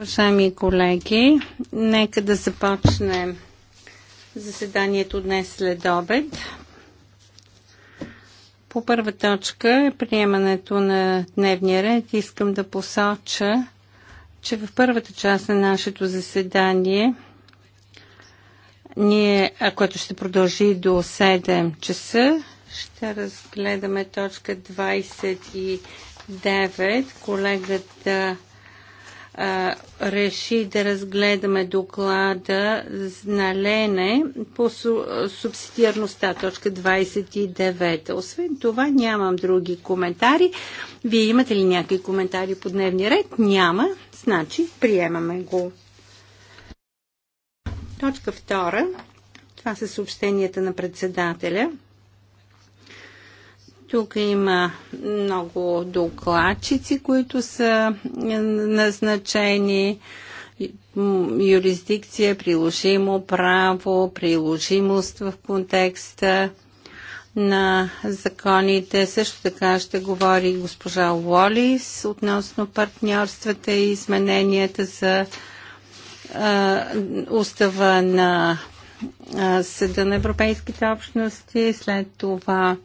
Уважаеми колеги, нека да започнем заседанието днес след обед. По първа точка е приемането на дневния ред. Искам да посоча, че в първата част на нашето заседание ние, което ще продължи до 7 часа, ще разгледаме точка 20 и. 9 колегата а, реши да разгледаме доклада на Лене по субсидиарността, точка 29. Освен това нямам други коментари. Вие имате ли някакви коментари по дневния ред? Няма. Значи приемаме го. Точка 2. Това са съобщенията на председателя. Тук има много докладчици, които са назначени юрисдикция, приложимо право, приложимост в контекста на законите. Също така ще говори госпожа Уолис относно партньорствата и измененията за а, устава на Съда на Европейските общности. След това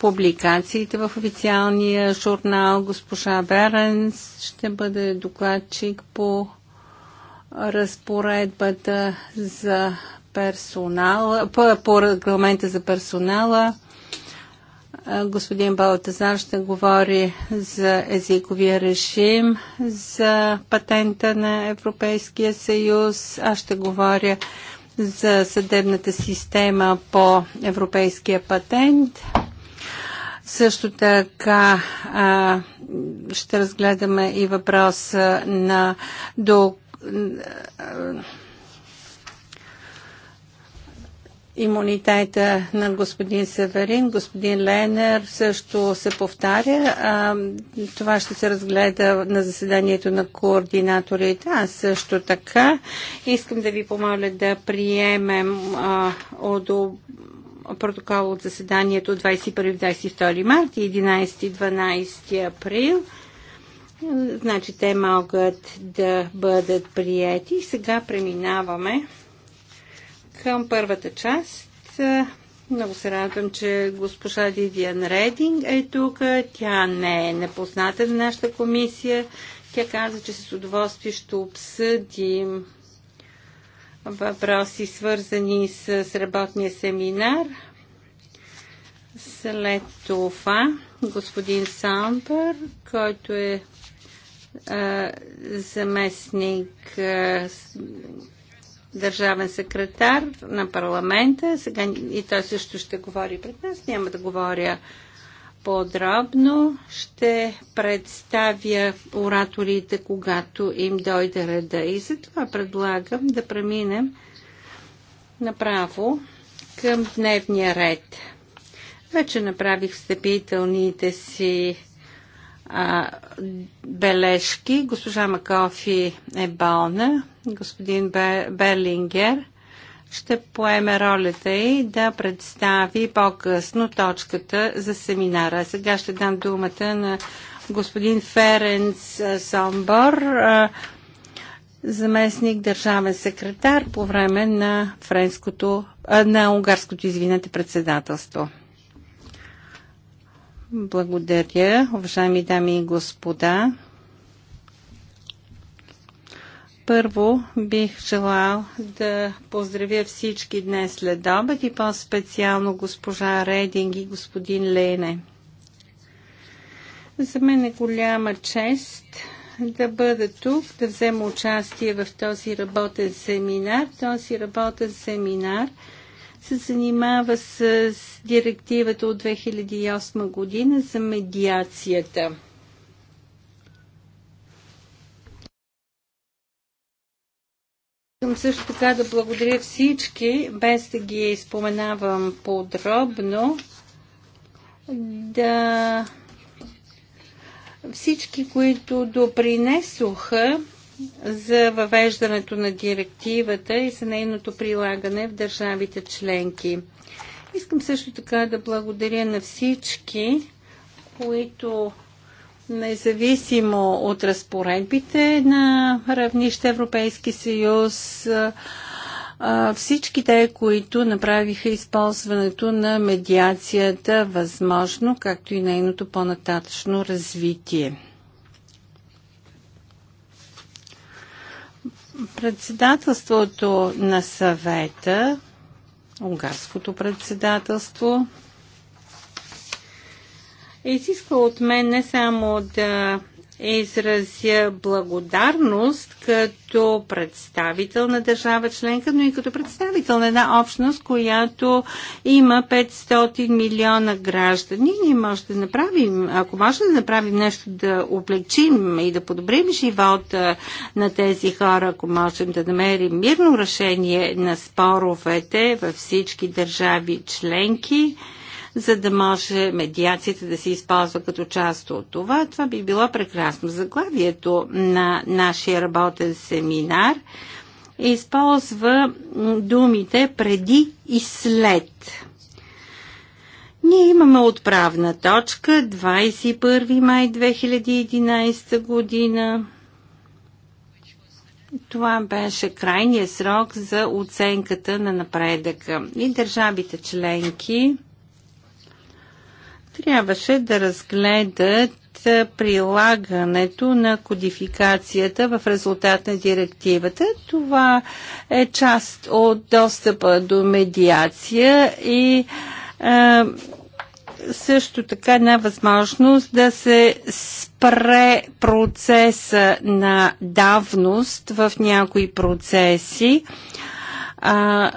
публикациите в официалния журнал. Госпожа Беренс ще бъде докладчик по разпоредбата за персонала, по, по регламента за персонала. Господин Балтазар ще говори за езиковия режим, за патента на Европейския съюз. Аз ще говоря за съдебната система по европейския патент. Също така а, ще разгледаме и въпроса на до имунитета на господин Северин, господин Ленер също се повтаря. А, това ще се разгледа на заседанието на координаторите. Аз също така искам да ви помоля да приемем а, одобрението протокол от заседанието 21-22 март и 11-12 април. Значи те могат да бъдат приети. Сега преминаваме към първата част. Много се радвам, че госпожа Дивиан Рединг е тук. Тя не е непозната на нашата комисия. Тя каза, че с удоволствие ще обсъдим въпроси, свързани с работния семинар. След това господин Самбър, който е а, заместник а, с, държавен секретар на парламента. Сега и той също ще говори пред нас. Няма да говоря подробно. Ще представя ораторите, когато им дойде реда. И затова предлагам да преминем направо към дневния ред. Вече направих встъпителните си а, бележки. Госпожа Макофи е бална, господин Берлингер ще поеме ролята и да представи по-късно точката за семинара. Сега ще дам думата на господин Ференц Сомбор, заместник държавен секретар по време на, френското, на унгарското извинете, председателство. Благодаря, уважаеми дами и господа. Първо бих желал да поздравя всички днес след обед и по-специално госпожа Рединг и господин Лене. За мен е голяма чест да бъда тук, да взема участие в този работен семинар. Този работен семинар се занимава с директивата от 2008 година за медиацията – Искам също така да благодаря всички, без да ги споменавам подробно, да всички, които допринесоха за въвеждането на директивата и за нейното прилагане в държавите членки. Искам също така да благодаря на всички, които независимо от разпоредбите на равнище Европейски съюз, всички те, които направиха използването на медиацията възможно, както и нейното по-нататъчно развитие. Председателството на съвета, унгарското председателство, изисква от мен не само да изразя благодарност като представител на държава членка, но и като представител на една общност, която има 500 милиона граждани. Ние може да направим, ако може да направим нещо да облегчим и да подобрим живота на тези хора, ако можем да намерим мирно решение на споровете във всички държави членки, за да може медиацията да се използва като част от това. Това би било прекрасно. Заглавието на нашия работен семинар използва думите преди и след. Ние имаме отправна точка 21 май 2011 година. Това беше крайният срок за оценката на напредъка. И държавите членки трябваше да разгледат прилагането на кодификацията в резултат на директивата. Това е част от достъпа до медиация и е, също така една възможност да се спре процеса на давност в някои процеси а,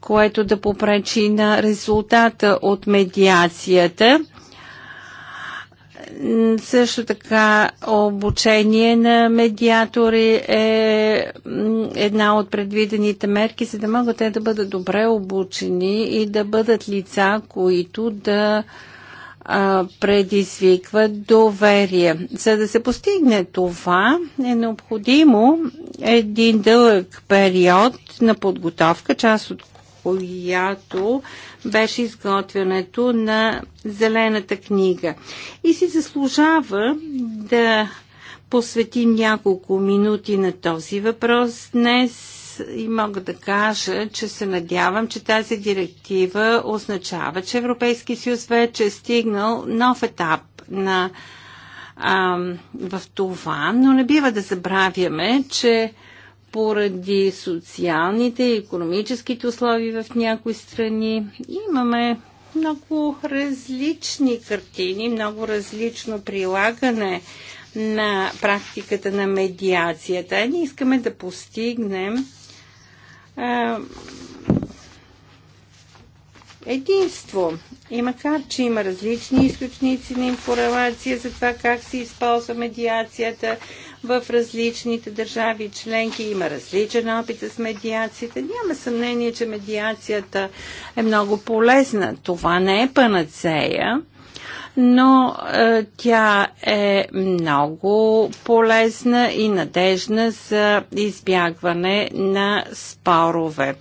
което да попречи на резултата от медиацията. Също така обучение на медиатори е една от предвидените мерки, за да могат те да бъдат добре обучени и да бъдат лица, които да предизвикват доверие. За да се постигне това, е необходимо един дълъг период на подготовка, част от която беше изготвянето на Зелената книга. И си заслужава да посветим няколко минути на този въпрос днес и мога да кажа, че се надявам, че тази директива означава, че Европейски съюз вече е стигнал нов етап на, а, в това, но не бива да забравяме, че поради социалните и економическите условия в някои страни. Имаме много различни картини, много различно прилагане на практиката на медиацията. Ние искаме да постигнем а, единство. И макар, че има различни източници на информация за това как се използва медиацията, в различните държави членки. Има различен опит с медиацията. Няма съмнение, че медиацията е много полезна. Това не е панацея но е, тя е много полезна и надежна за избягване на спорове.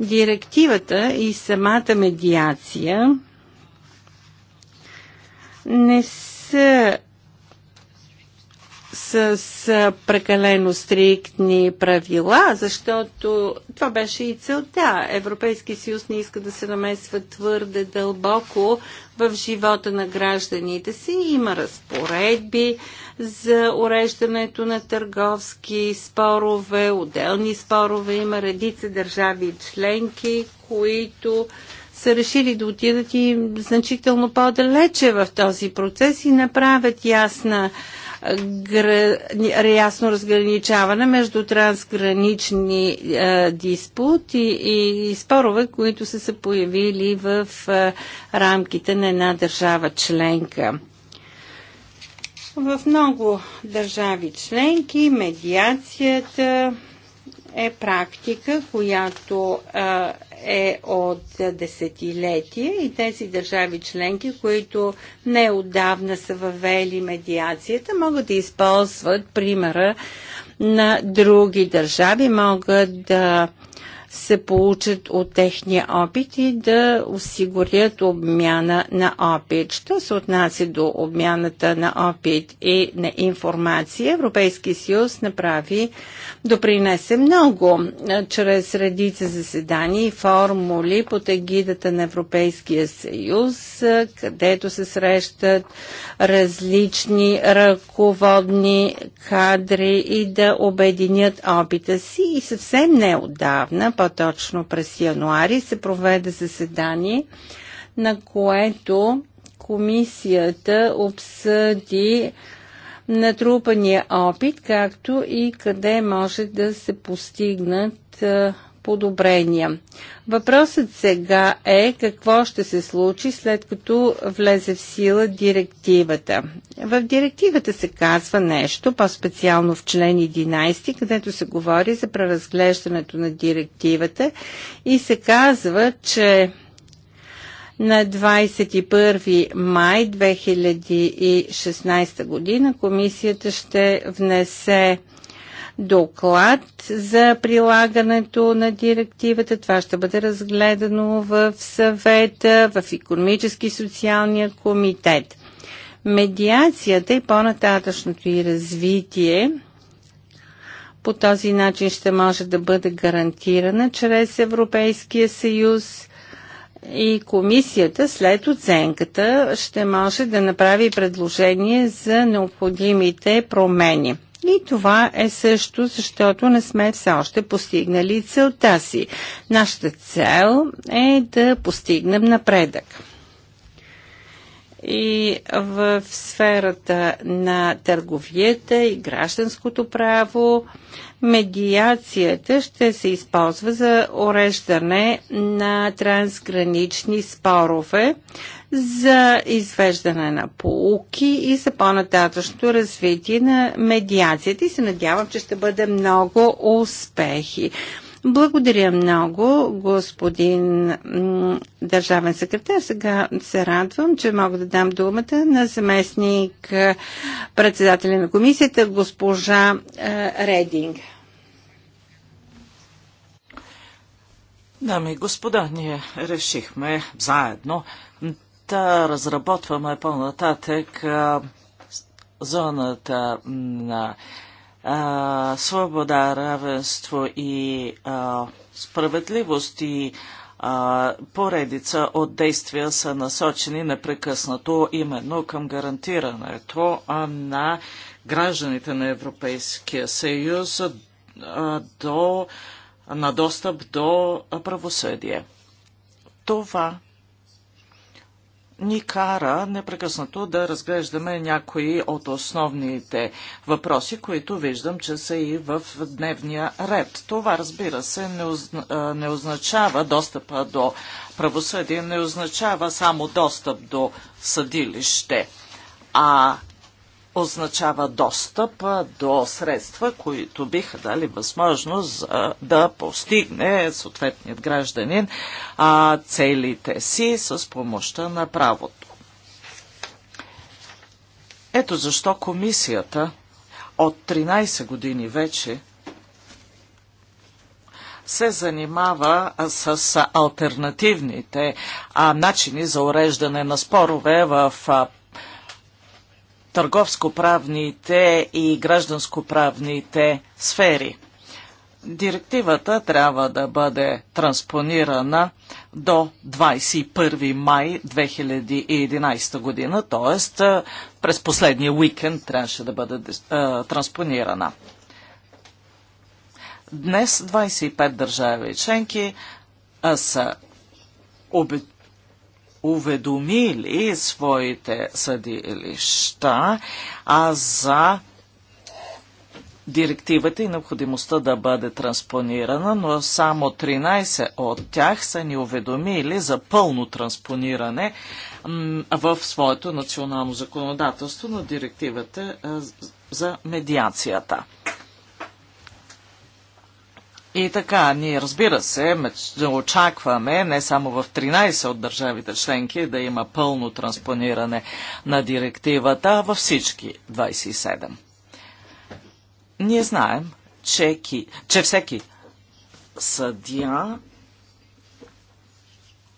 Директивата и самата медиация не са с, с прекалено стриктни правила, защото това беше и целта. Европейски съюз не иска да се намесва твърде дълбоко в живота на гражданите си. Има разпоредби за уреждането на търговски спорове, отделни спорове. Има редица държави членки, които са решили да отидат и значително по-далече в този процес и направят ясна гра... ясно разграничаване между трансгранични е, диспути и, и спорове, които са се появили в е, рамките на една държава членка. В много държави членки медиацията е практика, която е, е от десетилетия и тези държави членки, които неодавна са въвели медиацията, могат да използват примера на други държави, могат да се получат от техния опит и да осигурят обмяна на опит. Що се отнася до обмяната на опит и на информация, Европейския съюз направи допринесе много чрез редица заседания и формули под егидата на Европейския съюз, където се срещат различни ръководни кадри и да обединят опита си. И съвсем неодавна, по-точно през януари, се проведе заседание, на което комисията обсъди натрупания опит, както и къде може да се постигнат подобрения. Въпросът сега е какво ще се случи след като влезе в сила директивата. В директивата се казва нещо, по-специално в член 11, където се говори за преразглеждането на директивата и се казва, че на 21 май 2016 година комисията ще внесе доклад за прилагането на директивата. Това ще бъде разгледано в съвета, в економически и социалния комитет. Медиацията и по-нататъчното и развитие по този начин ще може да бъде гарантирана чрез Европейския съюз и комисията след оценката ще може да направи предложение за необходимите промени. И това е също, защото не сме все още постигнали целта си. Нашата цел е да постигнем напредък и в сферата на търговията и гражданското право медиацията ще се използва за уреждане на трансгранични спорове, за извеждане на полуки и за по-нататъчното развитие на медиацията и се надявам, че ще бъде много успехи. Благодаря много, господин държавен секретар. Сега се радвам, че мога да дам думата на заместник е, председателя на комисията, госпожа е, Рединг. Дами и господа, ние решихме заедно да разработваме по-нататък е, зоната на свобода, равенство и а, справедливост и а, поредица от действия са насочени непрекъснато именно към гарантирането на гражданите на Европейския съюз до, на достъп до правосъдие. Това ни кара непрекъснато да разглеждаме някои от основните въпроси, които виждам, че са и в дневния ред. Това, разбира се, не, озна, не означава достъпа до правосъдие, не означава само достъп до съдилище, а означава достъп до средства, които биха дали възможност да постигне съответният гражданин целите си с помощта на правото. Ето защо комисията от 13 години вече се занимава с альтернативните начини за уреждане на спорове в търговско-правните и гражданско-правните сфери. Директивата трябва да бъде транспонирана до 21 май 2011 година, т.е. през последния уикенд трябваше да бъде транспонирана. Днес 25 държави членки са обид уведомили своите съдилища а за директивата и необходимостта да бъде транспонирана, но само 13 от тях са ни уведомили за пълно транспониране в своето национално законодателство на директивата за медиацията. И така, ние разбира се, очакваме не само в 13 от държавите членки да има пълно транспониране на директивата, а във всички 27. Ние знаем, че, ки, че всеки съдия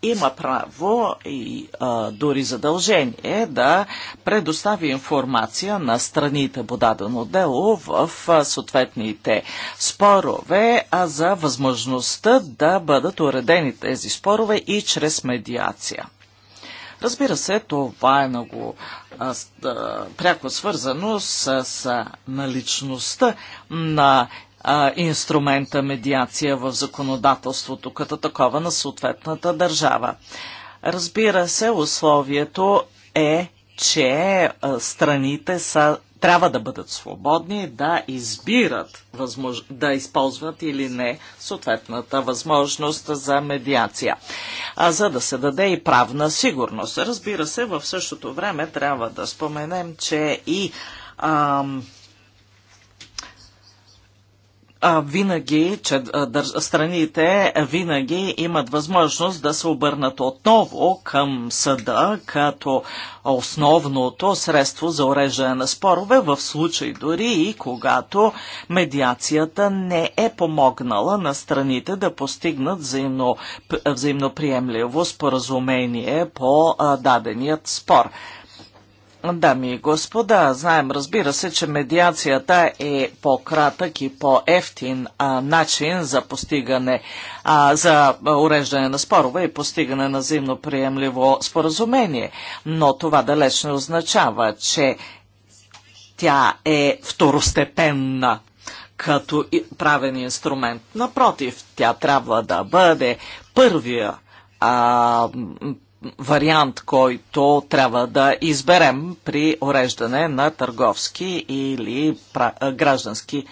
има право и а, дори задължение да предостави информация на страните по дадено дело в а, съответните спорове а за възможността да бъдат уредени тези спорове и чрез медиация. Разбира се, това е много а, пряко свързано с, с наличността на а, инструмента медиация в законодателството като такова на съответната държава. Разбира се, условието е, че а, страните са, трябва да бъдат свободни да избират възмож... да използват или не съответната възможност за медиация, а за да се даде и правна сигурност. Разбира се, в същото време трябва да споменем, че и ам, винаги, че страните винаги имат възможност да се обърнат отново към съда като основното средство за уреждане на спорове, в случай дори и когато медиацията не е помогнала на страните да постигнат взаимно, взаимноприемливо споразумение по даденият спор. Дами и господа, знаем разбира се, че медиацията е по-кратък и по-ефтин начин за постигане, а, за уреждане на спорове и постигане на взаимно приемливо споразумение. Но това далеч не означава, че тя е второстепенна като правен инструмент. Напротив, тя трябва да бъде първия а, вариант, който трябва да изберем при уреждане на търговски или граждански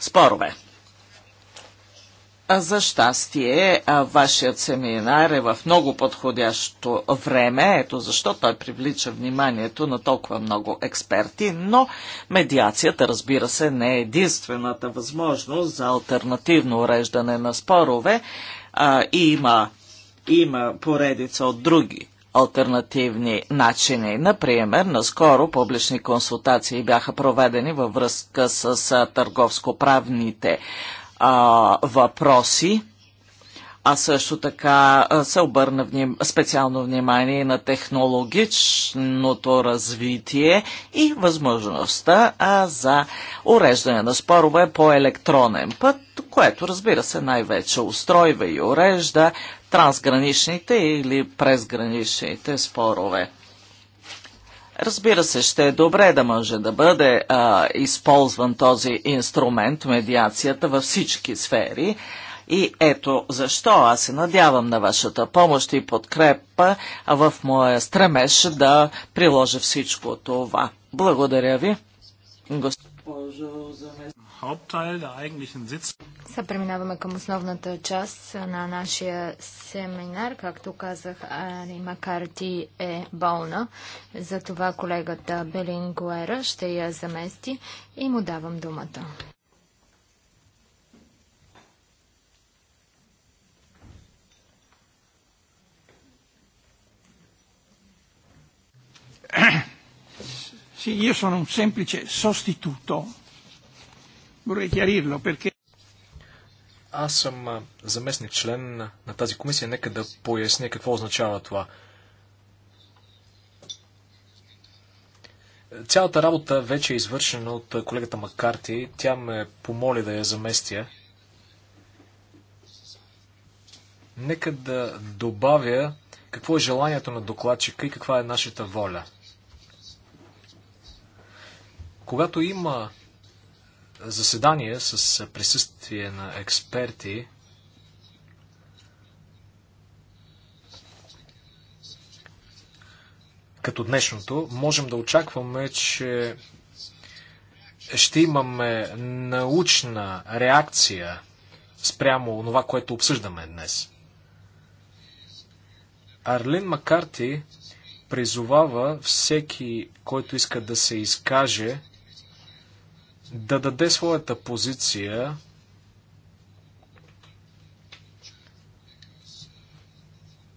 спорове. За щастие, вашият семинар е в много подходящо време, ето защо той привлича вниманието на толкова много експерти, но медиацията, разбира се, не е единствената възможност за альтернативно уреждане на спорове. и има има поредица от други альтернативни начини. Например, наскоро публични консултации бяха проведени във връзка с търговско-правните въпроси, а също така се обърна вним, специално внимание на технологичното развитие и възможността а, за уреждане на спорове по електронен път, което разбира се най-вече устройва и урежда трансграничните или презграничните спорове. Разбира се, ще е добре да може да бъде а, използван този инструмент, медиацията, във всички сфери. И ето защо аз се надявам на вашата помощ и подкрепа в моя стремеж да приложа всичко това. Благодаря ви, госпожо заместник сега преминаваме към основната част на нашия семинар. Както казах, Макарти е болна. Затова колегата Белин Гуера ще я замести и му давам думата. Sì, io sono un semplice sostituto Vorrei chiarirlo perché аз съм заместник член на тази комисия. Нека да поясня какво означава това. Цялата работа вече е извършена от колегата Макарти. Тя ме помоли да я заместя. Нека да добавя какво е желанието на докладчика и каква е нашата воля. Когато има заседание с присъствие на експерти. като днешното, можем да очакваме, че ще имаме научна реакция спрямо това, което обсъждаме днес. Арлин Макарти призовава всеки, който иска да се изкаже, да даде своята позиция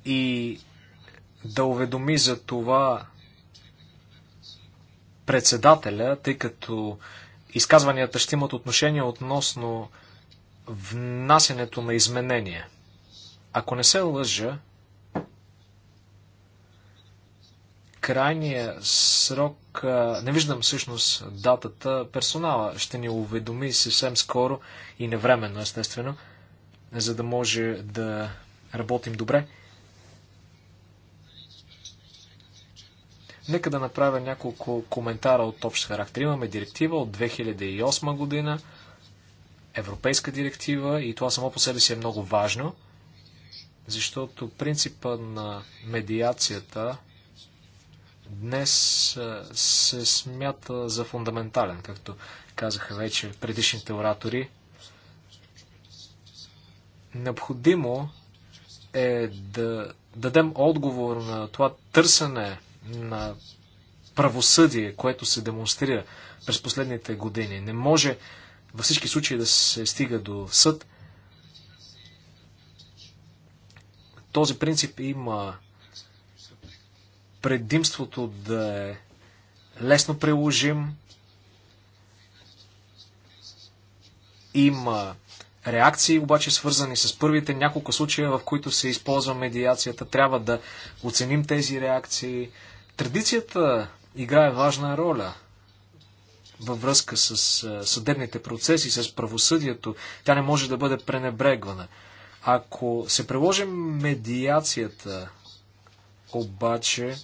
и да уведоми за това председателя, тъй като изказванията ще имат отношение относно внасянето на изменения. Ако не се лъжа, крайния срок, не виждам всъщност датата, персонала ще ни уведоми съвсем скоро и невременно, естествено, за да може да работим добре. Нека да направя няколко коментара от общ характер. Имаме директива от 2008 година, европейска директива и това само по себе си е много важно, защото принципа на медиацията днес се смята за фундаментален, както казаха вече предишните оратори. Необходимо е да дадем отговор на това търсене на правосъдие, което се демонстрира през последните години. Не може във всички случаи да се стига до съд. Този принцип има предимството да е лесно приложим. Има реакции, обаче свързани с първите няколко случая, в които се използва медиацията. Трябва да оценим тези реакции. Традицията играе важна роля във връзка с съдебните процеси, с правосъдието. Тя не може да бъде пренебрегвана. Ако се приложим медиацията, обаче,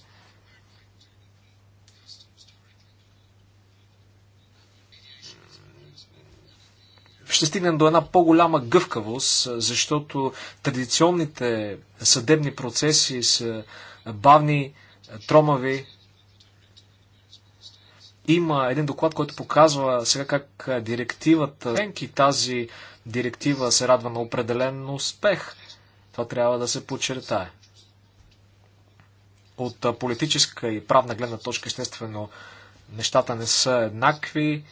ще стигнем до една по-голяма гъвкавост, защото традиционните съдебни процеси са бавни, тромави. Има един доклад, който показва сега как директивата и тази директива се радва на определен успех. Това трябва да се подчертае. От политическа и правна гледна точка, естествено, нещата не са еднакви.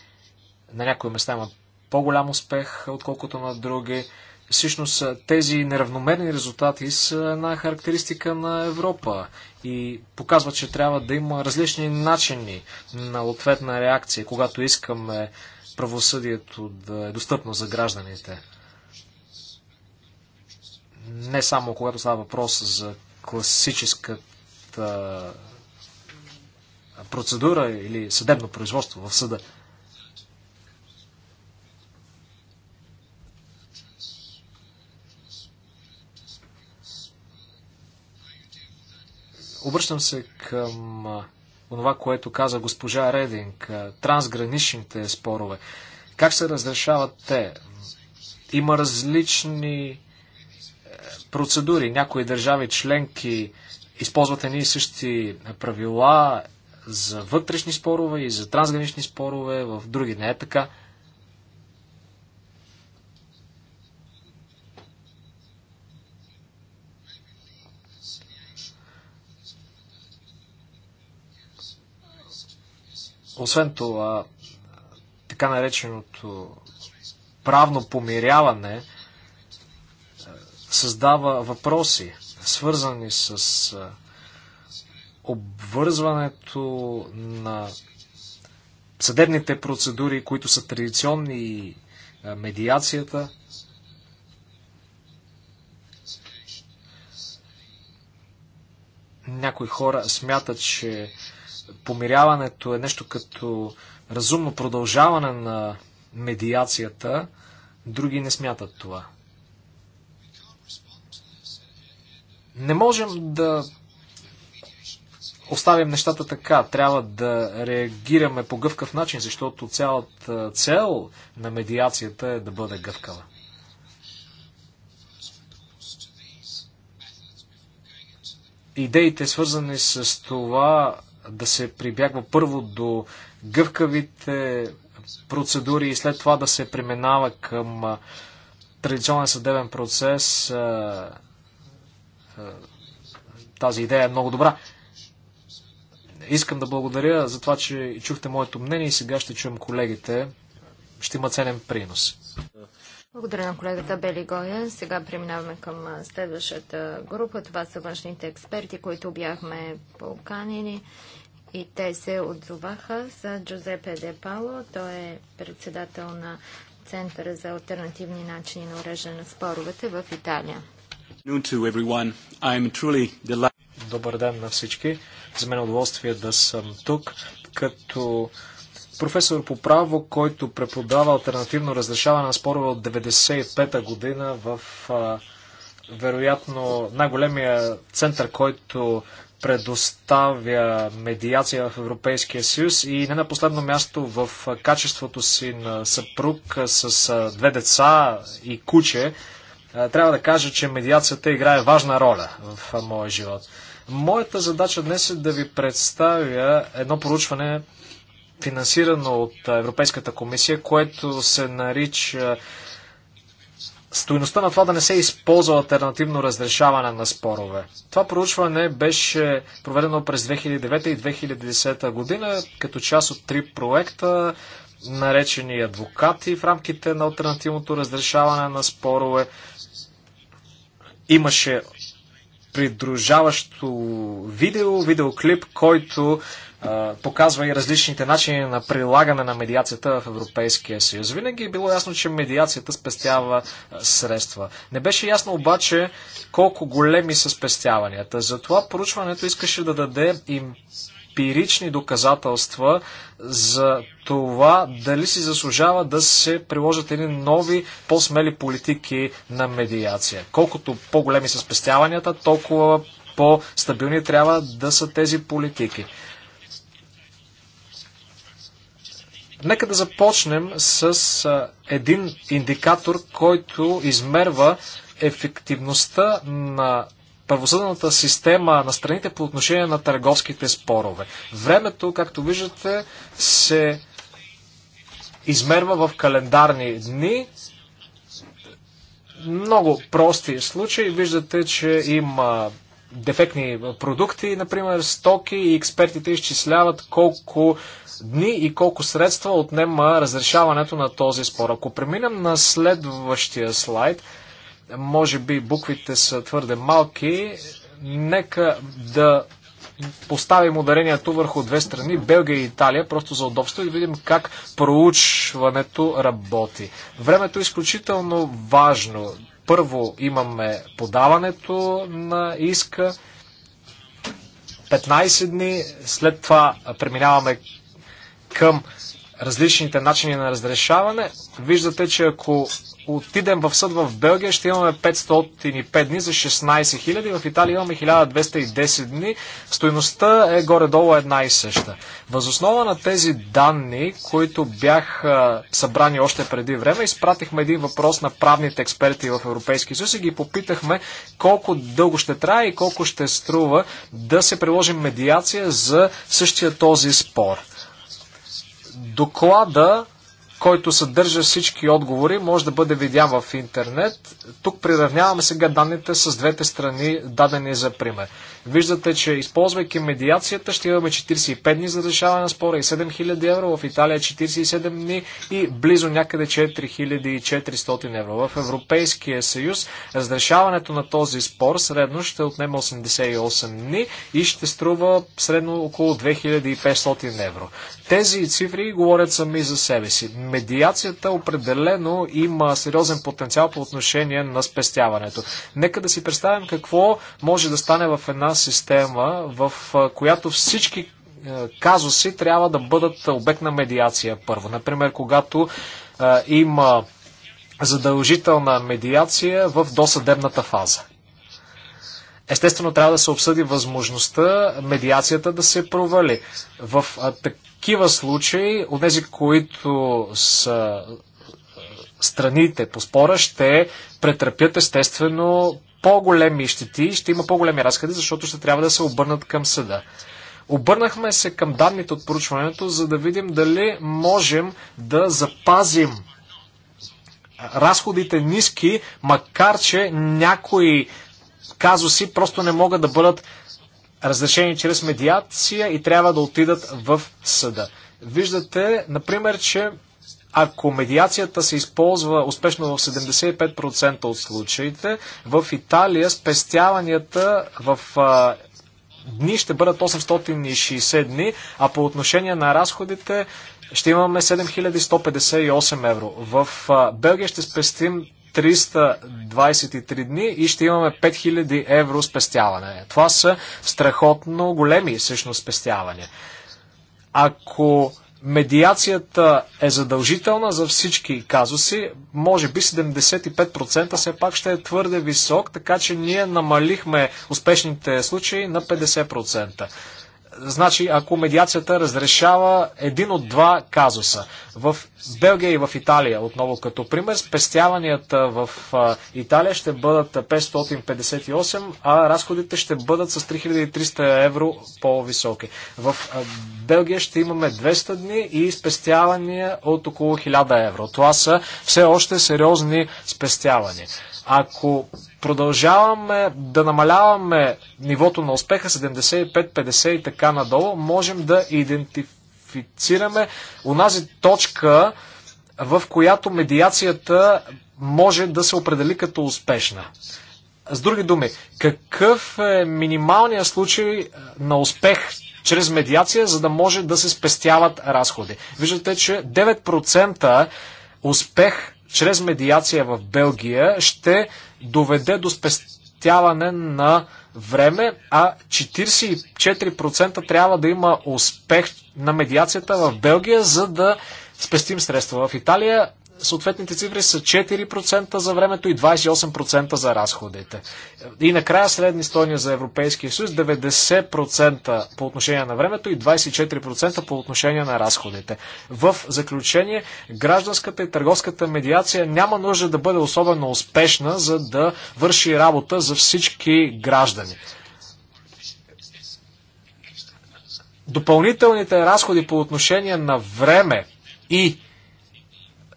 На някои места има по-голям успех, отколкото на други. Всъщност тези неравномерни резултати са една характеристика на Европа и показват, че трябва да има различни начини на ответна реакция, когато искаме правосъдието да е достъпно за гражданите. Не само когато става въпрос за класическата процедура или съдебно производство в съда. Обръщам се към това, което каза госпожа Рединг, трансграничните спорове. Как се разрешават те? Има различни е, процедури. Някои държави членки използват едни и същи правила за вътрешни спорове и за трансгранични спорове, в други не е така. Освен това, така нареченото правно помиряване е, създава въпроси, свързани с е, обвързването на съдебните процедури, които са традиционни и е, медиацията. Някои хора смятат, че помиряването е нещо като разумно продължаване на медиацията, други не смятат това. Не можем да оставим нещата така. Трябва да реагираме по гъвкав начин, защото цялата цел на медиацията е да бъде гъвкава. Идеите, свързани с това да се прибягва първо до гъвкавите процедури и след това да се преминава към традиционен съдебен процес. Тази идея е много добра. Искам да благодаря за това, че чухте моето мнение и сега ще чуем колегите. Ще има ценен принос. Благодаря на колегата Бели Гоя. Сега преминаваме към следващата група. Това са външните експерти, които бяхме поканени и те се отзоваха с Джузепе Де Пало. Той е председател на Центъра за альтернативни начини на уреждане на споровете в Италия. Добър ден на всички. За мен е удоволствие да съм тук. Като професор по право, който преподава альтернативно разрешаване на спорове от 95-та година в а, вероятно най-големия център, който предоставя медиация в Европейския съюз и не на последно място в качеството си на съпруг с две деца и куче, трябва да кажа, че медиацията играе важна роля в моя живот. Моята задача днес е да ви представя едно проучване, финансирано от Европейската комисия, което се нарича стоиността на това да не се използва альтернативно разрешаване на спорове. Това проучване беше проведено през 2009 и 2010 година като част от три проекта, наречени адвокати в рамките на альтернативното разрешаване на спорове. Имаше придружаващо видео, видеоклип, който показва и различните начини на прилагане на медиацията в Европейския съюз. Винаги е било ясно, че медиацията спестява средства. Не беше ясно обаче колко големи са спестяванията. Затова поручването искаше да даде им пирични доказателства за това дали си заслужава да се приложат едни нови, по-смели политики на медиация. Колкото по-големи са спестяванията, толкова по-стабилни трябва да са тези политики. Нека да започнем с един индикатор, който измерва ефективността на правосъдната система на страните по отношение на търговските спорове. Времето, както виждате, се измерва в календарни дни. Много прости случаи. Виждате, че има дефектни продукти, например стоки и експертите изчисляват колко дни и колко средства отнема разрешаването на този спор. Ако преминем на следващия слайд, може би буквите са твърде малки, нека да поставим ударението върху две страни, Белгия и Италия, просто за удобство и да видим как проучването работи. Времето е изключително важно. Първо имаме подаването на иска, 15 дни, след това преминаваме към различните начини на разрешаване. Виждате, че ако отидем в съд в Белгия, ще имаме 505 дни за 16 000, в Италия имаме 1210 дни, стоеността е горе-долу една и съща. Възоснова на тези данни, които бяха събрани още преди време, изпратихме един въпрос на правните експерти в Европейския съюз и ги попитахме колко дълго ще трябва и колко ще струва да се приложи медиация за същия този спор. Доклада който съдържа всички отговори, може да бъде видян в интернет. Тук приравняваме сега данните с двете страни, дадени за пример. Виждате, че използвайки медиацията ще имаме 45 дни за решаване на спора и 7000 евро, в Италия 47 дни и близо някъде 4400 евро. В Европейския съюз разрешаването на този спор средно ще отнема 88 дни и ще струва средно около 2500 евро. Тези цифри говорят сами за себе си медиацията определено има сериозен потенциал по отношение на спестяването. Нека да си представим какво може да стане в една система, в която всички казуси трябва да бъдат обект на медиация първо. Например, когато има задължителна медиация в досъдебната фаза. Естествено, трябва да се обсъди възможността медиацията да се провали. В а, такива случаи, от тези, които са е, страните по спора, ще претърпят естествено по-големи щети, ще има по-големи разходи, защото ще трябва да се обърнат към съда. Обърнахме се към данните от проучването, за да видим дали можем да запазим разходите ниски, макар че някои казуси просто не могат да бъдат разрешени чрез медиация и трябва да отидат в съда. Виждате, например, че ако медиацията се използва успешно в 75% от случаите, в Италия спестяванията в а, дни ще бъдат 860 дни, а по отношение на разходите ще имаме 7158 евро. В а, Белгия ще спестим 323 дни и ще имаме 5000 евро спестяване. Това са страхотно големи всъщност спестявания. Ако медиацията е задължителна за всички казуси, може би 75% все пак ще е твърде висок, така че ние намалихме успешните случаи на 50%. Значи, ако медиацията разрешава един от два казуса. В Белгия и в Италия, отново като пример, спестяванията в Италия ще бъдат 558, а разходите ще бъдат с 3300 евро по-високи. В Белгия ще имаме 200 дни и спестявания от около 1000 евро. Това са все още сериозни спестявания. Ако продължаваме да намаляваме нивото на успеха 75-50 и така надолу, можем да идентифицираме унази точка, в която медиацията може да се определи като успешна. С други думи, какъв е минималният случай е, на успех чрез медиация, за да може да се спестяват разходи? Виждате, че 9% успех чрез медиация в Белгия ще доведе до спестяване на време, а 44% трябва да има успех на медиацията в Белгия, за да спестим средства. В Италия съответните цифри са 4% за времето и 28% за разходите. И накрая средни стойния за Европейския съюз 90% по отношение на времето и 24% по отношение на разходите. В заключение, гражданската и търговската медиация няма нужда да бъде особено успешна, за да върши работа за всички граждани. Допълнителните разходи по отношение на време и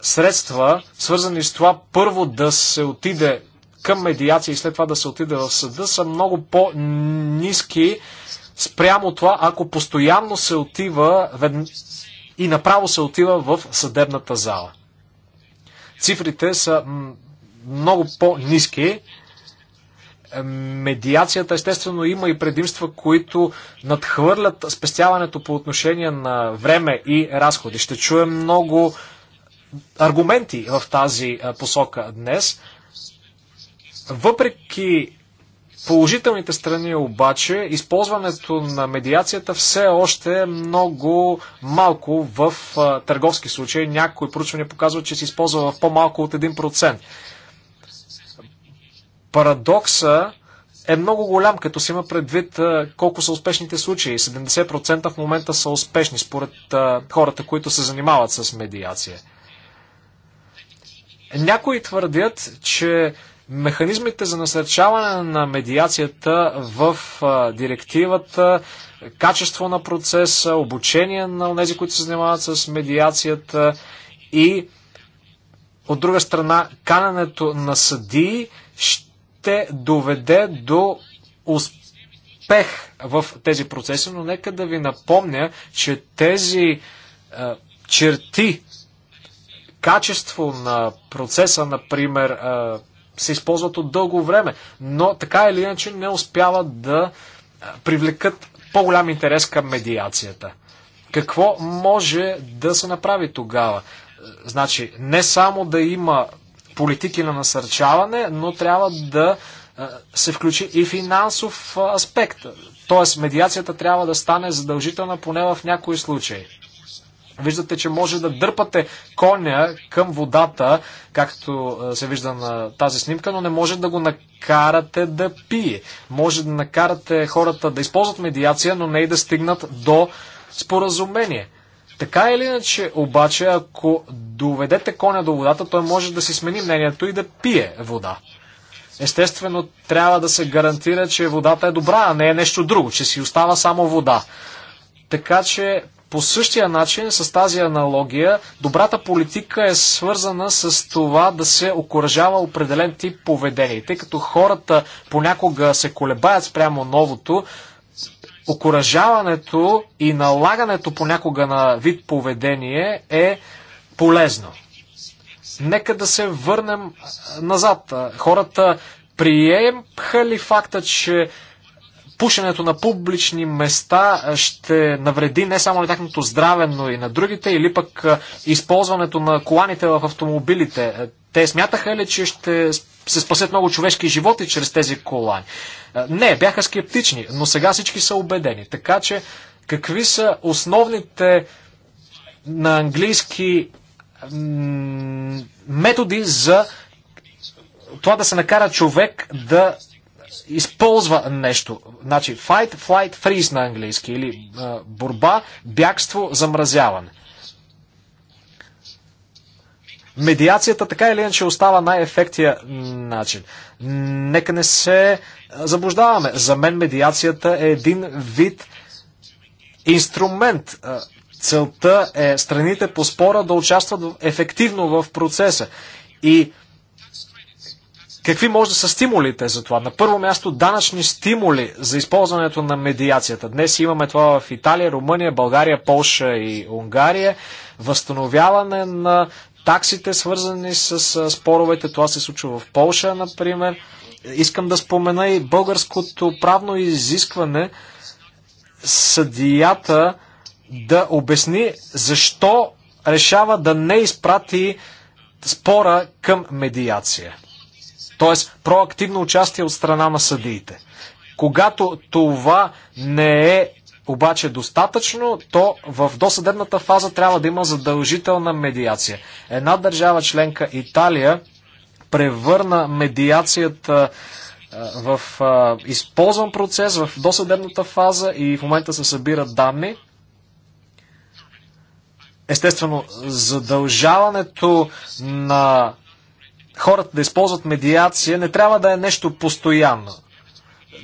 средства, свързани с това първо да се отиде към медиация и след това да се отиде в съда, са много по-низки спрямо това, ако постоянно се отива вед... и направо се отива в съдебната зала. Цифрите са много по-низки. Медиацията, естествено, има и предимства, които надхвърлят спестяването по отношение на време и разходи. Ще чуем много аргументи в тази посока днес. Въпреки положителните страни обаче, използването на медиацията все още е много малко в търговски случаи. Някои проучвания показват, че се използва в по-малко от 1%. Парадокса е много голям, като си има предвид колко са успешните случаи. 70% в момента са успешни, според хората, които се занимават с медиация. Някои твърдят, че механизмите за насърчаване на медиацията в директивата, качество на процеса, обучение на тези, които се занимават с медиацията и от друга страна канането на съдии ще доведе до успех в тези процеси, но нека да ви напомня, че тези черти качество на процеса, например, се използват от дълго време, но така или иначе не успяват да привлекат по-голям интерес към медиацията. Какво може да се направи тогава? Значи, не само да има политики на насърчаване, но трябва да се включи и финансов аспект. Тоест, медиацията трябва да стане задължителна поне в някои случаи. Виждате, че може да дърпате коня към водата, както се вижда на тази снимка, но не може да го накарате да пие. Може да накарате хората да използват медиация, но не и да стигнат до споразумение. Така или иначе, обаче, ако доведете коня до водата, той може да си смени мнението и да пие вода. Естествено, трябва да се гарантира, че водата е добра, а не е нещо друго, че си остава само вода. Така че по същия начин, с тази аналогия, добрата политика е свързана с това да се окоръжава определен тип поведение. Тъй като хората понякога се колебаят спрямо новото, окоръжаването и налагането понякога на вид поведение е полезно. Нека да се върнем назад. Хората приемха ли факта, че пушенето на публични места ще навреди не само на тяхното здраве, но и на другите, или пък използването на коланите в автомобилите. Те смятаха ли, че ще се спасят много човешки животи чрез тези колани? Не, бяха скептични, но сега всички са убедени. Така че, какви са основните на английски методи за това да се накара човек да използва нещо. Значи fight, flight, freeze на английски или а, борба, бягство, замразяване. Медиацията така или иначе остава най-ефектия начин. Нека не се заблуждаваме. За мен медиацията е един вид инструмент. Целта е страните по спора да участват ефективно в процеса. И Какви може да са стимулите за това? На първо място данъчни стимули за използването на медиацията. Днес имаме това в Италия, Румъния, България, Полша и Унгария. Възстановяване на таксите, свързани с споровете. Това се случва в Полша, например. Искам да спомена и българското правно изискване съдията да обясни защо решава да не изпрати спора към медиация т.е. проактивно участие от страна на съдиите. Когато това не е обаче достатъчно, то в досъдебната фаза трябва да има задължителна медиация. Една държава членка Италия превърна медиацията в използван процес в досъдебната фаза и в момента се събират данни. Естествено, задължаването на хората да използват медиация не трябва да е нещо постоянно.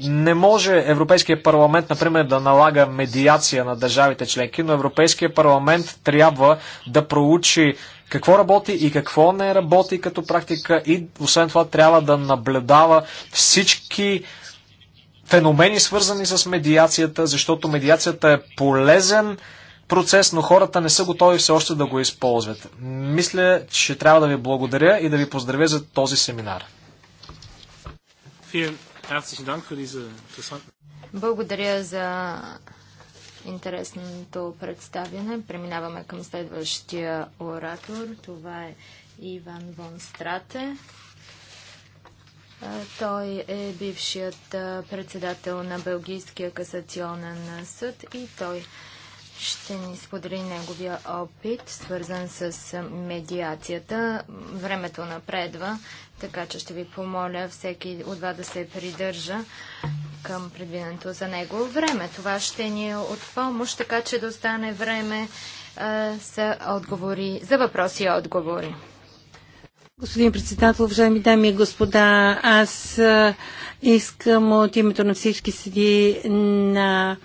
Не може Европейския парламент, например, да налага медиация на държавите членки, но Европейския парламент трябва да проучи какво работи и какво не работи като практика и освен това трябва да наблюдава всички феномени, свързани с медиацията, защото медиацията е полезен процес, но хората не са готови все още да го използват. Мисля, че трябва да ви благодаря и да ви поздравя за този семинар. Благодаря за интересното представяне. Преминаваме към следващия оратор. Това е Иван Бон Страте. Той е бившият председател на Белгийския касационен съд и той ще ни сподели неговия опит, свързан с медиацията. Времето напредва, така че ще ви помоля всеки от вас да се придържа към предвиденото за него време. Това ще ни е от помощ, така че да остане време а, за, отговори, за въпроси и отговори. Господин председател, уважаеми дами и господа, аз Искам от името на всички седи на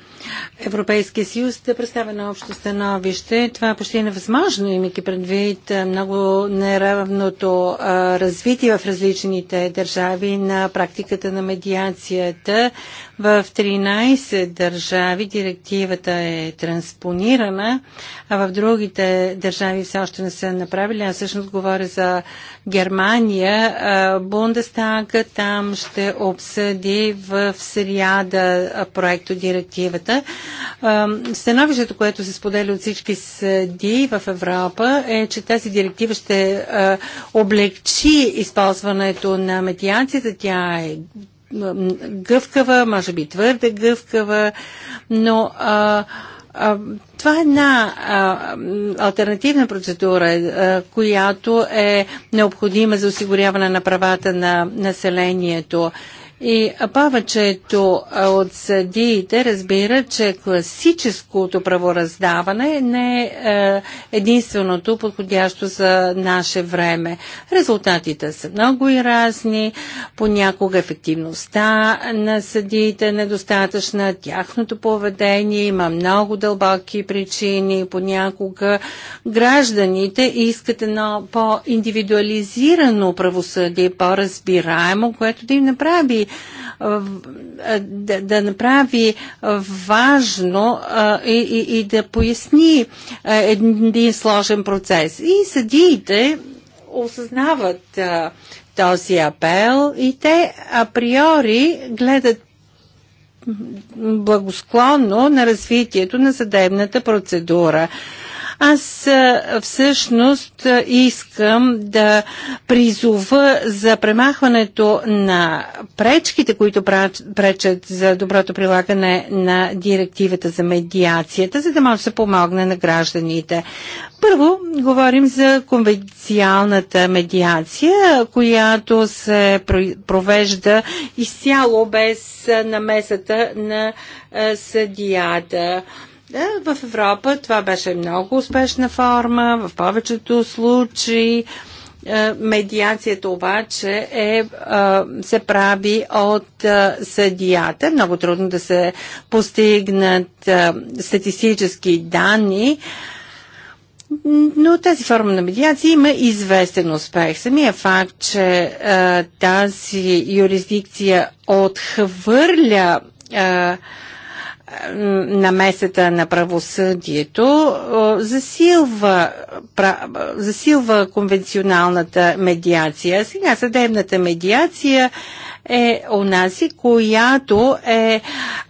Европейския съюз да представя на общо становище. Това е почти невъзможно, имайки предвид е, много неравното е, развитие в различните държави на практиката на медиацията. В 13 държави директивата е транспонирана, а в другите държави все още не са направили. Аз всъщност говоря за Германия. Е, Бундестага там ще обсъжда обсъди в сряда проекто директивата. Становището, което се споделя от всички съди в Европа е, че тази директива ще облегчи използването на медиацията. Тя е гъвкава, може би твърде гъвкава, но това е една а, альтернативна процедура, а, която е необходима за осигуряване на правата на населението. И повечето от съдиите разбира, че класическото правораздаване не е, е единственото подходящо за наше време. Резултатите са много и разни. Понякога ефективността на съдиите е недостатъчна, тяхното поведение има много дълбоки причини. Понякога гражданите искат едно по-индивидуализирано правосъдие, по-разбираемо, което да им направи е, да, да направи важно е, и, и, и да поясни е, един сложен процес. И съдиите осъзнават този апел и те априори гледат благосклонно на развитието на съдебната процедура. Аз всъщност искам да призова за премахването на пречките, които пречат за доброто прилагане на директивата за медиацията, за да може да се помогне на гражданите. Първо, говорим за конвенциалната медиация, която се провежда изцяло без намесата на съдията. Да, в Европа това беше много успешна форма, в повечето случаи. Е, медиацията обаче е, е, се прави от е, съдията. Много трудно да се постигнат статистически данни, но тази форма на медиация има известен успех. Самия факт, че тази юрисдикция отхвърля намесата на правосъдието засилва, засилва конвенционалната медиация. Сега съдебната медиация е унаси, която е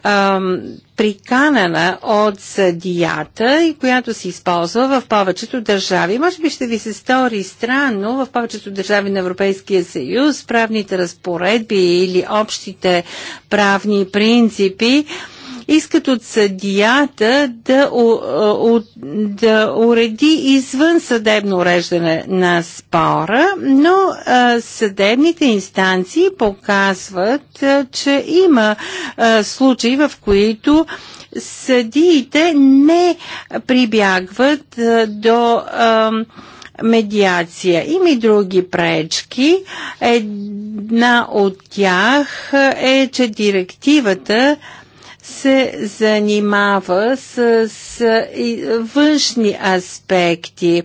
ам, приканана от съдията и която се използва в повечето държави. Може би ще ви се стори странно, в повечето държави на Европейския съюз правните разпоредби или общите правни принципи искат от съдията да, да уреди извън съдебно уреждане на спора, но а, съдебните инстанции показват, а, че има а, случаи, в които съдиите не прибягват а, до а, медиация. Има и други пречки. Една от тях е, че директивата се занимава с, с външни аспекти.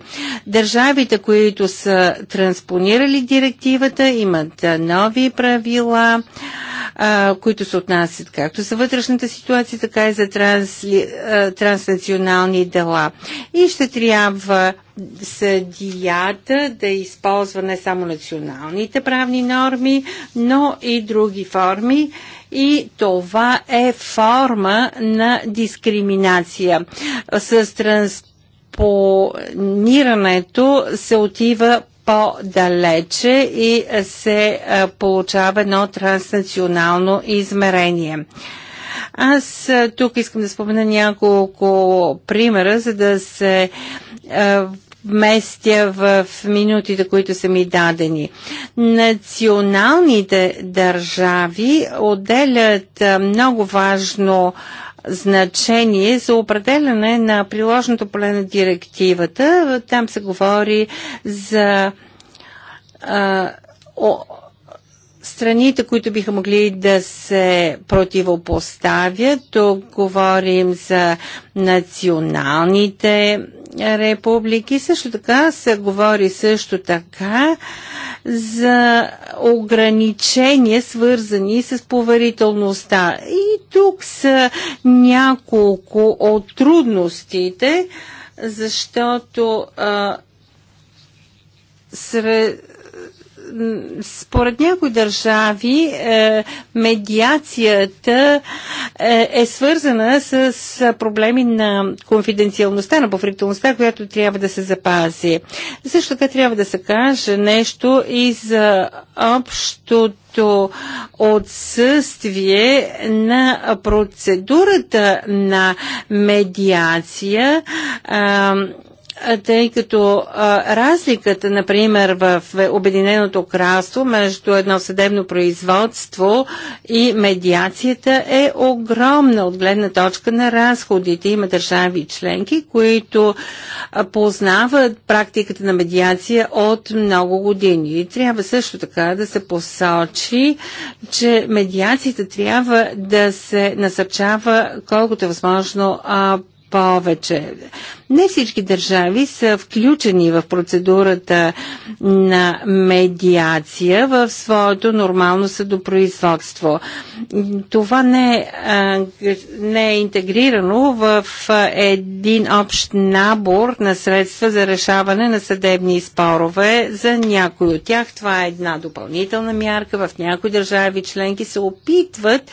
Държавите, които са транспонирали директивата, имат нови правила, а, които се отнасят както за вътрешната ситуация, така и за трансли, а, транснационални дела. И ще трябва съдията да използва не само националните правни норми, но и други форми и това е форма на дискриминация. С транспонирането се отива по-далече и се получава едно транснационално измерение. Аз тук искам да спомена няколко примера, за да се вместя в минутите, които са ми дадени. Националните държави отделят много важно значение за определяне на приложното поле на директивата. Там се говори за а, о, страните, които биха могли да се противопоставят. Тук говорим за националните републики. Също така се говори също така за ограничения, свързани с поверителността. И тук са няколко от трудностите, защото а, сред според някои държави е, медиацията е, е свързана с, проблеми на конфиденциалността, на повредителността, която трябва да се запази. Също така трябва да се каже нещо и за общото отсъствие на процедурата на медиация тъй като а, разликата, например, в Обединеното кралство между едно съдебно производство и медиацията е огромна от гледна точка на разходите. Има държави членки, които а, познават практиката на медиация от много години. И трябва също така да се посочи, че медиацията трябва да се насърчава колкото е възможно а, повече. Не всички държави са включени в процедурата на медиация в своето нормално съдопроизводство. Това не е, не е интегрирано в един общ набор на средства за решаване на съдебни спорове. За някои от тях това е една допълнителна мярка. В някои държави членки се опитват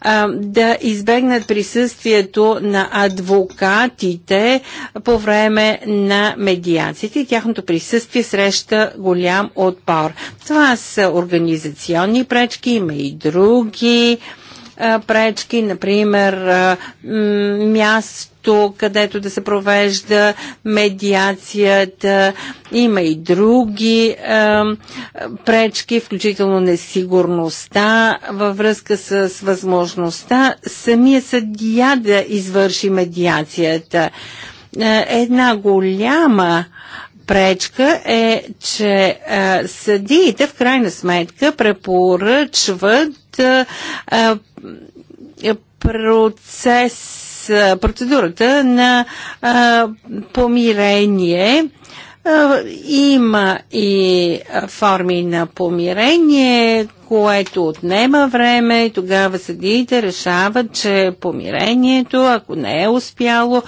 а, да избегнат присъствието на адвокатите по време на медиациите и тяхното присъствие среща голям отпор. Това са организационни пречки, има и други пречки, например, място място, където да се провежда медиацията. Има и други е, пречки, включително несигурността във връзка с възможността самия съдия да извърши медиацията. Е, една голяма пречка е, че е, съдиите в крайна сметка препоръчват а, е, процес процедурата на а, помирение. А, има и форми на помирение, което отнема време и тогава съдиите решават, че помирението, ако не е успяло,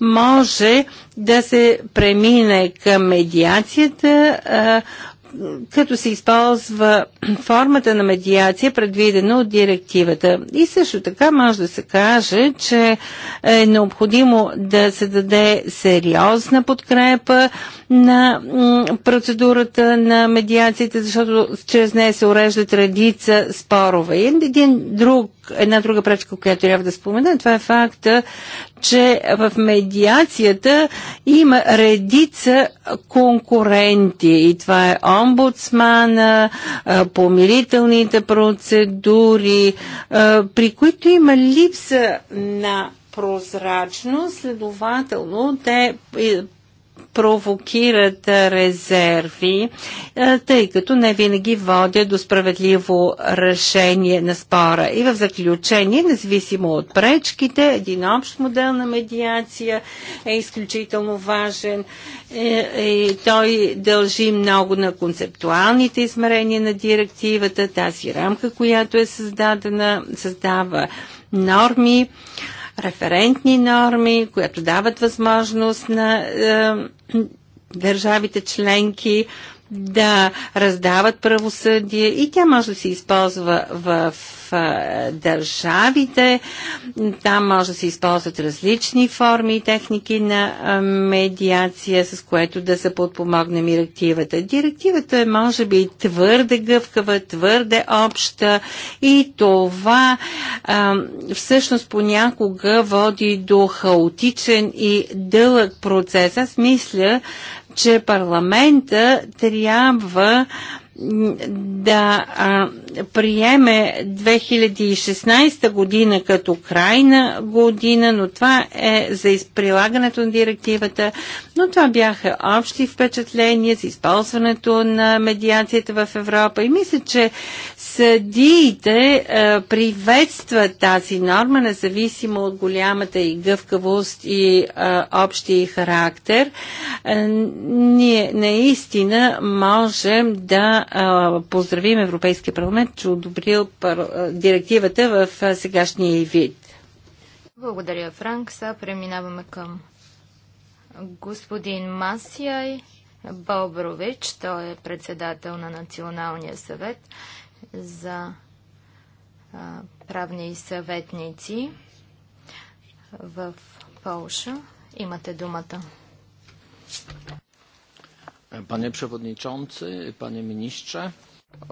може да се премине към медиацията, като се използва формата на медиация, предвидена от директивата. И също така може да се каже, че е необходимо да се даде сериозна подкрепа на процедурата на медиацията, защото чрез нея се уреждат редица спорове. И един друг една друга пречка, която трябва да спомена, това е факта, че в медиацията има редица конкуренти и това е омбудсмана, помирителните процедури, при които има липса на прозрачно, следователно те провокират резерви, е, тъй като не винаги водят до справедливо решение на спора. И в заключение, независимо от пречките, един общ модел на медиация е изключително важен е, е, и той дължи много на концептуалните измерения на директивата, тази рамка, която е създадена, създава норми, референтни норми, които дават възможност на е, държавите членки да раздават правосъдие и тя може да се използва в държавите. Там може да се използват различни форми и техники на медиация, с което да се подпомогне директивата. Директивата е, може би, твърде гъвкава, твърде обща и това всъщност понякога води до хаотичен и дълъг процес. Аз мисля, че парламента трябва да а, приеме 2016 година като крайна година, но това е за изприлагането на директивата, но това бяха общи впечатления за използването на медиацията в Европа и мисля, че съдиите е, приветстват тази норма, независимо от голямата и гъвкавост и е, общи характер. Е, ние наистина можем да поздравим Европейския парламент че одобрил директивата в сегашния вид. Благодаря, Франк. Сега преминаваме към господин Масияй Бълбрович. Той е председател на Националния съвет за а, правни съветници в Полша. Имате думата. Panie Przewodniczący, Panie Ministrze,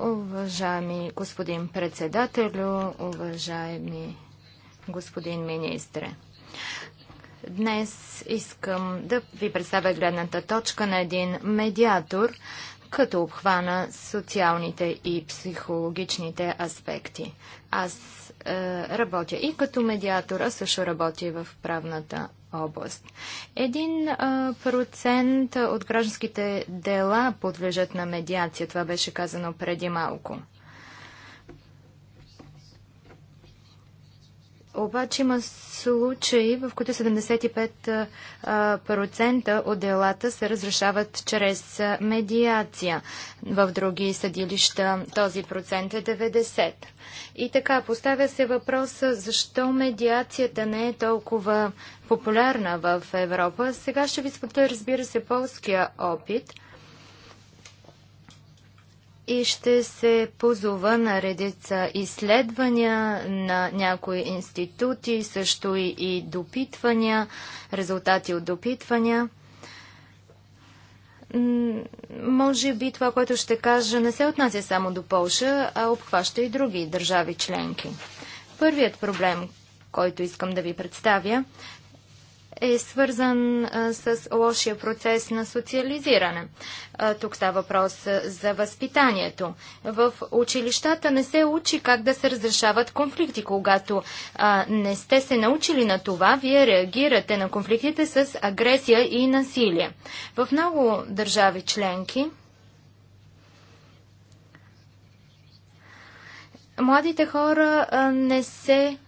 Уважаеми господин председателю, уважаеми господин министре. Днес искам да ви представя гледната точка на един медиатор, като обхвана социалните и психологичните аспекти. Аз е, работя и като медиатор, а също работя в правната област. Един а, процент от гражданските дела подлежат на медиация. Това беше казано преди малко. Обаче има случаи, в които 75% от делата се разрешават чрез медиация. В други съдилища този процент е 90%. И така, поставя се въпроса, защо медиацията не е толкова популярна в Европа. Сега ще ви споделя, разбира се, полския опит – и ще се позова на редица изследвания на някои институти, също и, и допитвания, резултати от допитвания. Може би това, което ще кажа, не се отнася само до Полша, а обхваща и други държави членки. Първият проблем, който искам да ви представя, е свързан а, с лошия процес на социализиране. А, тук става въпрос а, за възпитанието. В училищата не се учи как да се разрешават конфликти. Когато не сте се научили на това, вие реагирате на конфликтите с агресия и насилие. В много държави членки младите хора не се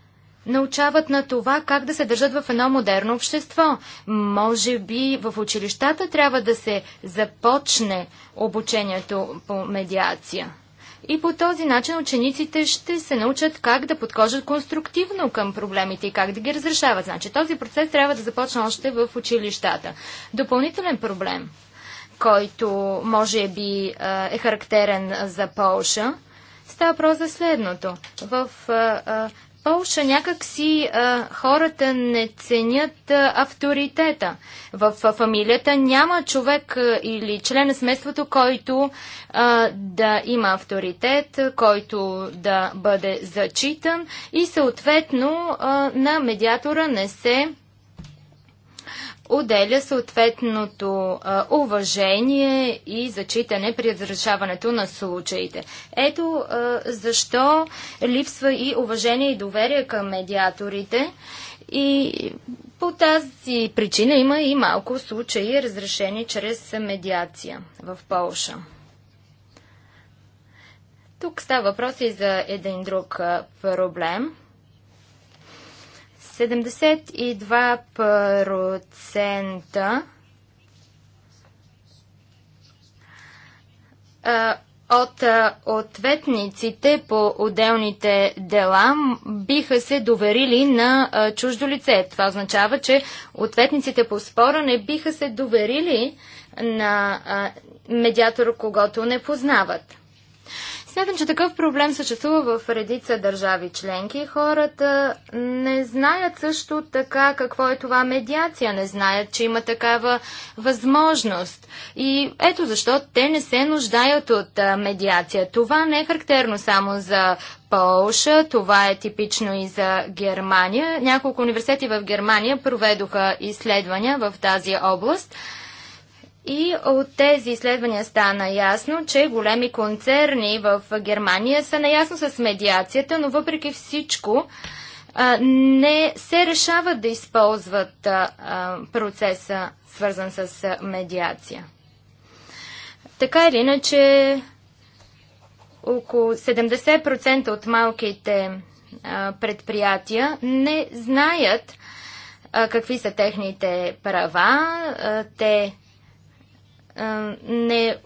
научават на това как да се държат в едно модерно общество. Може би в училищата трябва да се започне обучението по медиация. И по този начин учениците ще се научат как да подхождат конструктивно към проблемите и как да ги разрешават. Значи този процес трябва да започне още в училищата. Допълнителен проблем, който може би е характерен за Полша, става въпрос за следното. В Полша някакси а, хората не ценят а, авторитета. В а, фамилията няма човек а, или член на семейството, който а, да има авторитет, който да бъде зачитан и съответно а, на медиатора не се отделя съответното а, уважение и зачитане при разрешаването на случаите. Ето а, защо липсва и уважение и доверие към медиаторите и по тази причина има и малко случаи разрешени чрез медиация в Полша. Тук става въпрос и за един друг проблем – 72% от ответниците по отделните дела биха се доверили на чуждо лице. Това означава, че ответниците по спора не биха се доверили на медиатор, когато не познават. Смятам, че такъв проблем съществува в редица държави членки. Хората не знаят също така какво е това медиация, не знаят, че има такава възможност. И ето защо те не се нуждаят от медиация. Това не е характерно само за Полша, това е типично и за Германия. Няколко университети в Германия проведоха изследвания в тази област. И от тези изследвания стана ясно, че големи концерни в Германия са наясно с медиацията, но въпреки всичко не се решават да използват процеса, свързан с медиация. Така или иначе, около 70% от малките предприятия не знаят какви са техните права. Те не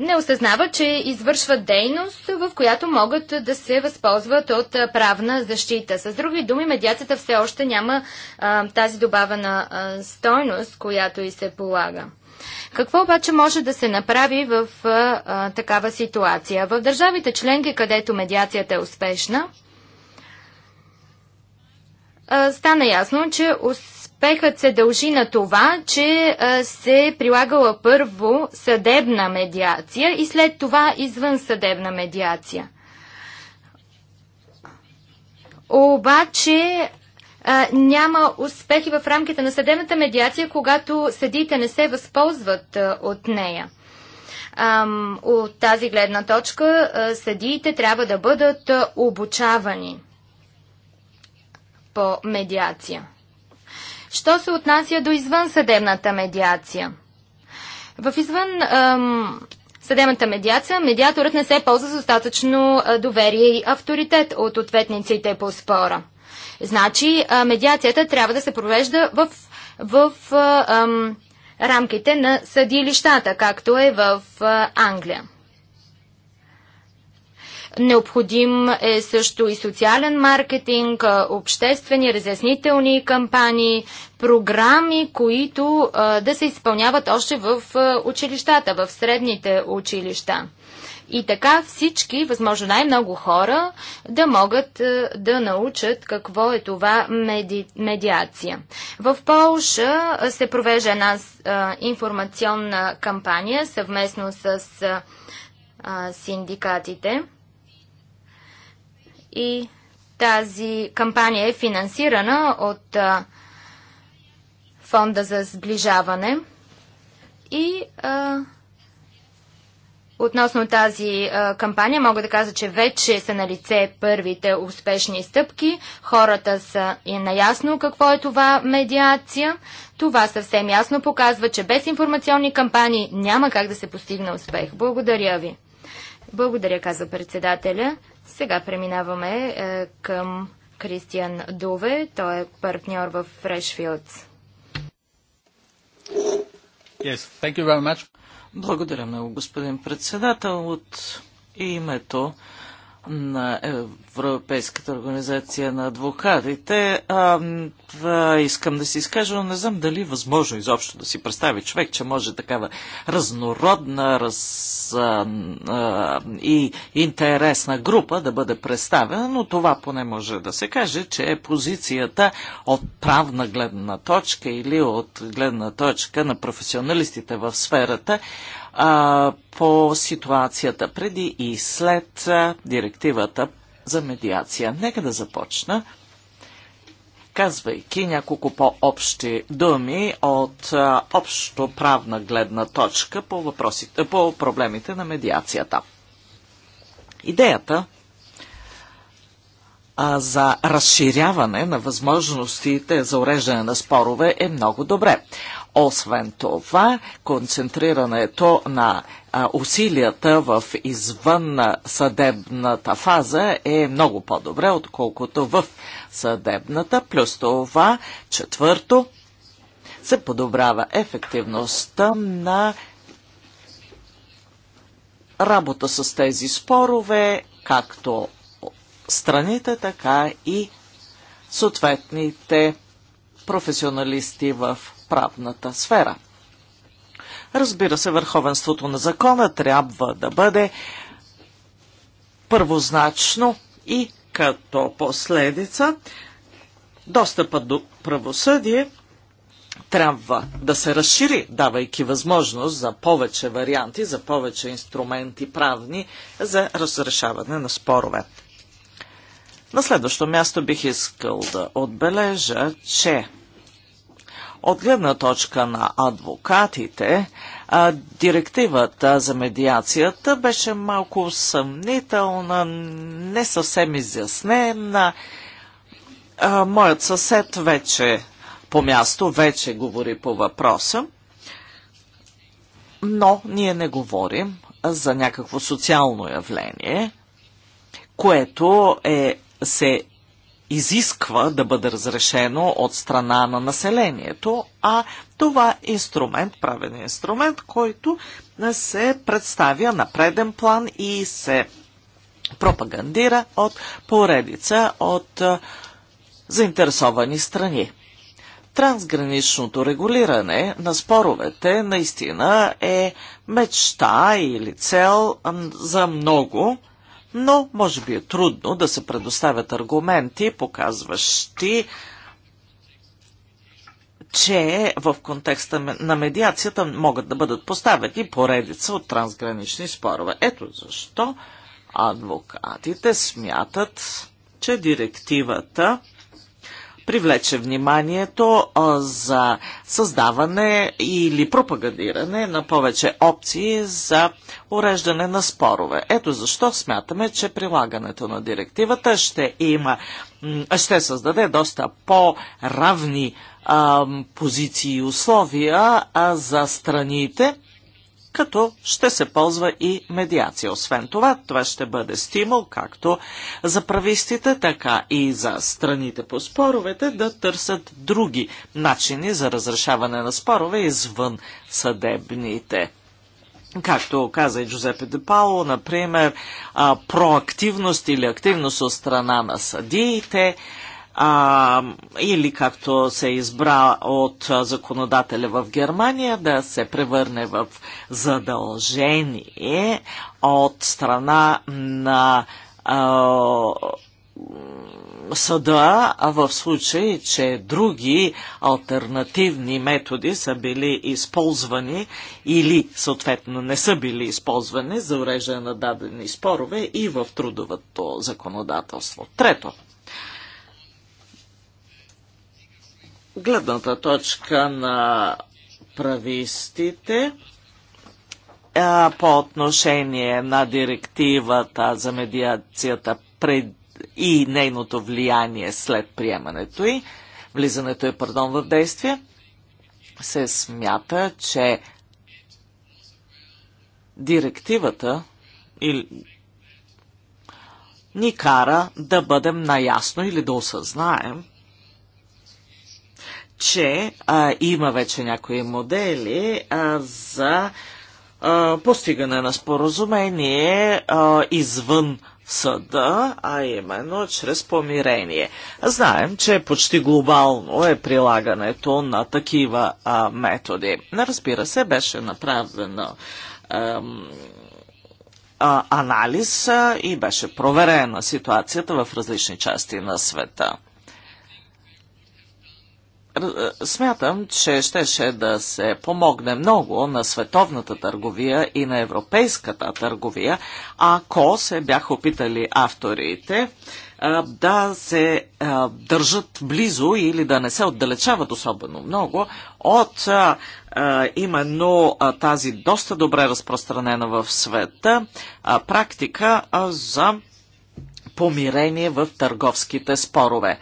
не осъзнава, че извършват дейност, в която могат да се възползват от правна защита. С други думи, медиацията все още няма а, тази добавена а, стойност, която и се полага. Какво обаче може да се направи в а, такава ситуация? В държавите членки, където медиацията е успешна, а, стана ясно, че ус... Успехът се дължи на това, че а, се прилагала първо съдебна медиация и след това извън съдебна медиация. Обаче а, няма успехи в рамките на съдебната медиация, когато съдиите не се възползват а, от нея. А, от тази гледна точка а, съдиите трябва да бъдат обучавани по медиация. Що се отнася до извънсъдебната медиация? В извън ам, съдебната медиация, медиаторът не се ползва с достатъчно доверие и авторитет от ответниците по спора. Значи, а, медиацията трябва да се провежда в, в ам, рамките на съдилищата, както е в а, Англия. Необходим е също и социален маркетинг, обществени, разяснителни кампании, програми, които да се изпълняват още в училищата, в средните училища. И така всички, възможно най-много хора, да могат да научат какво е това меди... медиация. В Полша се провежда една информационна кампания съвместно с синдикатите – и тази кампания е финансирана от Фонда за сближаване. И а, относно тази а, кампания мога да кажа, че вече са на лице първите успешни стъпки. Хората са и наясно какво е това медиация. Това съвсем ясно показва, че без информационни кампании няма как да се постигне успех. Благодаря ви. Благодаря, каза председателя. Сега преминаваме е, към Кристиан Дуве. Той е партньор в Фрешфилд. Yes, thank you very much. Благодаря много, господин председател. От името на Европейската организация на адвокатите. А, а, искам да си изкажа, но не знам дали е възможно изобщо да си представи човек, че може такава разнородна раз, а, а, и интересна група да бъде представена, но това поне може да се каже, че е позицията от правна гледна точка или от гледна точка на професионалистите в сферата а, по ситуацията преди и след а, директивата за медиация. Нека да започна, казвайки няколко по-общи думи от а, общо правна гледна точка по, въпросите, по проблемите на медиацията. Идеята а, за разширяване на възможностите за уреждане на спорове е много добре. Освен това, концентрирането на усилията в извън съдебната фаза е много по-добре, отколкото в съдебната. Плюс това, четвърто, се подобрява ефективността на работа с тези спорове, както страните, така и съответните професионалисти в правната сфера. Разбира се, върховенството на закона трябва да бъде първозначно и като последица достъпът до правосъдие трябва да се разшири, давайки възможност за повече варианти, за повече инструменти правни за разрешаване на спорове. На следващо място бих искал да отбележа, че от гледна точка на адвокатите, директивата за медиацията беше малко съмнителна, не съвсем изяснена. Моят съсед вече по място вече говори по въпроса, но ние не говорим за някакво социално явление, което е, се изисква да бъде разрешено от страна на населението, а това е инструмент, правен инструмент, който се представя на преден план и се пропагандира от поредица от заинтересовани страни. Трансграничното регулиране на споровете наистина е мечта или цел за много но може би е трудно да се предоставят аргументи, показващи че в контекста на медиацията могат да бъдат поставени поредица от трансгранични спорове. Ето защо адвокатите смятат, че директивата привлече вниманието за създаване или пропагандиране на повече опции за уреждане на спорове. Ето защо смятаме, че прилагането на директивата ще има, ще създаде доста по-равни позиции и условия за страните, като ще се ползва и медиация. Освен това, това ще бъде стимул както за правистите, така и за страните по споровете да търсят други начини за разрешаване на спорове извън съдебните. Както каза и Джузепе Де Пауло, например, проактивност или активност от страна на съдиите – а, или както се избра от законодателя в Германия, да се превърне в задължение от страна на а, съда в случай, че други альтернативни методи са били използвани или съответно не са били използвани за уреждане на дадени спорове и в трудовото законодателство. Трето – гледната точка на правистите по отношение на директивата за медиацията пред и нейното влияние след приемането й, влизането е пардон в действие, се смята, че директивата или ни кара да бъдем наясно или да осъзнаем, че а, има вече някои модели а, за а, постигане на споразумение а, извън съда, а именно чрез помирение. Знаем, че почти глобално е прилагането на такива а, методи. Разбира се, беше направено а, анализ а, и беше проверена ситуацията в различни части на света. Е, смятам, че щеше да се помогне много на световната търговия и на европейската търговия, ако се бяха опитали авторите е, да се е, държат близо или да не се отдалечават особено много от именно тази доста добре разпространена в света практика за помирение в търговските спорове.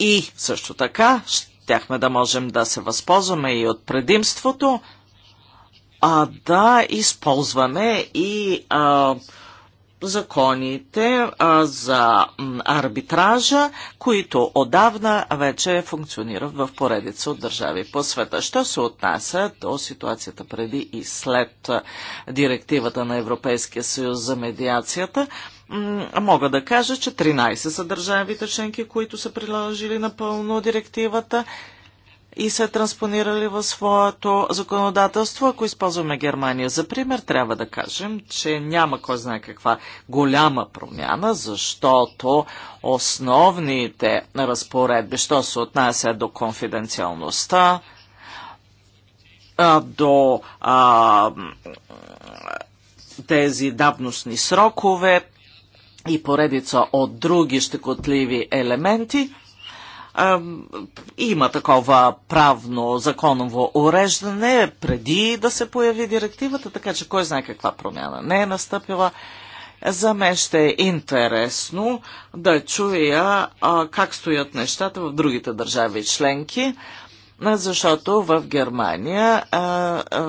И също така, щяхме да можем да се възползваме и от предимството, а да използваме и а, законите а, за арбитража, които отдавна вече функционират в поредица от държави по света. Що се отнася до ситуацията преди и след директивата на Европейския съюз за медиацията, мога да кажа, че 13 са държавите членки, които са приложили напълно директивата и са транспонирали в своето законодателство. Ако използваме Германия за пример, трябва да кажем, че няма кой знае каква голяма промяна, защото основните разпоредби, що се отнася до конфиденциалността, до а, тези давностни срокове и поредица от други щекотливи елементи – има такова правно законово уреждане преди да се появи директивата, така че кой знае каква промяна не е настъпила. За мен ще е интересно да чуя а, как стоят нещата в другите държави членки защото в Германия а, а,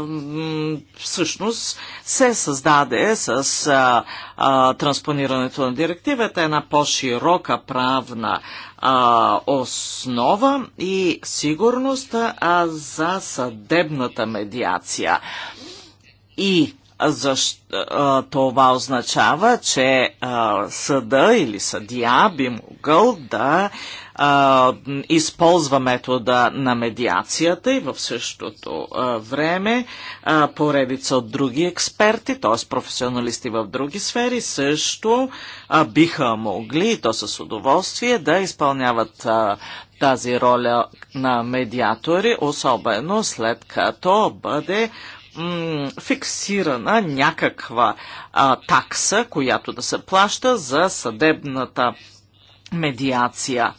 всъщност се създаде с а, а, транспонирането на директивата една по-широка правна а, основа и сигурност а, за съдебната медиация. И защо, а, това означава, че а, съда или съдия би могъл да а, използва метода на медиацията и в същото а, време а, поредица от други експерти, т.е. професионалисти в други сфери, също а, биха могли, и то с удоволствие, да изпълняват а, тази роля на медиатори, особено след като бъде фиксирана някаква а, такса, която да се плаща за съдебната медиация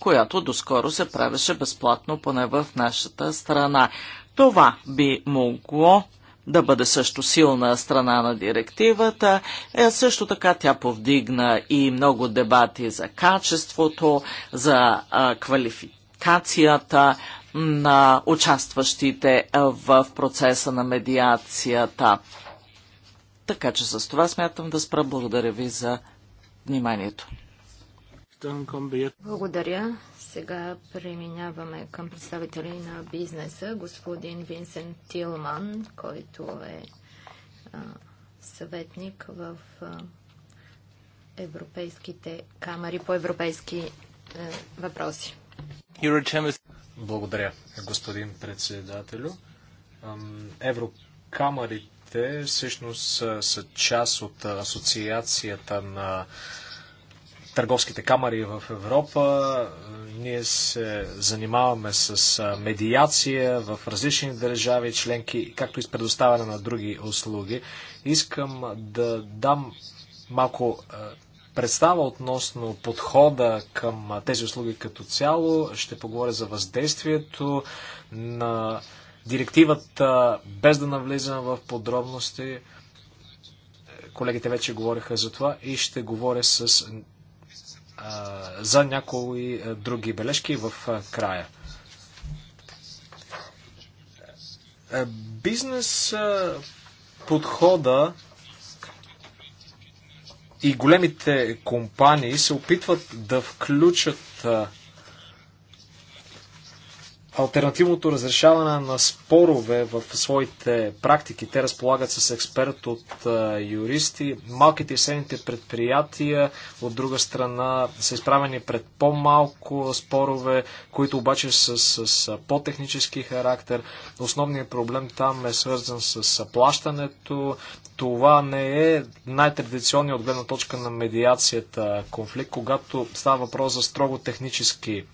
която доскоро се правеше безплатно поне в нашата страна. Това би могло да бъде също силна страна на директивата. Е, също така тя повдигна и много дебати за качеството, за а, квалификацията на участващите в процеса на медиацията. Така че с това смятам да спра. Благодаря ви за вниманието. Благодаря. Сега преминаваме към представители на бизнеса. Господин Винсент Тилман, който е съветник в европейските камери по европейски е, въпроси. Благодаря, господин председателю. Еврокамерите всъщност са част от асоциацията на търговските камери в Европа. Ние се занимаваме с медиация в различни държави, членки, както и с предоставяне на други услуги. Искам да дам малко представа относно подхода към тези услуги като цяло. Ще поговоря за въздействието на директивата, без да навлизам в подробности. Колегите вече говориха за това и ще говоря с за някои други бележки в края. Бизнес подхода и големите компании се опитват да включат альтернативното разрешаване на спорове в своите практики. Те разполагат с експерт от юристи. Малките и средните предприятия, от друга страна, са изправени пред по-малко спорове, които обаче са с, с по-технически характер. Основният проблем там е свързан с плащането. Това не е най-традиционният от гледна точка на медиацията конфликт, когато става въпрос за строго технически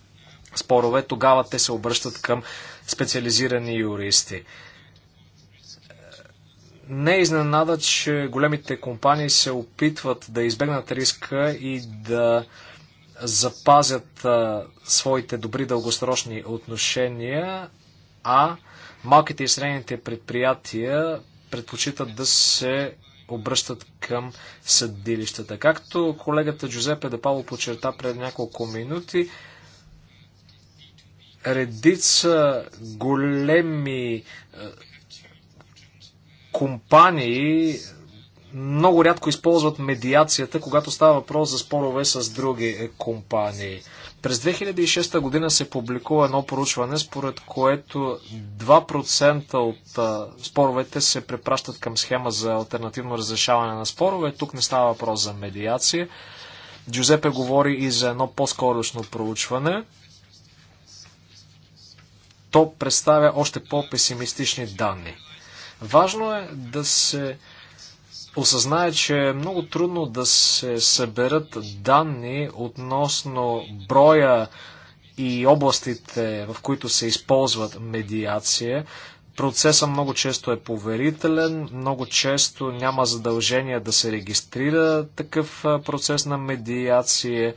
спорове, тогава те се обръщат към специализирани юристи. Не е изненада, че големите компании се опитват да избегнат риска и да запазят а, своите добри дългосрочни отношения, а малките и средните предприятия предпочитат да се обръщат към съдилищата. Както колегата Джузепе Депало подчерта пред няколко минути, редица големи е, компании много рядко използват медиацията, когато става въпрос за спорове с други е, компании. През 2006 година се публикува едно поручване, според което 2% от а, е, споровете се препращат към схема за альтернативно разрешаване на спорове. Тук не става въпрос за медиация. Джузепе говори и за едно по-скорошно проучване то представя още по-песимистични данни. Важно е да се осъзнае, че е много трудно да се съберат данни относно броя и областите, в които се използват медиация. Процесът много често е поверителен, много често няма задължение да се регистрира такъв процес на медиация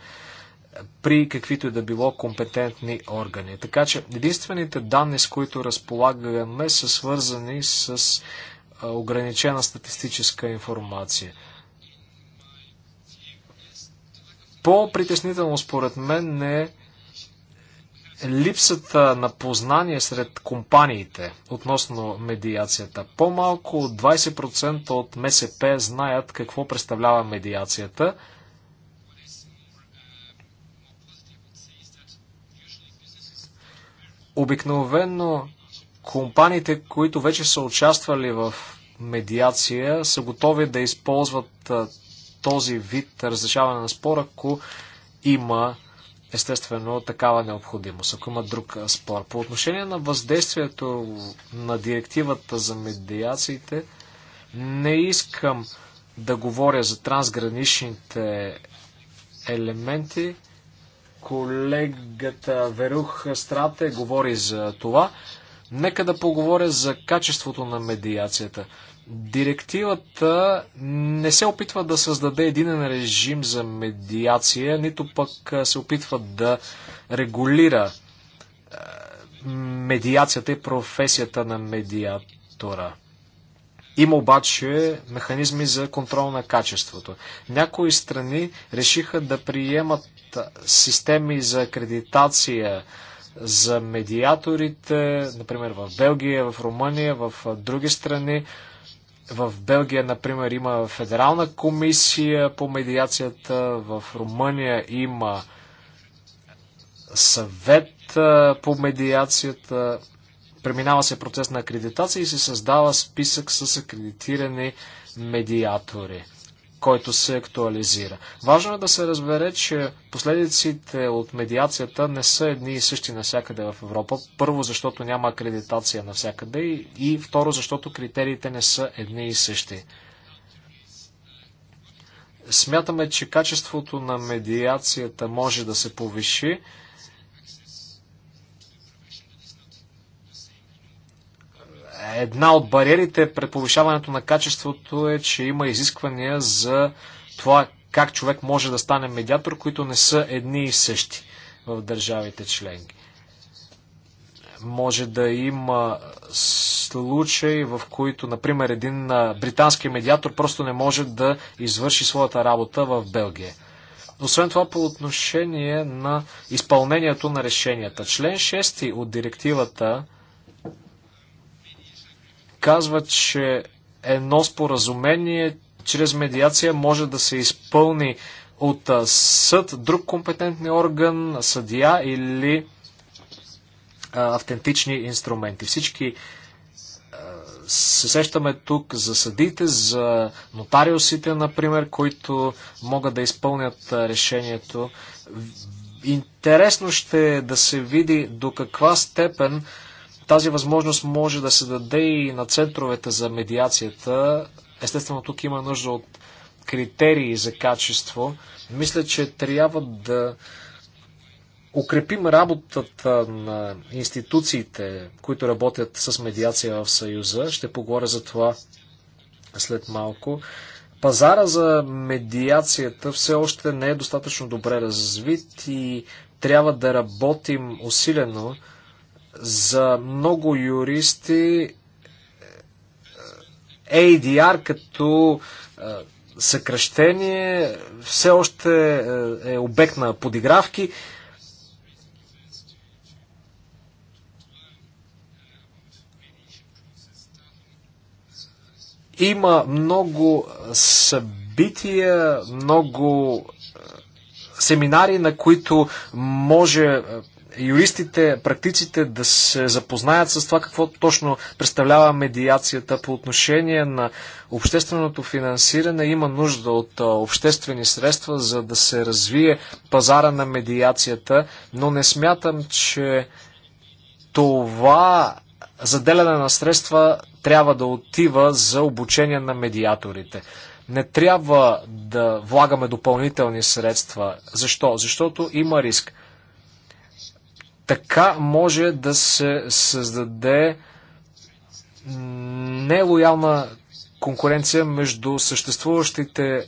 при каквито и да било компетентни органи. Така че единствените данни, с които разполагаме, са свързани с ограничена статистическа информация. По-притеснително според мен е липсата на познание сред компаниите относно медиацията. По-малко от 20% от МСП знаят какво представлява медиацията – Обикновено компаниите, които вече са участвали в медиация, са готови да използват този вид разрешаване на спора, ако има естествено такава необходимост, ако има друг спор. По отношение на въздействието на директивата за медиациите, не искам да говоря за трансграничните елементи. Колегата Верух Страте говори за това. Нека да поговоря за качеството на медиацията. Директивата не се опитва да създаде един режим за медиация, нито пък се опитва да регулира медиацията и професията на медиатора. Има обаче механизми за контрол на качеството. Някои страни решиха да приемат системи за акредитация за медиаторите, например в Белгия, в Румъния, в други страни. В Белгия, например, има федерална комисия по медиацията, в Румъния има съвет по медиацията. Преминава се процес на акредитация и се създава списък с акредитирани медиатори който се актуализира. Важно е да се разбере, че последиците от медиацията не са едни и същи навсякъде в Европа. Първо, защото няма акредитация навсякъде и, и второ, защото критериите не са едни и същи. Смятаме, че качеството на медиацията може да се повиши Една от бариерите пред повишаването на качеството е, че има изисквания за това как човек може да стане медиатор, които не са едни и същи в държавите членки. Може да има случаи, в които, например, един британски медиатор просто не може да извърши своята работа в Белгия. Освен това, по отношение на изпълнението на решенията. Член 6 от директивата казва, че едно споразумение чрез медиация може да се изпълни от съд, друг компетентен орган, съдия или а, автентични инструменти. Всички а, се сещаме тук за съдите, за нотариусите, например, които могат да изпълнят решението. Интересно ще е да се види до каква степен тази възможност може да се даде и на центровете за медиацията. Естествено, тук има нужда от критерии за качество. Мисля, че трябва да укрепим работата на институциите, които работят с медиация в Съюза. Ще поговоря за това след малко. Пазара за медиацията все още не е достатъчно добре развит и трябва да работим усилено за много юристи е, ADR като е, съкръщение все още е, е обект на подигравки. Има много събития, много семинари, на които може юристите, практиците да се запознаят с това какво точно представлява медиацията по отношение на общественото финансиране. Има нужда от обществени средства, за да се развие пазара на медиацията, но не смятам, че това заделяне на средства трябва да отива за обучение на медиаторите не трябва да влагаме допълнителни средства. Защо? Защото има риск. Така може да се създаде нелоялна конкуренция между съществуващите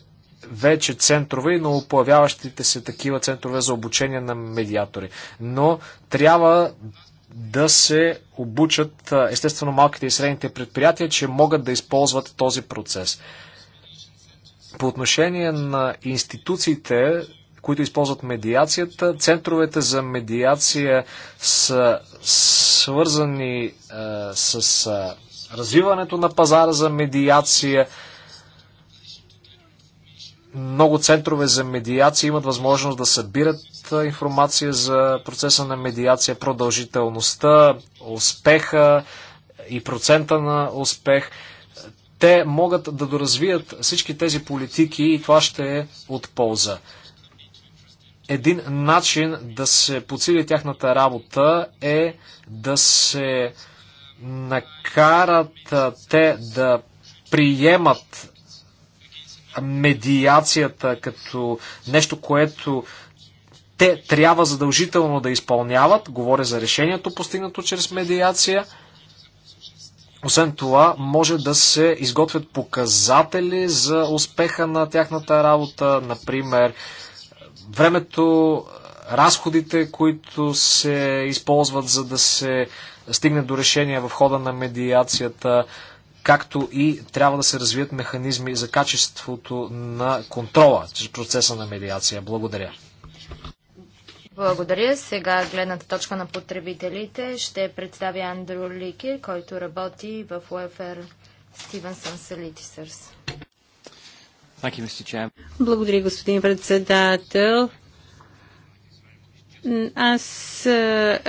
вече центрове и новоплавяващите се такива центрове за обучение на медиатори. Но трябва да се обучат естествено малките и средните предприятия, че могат да използват този процес. По отношение на институциите, които използват медиацията. Центровете за медиация са свързани а, е, с а, е, развиването на пазара за медиация. Много центрове за медиация имат възможност да събират е, информация за процеса на медиация, продължителността, успеха и процента на успех те могат да доразвият всички тези политики и това ще е от полза един начин да се подсили тяхната работа е да се накарат те да приемат медиацията като нещо, което те трябва задължително да изпълняват. Говоря за решението, постигнато чрез медиация. Освен това, може да се изготвят показатели за успеха на тяхната работа, например, времето, разходите, които се използват, за да се стигне до решение в хода на медиацията, както и трябва да се развият механизми за качеството на контрола чрез процеса на медиация. Благодаря. Благодаря. Сега гледната точка на потребителите ще представя Андрю Ликер, който работи в УФР Стивенсън Селитисърс. You, Благодаря, господин председател. Аз е,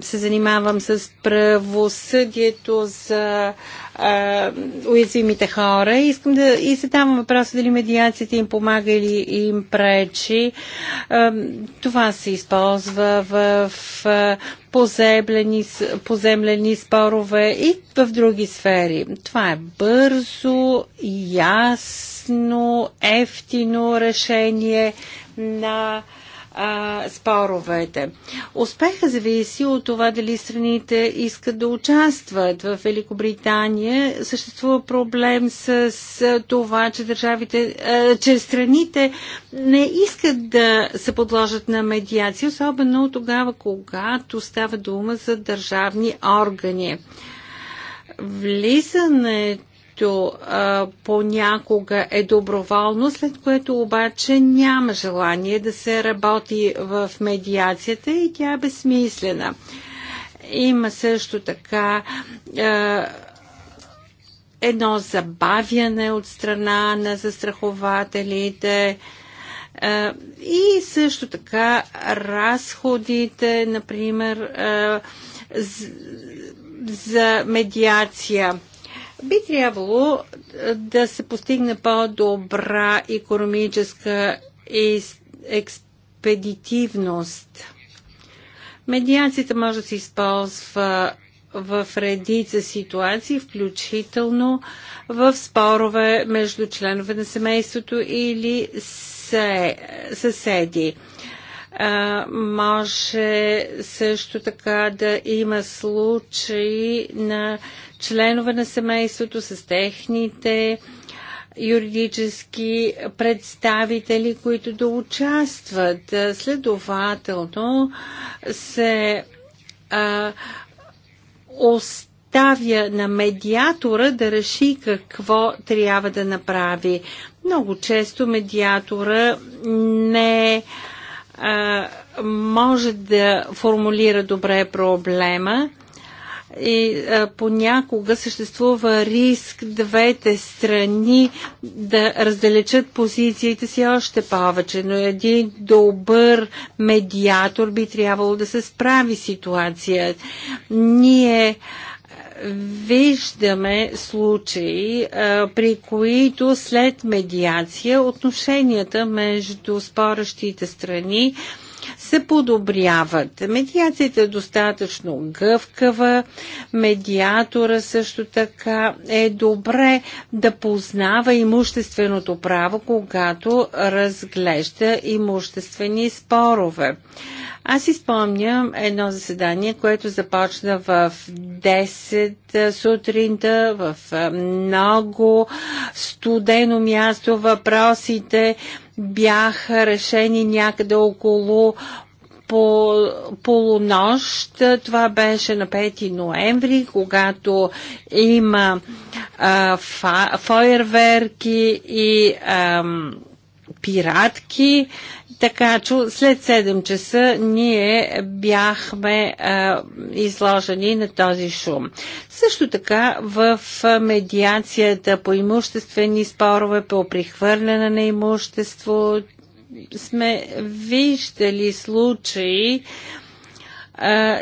се занимавам с правосъдието за а, уязвимите хора. Искам да и се въпроса дали медиацията им помага или им пречи. А, това се използва в а, поземлени, поземлени спорове и в други сфери. Това е бързо, ясно, ефтино решение на а, споровете. Успеха зависи от това дали страните искат да участват. В Великобритания съществува проблем с, с това, че държавите, а, че страните не искат да се подложат на медиация, особено тогава, когато става дума за държавни органи. Влизането което а, понякога е доброволно, след което обаче няма желание да се работи в медиацията и тя е безсмислена. Има също така а, едно забавяне от страна на застрахователите и също така разходите, например, за медиация. Би трябвало е, да се постигне по-добра економическа експедитивност. Медиацията може да се използва в редица ситуации, включително в спорове между членове на семейството или съседи може също така да има случаи на членове на семейството с техните юридически представители, които да участват. Следователно се а, оставя на медиатора да реши какво трябва да направи. Много често медиатора не е може да формулира добре проблема и а, понякога съществува риск двете страни да раздалечат позициите си още повече, но един добър медиатор би трябвало да се справи ситуация. Ние а, виждаме случаи, при които след медиация отношенията между спорещите страни се подобряват. Медиацията е достатъчно гъвкава, медиатора също така е добре да познава имущественото право, когато разглежда имуществени спорове. Аз изпомням едно заседание, което започна в 10 сутринта, в много студено място. Въпросите бяха решени някъде около по полунощ. Това беше на 5 ноември, когато има а, фа, фойерверки и а, пиратки. Така че след 7 часа ние бяхме а, изложени на този шум. Също така в медиацията по имуществени спорове, по прихвърляне на имущество, сме виждали случаи, а,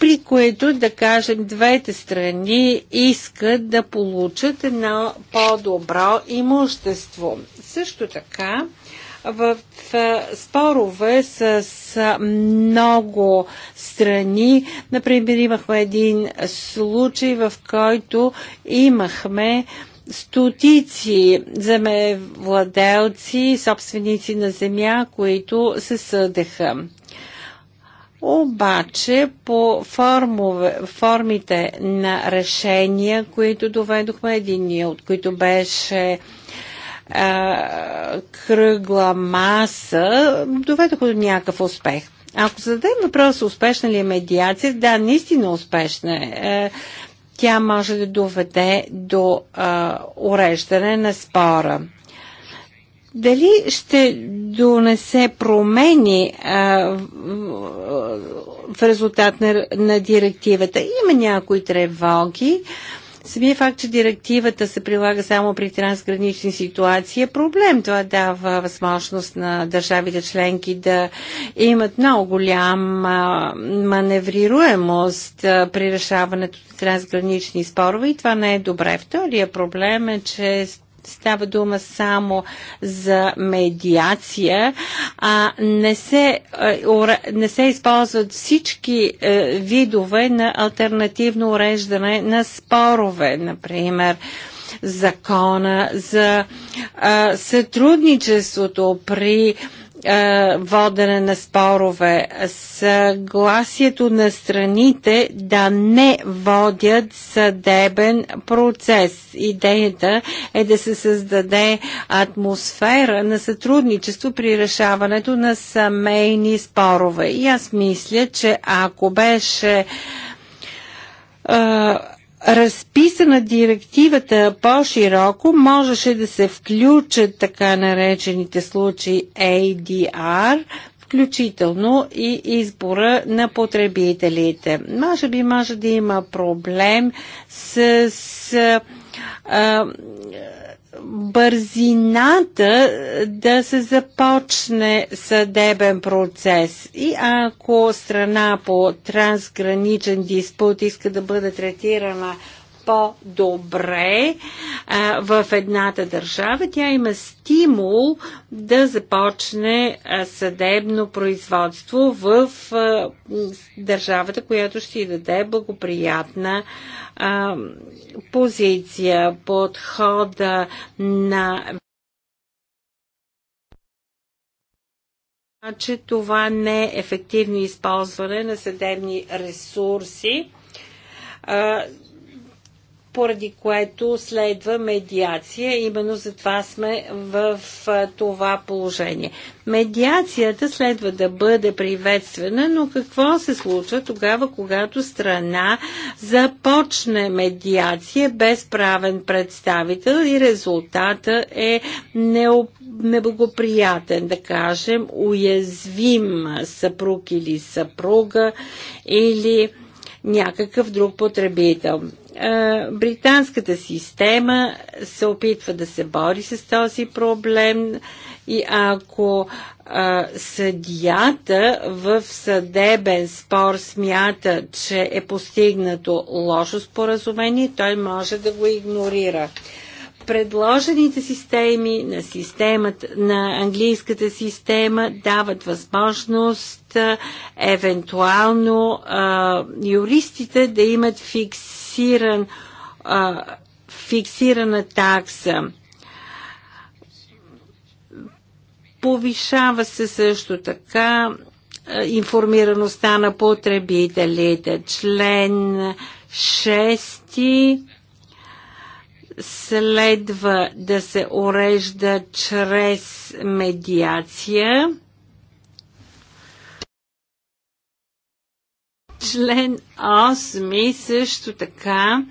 при които, да кажем, двете страни искат да получат едно по-добро имущество. Също така, в спорове с много страни. Например, имахме един случай, в който имахме стотици земевладелци, собственици на земя, които се съдеха. Обаче по формове, формите на решения, които доведохме, един от които беше а, кръгла маса доведоха до някакъв успех. Ако зададем въпрос успешна ли е медиация, да, наистина успешна е. е тя може да доведе до а, уреждане на спора. Дали ще донесе промени а, в резултат на, на директивата? Има някои тревоги. А, Самия факт, че директивата се прилага само при трансгранични ситуации е проблем. Това дава възможност на държавите членки да имат много голяма маневрируемост при решаването на трансгранични спорове и това не е добре. Втория проблем е, че става дума само за медиация, а не се, е, не се използват всички е, видове на альтернативно уреждане на спорове, например закона за е, сътрудничеството при а, е, водене на спорове, съгласието на страните да не водят съдебен процес. Идеята е да се създаде атмосфера на сътрудничество при решаването на семейни спорове. И аз мисля, че ако беше е, разписана директивата по-широко, можеше да се включат така наречените случаи ADR, включително и избора на потребителите. Може би може да има проблем с, с а, бързината е, да се започне съдебен процес. И ако страна по трансграничен диспут иска да бъде третирана по-добре в едната държава, тя има стимул да започне съдебно производство в държавата, която ще й даде благоприятна позиция, подхода на че значи това не е ефективно използване на съдебни ресурси поради което следва медиация. Именно затова сме в това положение. Медиацията следва да бъде приветствена, но какво се случва тогава, когато страна започне медиация без правен представител и резултата е неблагоприятен, да кажем, уязвим съпруг или съпруга или някакъв друг потребител. Е, британската система се опитва да се бори с този проблем и ако а, е, съдията в съдебен спор смята, че е постигнато лошо споразумение, той може да го игнорира. Предложените системи на, системата, на английската система дават възможност е, евентуално а, юристите да имат фикс фиксиран, а, фиксирана такса. Повишава се също така информираността на потребителите. Член 6 следва да се урежда чрез медиация Член 8 също така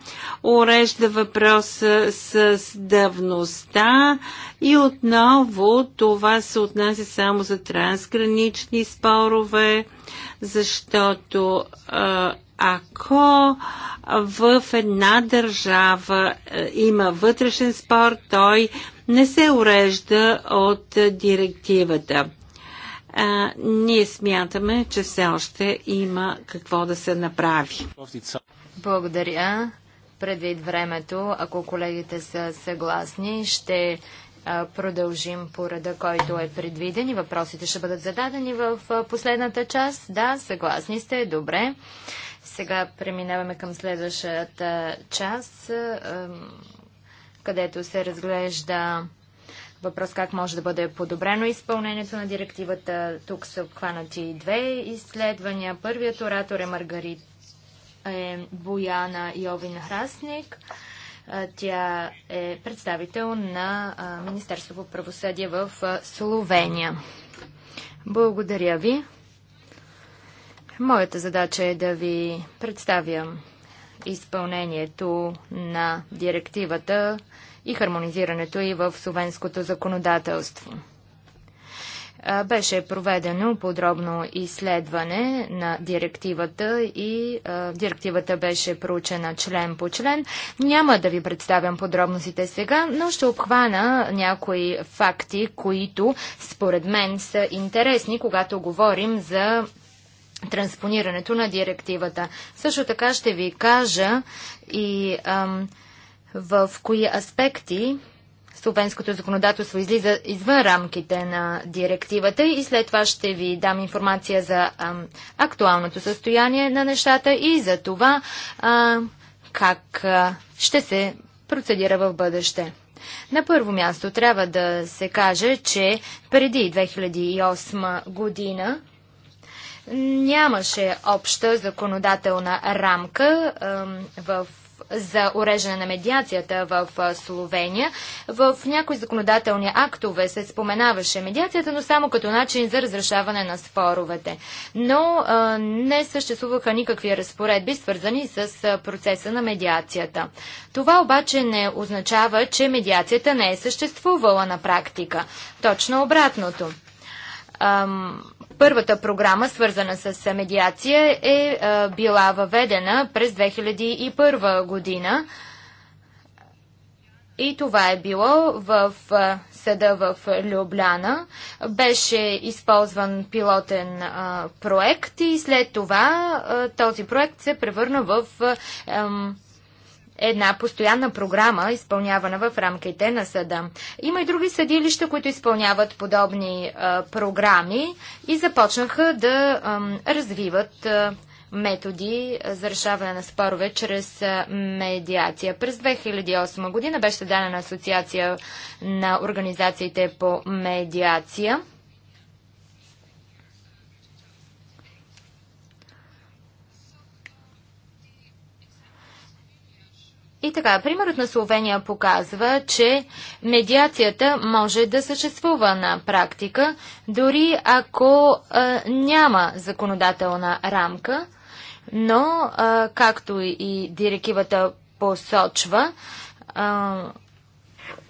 урежда въпроса с давността и отново това се отнася само за трансгранични спорове, защото ако в една държава има вътрешен спор, той не се урежда от директивата а, ние смятаме, че все още има какво да се направи. Благодаря. Предвид времето, ако колегите са съгласни, ще продължим по реда, който е предвиден и въпросите ще бъдат зададени в последната част. Да, съгласни сте, добре. Сега преминаваме към следващата част, където се разглежда въпрос как може да бъде подобрено изпълнението на директивата. Тук са обхванати две изследвания. Първият оратор е Маргарит е Бояна Йовин Храсник. Тя е представител на Министерство по правосъдие в Словения. Благодаря ви. Моята задача е да ви представя изпълнението на директивата и хармонизирането и в словенското законодателство. Беше проведено подробно изследване на директивата и а, директивата беше проучена член по член. Няма да ви представям подробностите сега, но ще обхвана някои факти, които според мен са интересни, когато говорим за транспонирането на директивата. Също така ще ви кажа и ам, в кои аспекти словенското законодателство излиза извън рамките на директивата и след това ще ви дам информация за актуалното състояние на нещата и за това а, как а, ще се процедира в бъдеще. На първо място трябва да се каже, че преди 2008 година нямаше обща законодателна рамка в за уреждане на медиацията в Словения. В някои законодателни актове се споменаваше медиацията, но само като начин за разрешаване на споровете. Но а, не съществуваха никакви разпоредби, свързани с процеса на медиацията. Това обаче не означава, че медиацията не е съществувала на практика. Точно обратното. Ам Първата програма, свързана с медиация, е била въведена през 2001 година. И това е било в съда в Любляна. Беше използван пилотен проект и след това този проект се превърна в ем, една постоянна програма, изпълнявана в рамките на съда. Има и други съдилища, които изпълняват подобни а, е, програми и започнаха да а, развиват а, е, методи е, за решаване на спорове чрез медиация. През 2008 година беше дадена асоциация на организациите по медиация. И така, примерът на Словения показва, че медиацията може да съществува на практика, дори ако а, няма законодателна рамка, но, а, както и директивата посочва, а,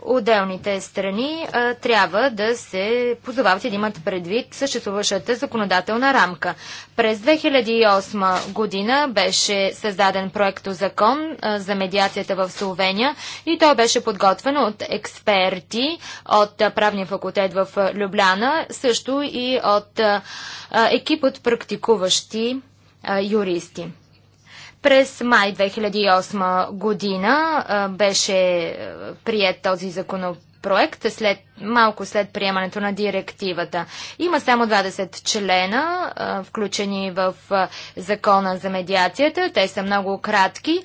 отделните страни а, трябва да се позовават и да имат предвид съществуващата законодателна рамка. През 2008 година беше създаден проекто закон а, за медиацията в Словения и той беше подготвен от експерти от а, правния факултет в Любляна, също и от екип от практикуващи юристи. През май 2008 година беше прият този законопроект след, малко след приемането на директивата. Има само 20 члена, включени в закона за медиацията. Те са много кратки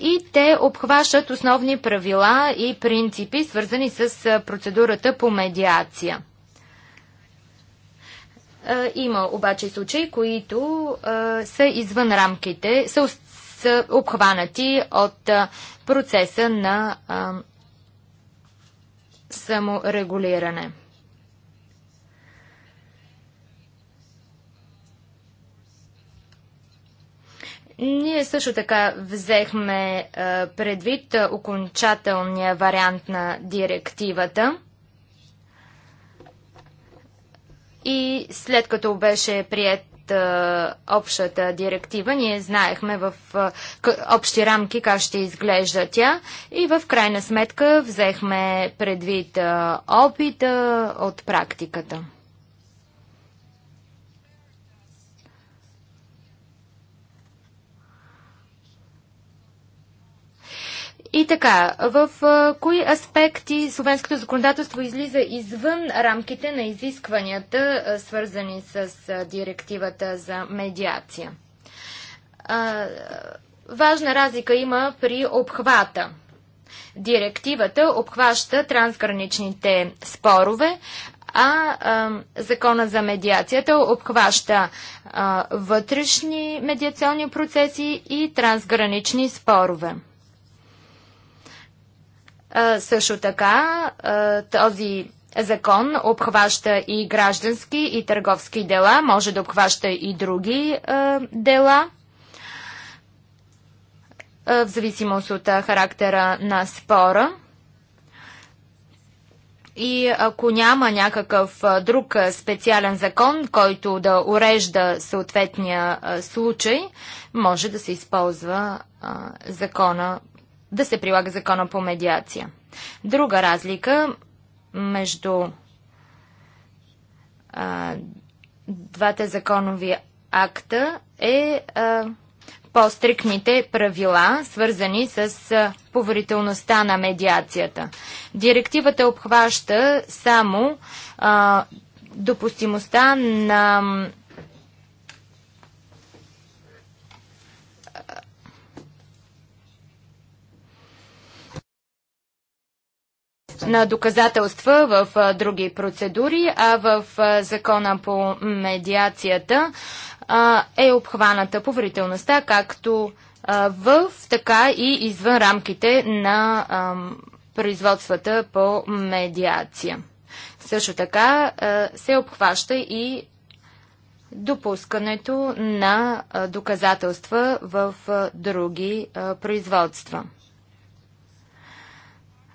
и те обхващат основни правила и принципи, свързани с процедурата по медиация. Е, има обаче случаи, които е, са извън рамките, са, са обхванати от е, процеса на саморегулиране. Ние също така взехме предвид окончателния вариант на директивата – И след като беше прият общата директива. Ние знаехме в общи рамки как ще изглежда тя и в крайна сметка взехме предвид опита от практиката. И така, в а, кои аспекти словенското законодателство излиза извън рамките на изискванията, а, свързани с а, директивата за медиация? Важна разлика има при обхвата. Директивата обхваща трансграничните спорове, а, а закона за медиацията обхваща а, вътрешни медиационни процеси и трансгранични спорове също така този закон обхваща и граждански и търговски дела, може да обхваща и други дела в зависимост от характера на спора. И ако няма някакъв друг специален закон, който да урежда съответния случай, може да се използва закона да се прилага закона по медиация. Друга разлика между а, двата законови акта е по-стрикните правила, свързани с а, поверителността на медиацията. Директивата обхваща само а, допустимостта на на доказателства в други процедури, а в закона по медиацията е обхваната поверителността, както в, така и извън рамките на производствата по медиация. Също така се обхваща и допускането на доказателства в други производства.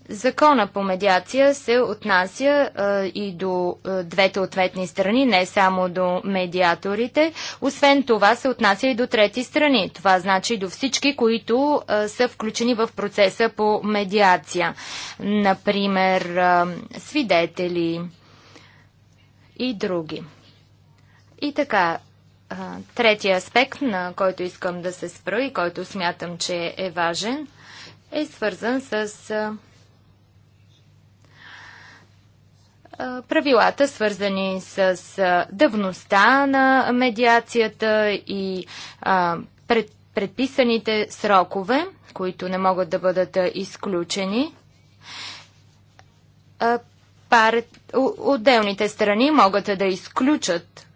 Закона по медиация се отнася а, и до а, двете ответни страни, не само до медиаторите. Освен това се отнася и до трети страни. Това значи до всички, които а, са включени в процеса по медиация. Например, а, свидетели и други. И така, а, третия аспект, на който искам да се спра и който смятам, че е важен, е свързан с. А, правилата, свързани с давността на медиацията и пред, предписаните срокове, които не могат да бъдат изключени. Отделните страни могат да изключат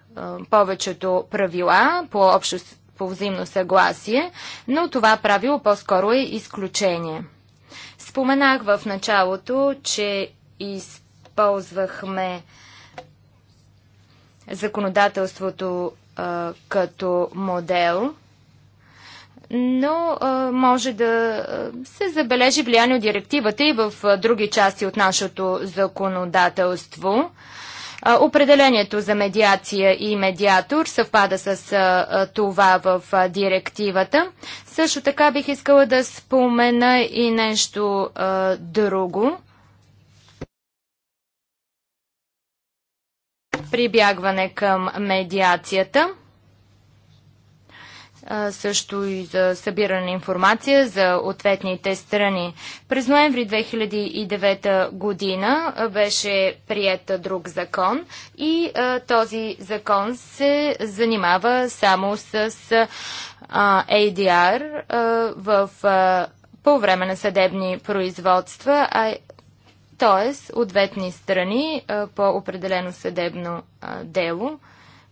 повечето правила по общо по взаимно съгласие, но това правило по-скоро е изключение. Споменах в началото, че и използвахме законодателството а, като модел, но а, може да се забележи влияние от директивата и в а, други части от нашето законодателство. А, определението за медиация и медиатор съвпада с а, това в а, директивата. Също така бих искала да спомена и нещо а, друго. прибягване към медиацията, също и за събиране на информация за ответните страни. През ноември 2009 година беше прият друг закон и този закон се занимава само с ADR в по време на съдебни производства, а т.е. ответни страни по определено съдебно дело,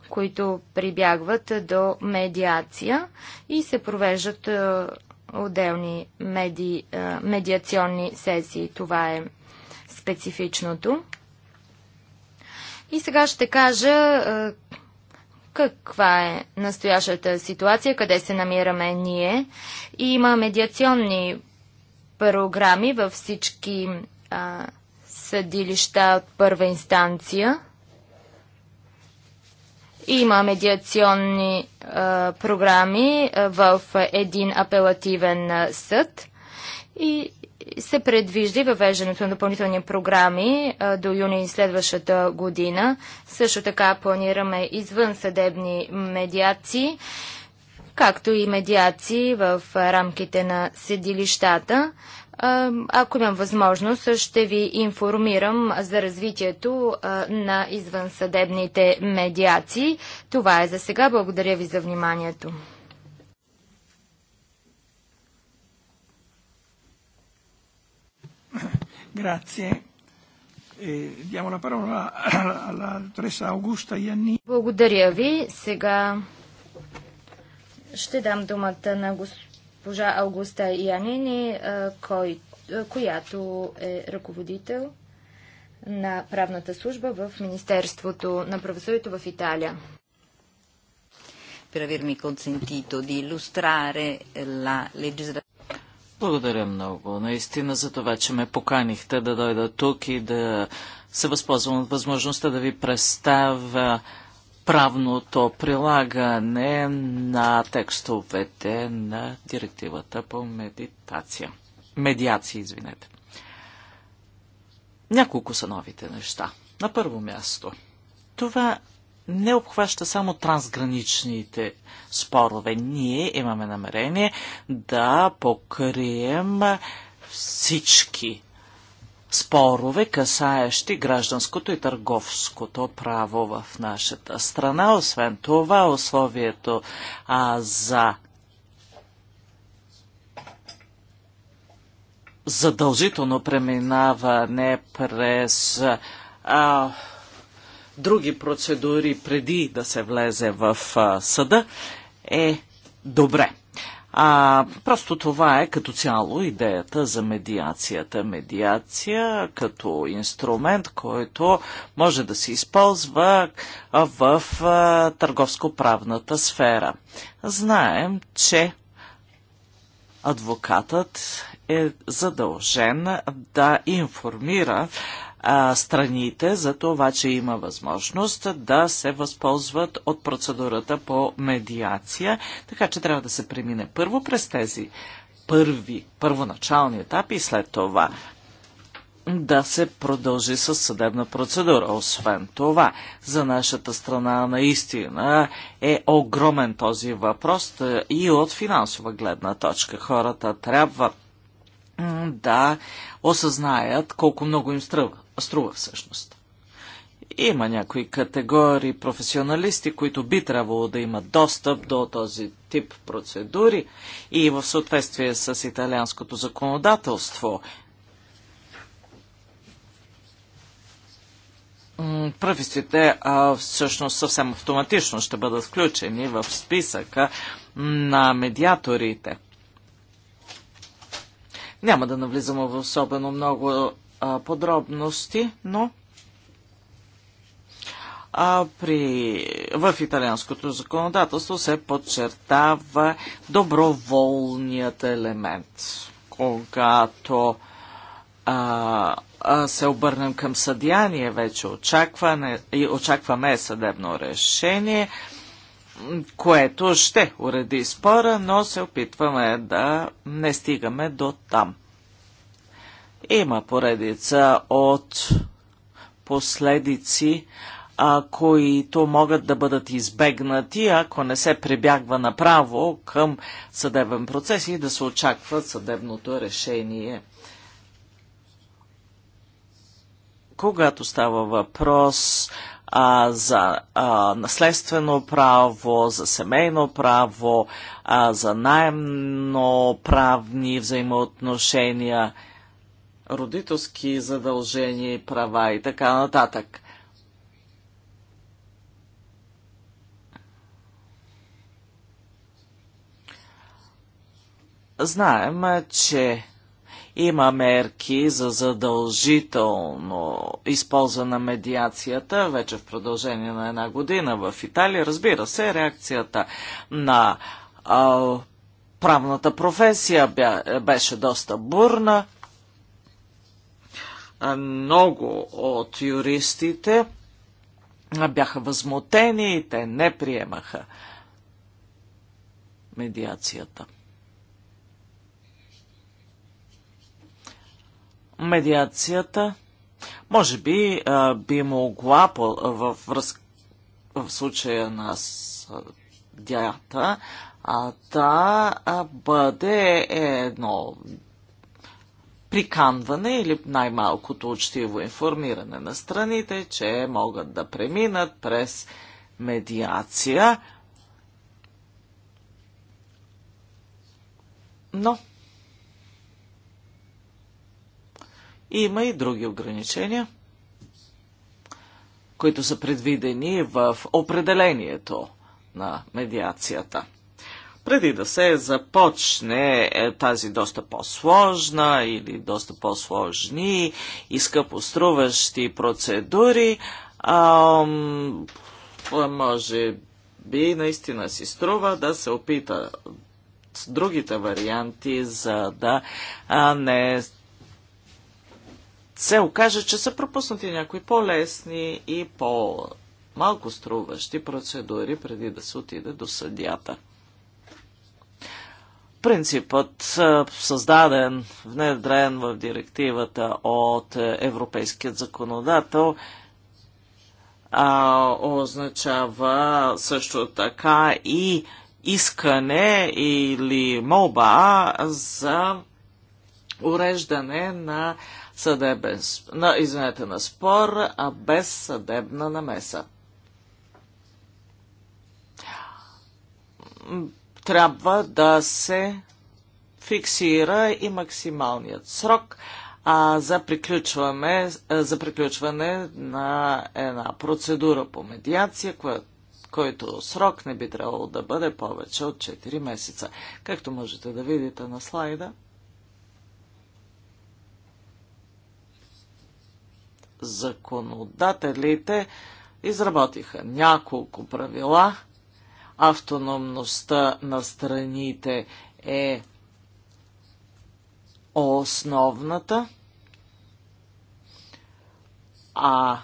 които прибягват до медиация и се провеждат отделни меди, медиационни сесии. Това е специфичното. И сега ще кажа каква е настоящата ситуация, къде се намираме ние. Има медиационни програми във всички а, съдилища от първа инстанция. Има медиационни а, програми в един апелативен съд и се предвижда въвеждането на допълнителни програми а, до юни следващата година. Също така планираме извън съдебни медиации, както и медиации в рамките на съдилищата. Ако имам възможност, ще ви информирам за развитието на извънсъдебните медиации. Това е за сега. Благодаря ви за вниманието. Grazie. Diamo la parola alla dottoressa Augusta Благодаря ви. Сега ще дам думата на господин госпожа Августа Янини, кой, която е ръководител на правната служба в Министерството на правосъдието в Италия. Благодаря много, наистина, за това, че ме поканихте да дойда тук и да се възползвам от възможността да ви представя правното прилагане на текстовете на директивата по медитация. Медиация, извинете. Няколко са новите неща. На първо място, това не обхваща само трансграничните спорове. Ние имаме намерение да покрием всички спорове, касаещи гражданското и търговското право в нашата страна. Освен това, условието а, за задължително преминаване през а, други процедури преди да се влезе в а, съда е добре. А, просто това е като цяло идеята за медиацията. Медиация като инструмент, който може да се използва в търговско-правната сфера. Знаем, че адвокатът е задължен да информира страните за това, че има възможност да се възползват от процедурата по медиация, така че трябва да се премине първо през тези първи, първоначални етапи и след това да се продължи с съдебна процедура. Освен това, за нашата страна наистина е огромен този въпрос е, и от финансова гледна точка. Хората трябва да осъзнаят колко много им струва струва всъщност. Има някои категории професионалисти, които би трябвало да имат достъп до този тип процедури и в съответствие с италианското законодателство правистите всъщност съвсем автоматично ще бъдат включени в списъка на медиаторите. Няма да навлизам в особено много а, подробности, но а при, в италианското законодателство се подчертава доброволният елемент. Когато а, а се обърнем към съдяние, вече очакване, и очакваме съдебно решение, което ще уреди спора, но се опитваме да не стигаме до там. Има поредица от последици, а, които могат да бъдат избегнати, ако не се прибягва направо към съдебен процес и да се очаква съдебното решение. Когато става въпрос а, за а, наследствено право, за семейно право, а, за наемно правни взаимоотношения – родителски задължения и права и така нататък. Знаем, че има мерки за задължително използване на медиацията вече в продължение на една година в Италия. Разбира се, реакцията на а, правната професия беше доста бурна много от юристите бяха възмутени и те не приемаха медиацията. Медиацията може би би могла във връзка в случая на съдята да бъде едно приканване или най-малкото учтиво информиране на страните, че могат да преминат през медиация. Но има и други ограничения, които са предвидени в определението на медиацията – преди да се започне е, тази доста по-сложна или доста по-сложни и скъпоструващи процедури, а, може би наистина си струва да се опита с другите варианти, за да а не се окаже, че са пропуснати някои по-лесни и по-малко струващи процедури преди да се отиде до съдята. Принципът, е, създаден, внедрен в директивата от европейският законодател, а, означава също така и искане или молба за уреждане на съдебен, на, извинете, на спор, а без съдебна намеса трябва да се фиксира и максималният срок а, за, приключване, за приключване на една процедура по медиация, кое, който срок не би трябвало да бъде повече от 4 месеца. Както можете да видите на слайда, законодателите изработиха няколко правила – автономността на страните е основната, а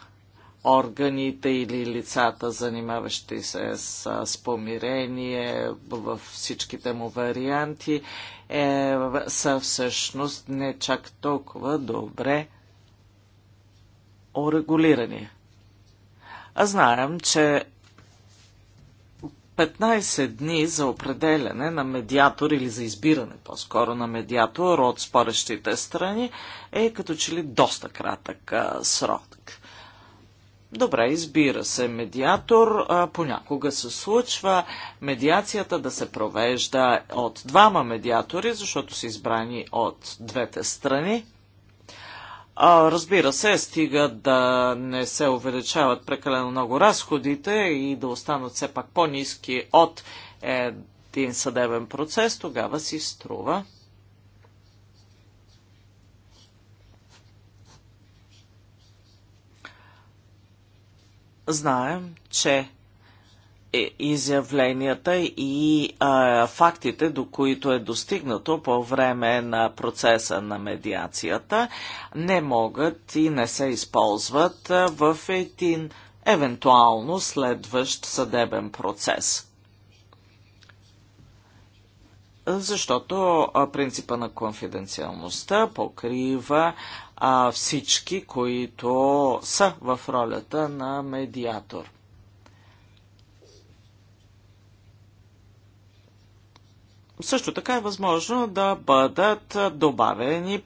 органите или лицата, занимаващи се с, с помирение във всичките му варианти, е, са всъщност не чак толкова добре урегулирани. А знаем, че 15 дни за определяне на медиатор или за избиране по-скоро на медиатор от спорещите страни е като че ли доста кратък а, срок. Добре, избира се медиатор. А, понякога се случва медиацията да се провежда от двама медиатори, защото са избрани от двете страни. А, разбира се, стига да не се увеличават прекалено много разходите и да останат все пак по-низки от един съдебен процес, тогава си струва. Знаем, че е, изявленията и а, фактите, до които е достигнато по време на процеса на медиацията, не могат и не се използват в един евентуално следващ съдебен процес. Защото принципа на конфиденциалността покрива а, всички, които са в ролята на медиатор. също така е възможно да бъдат добавени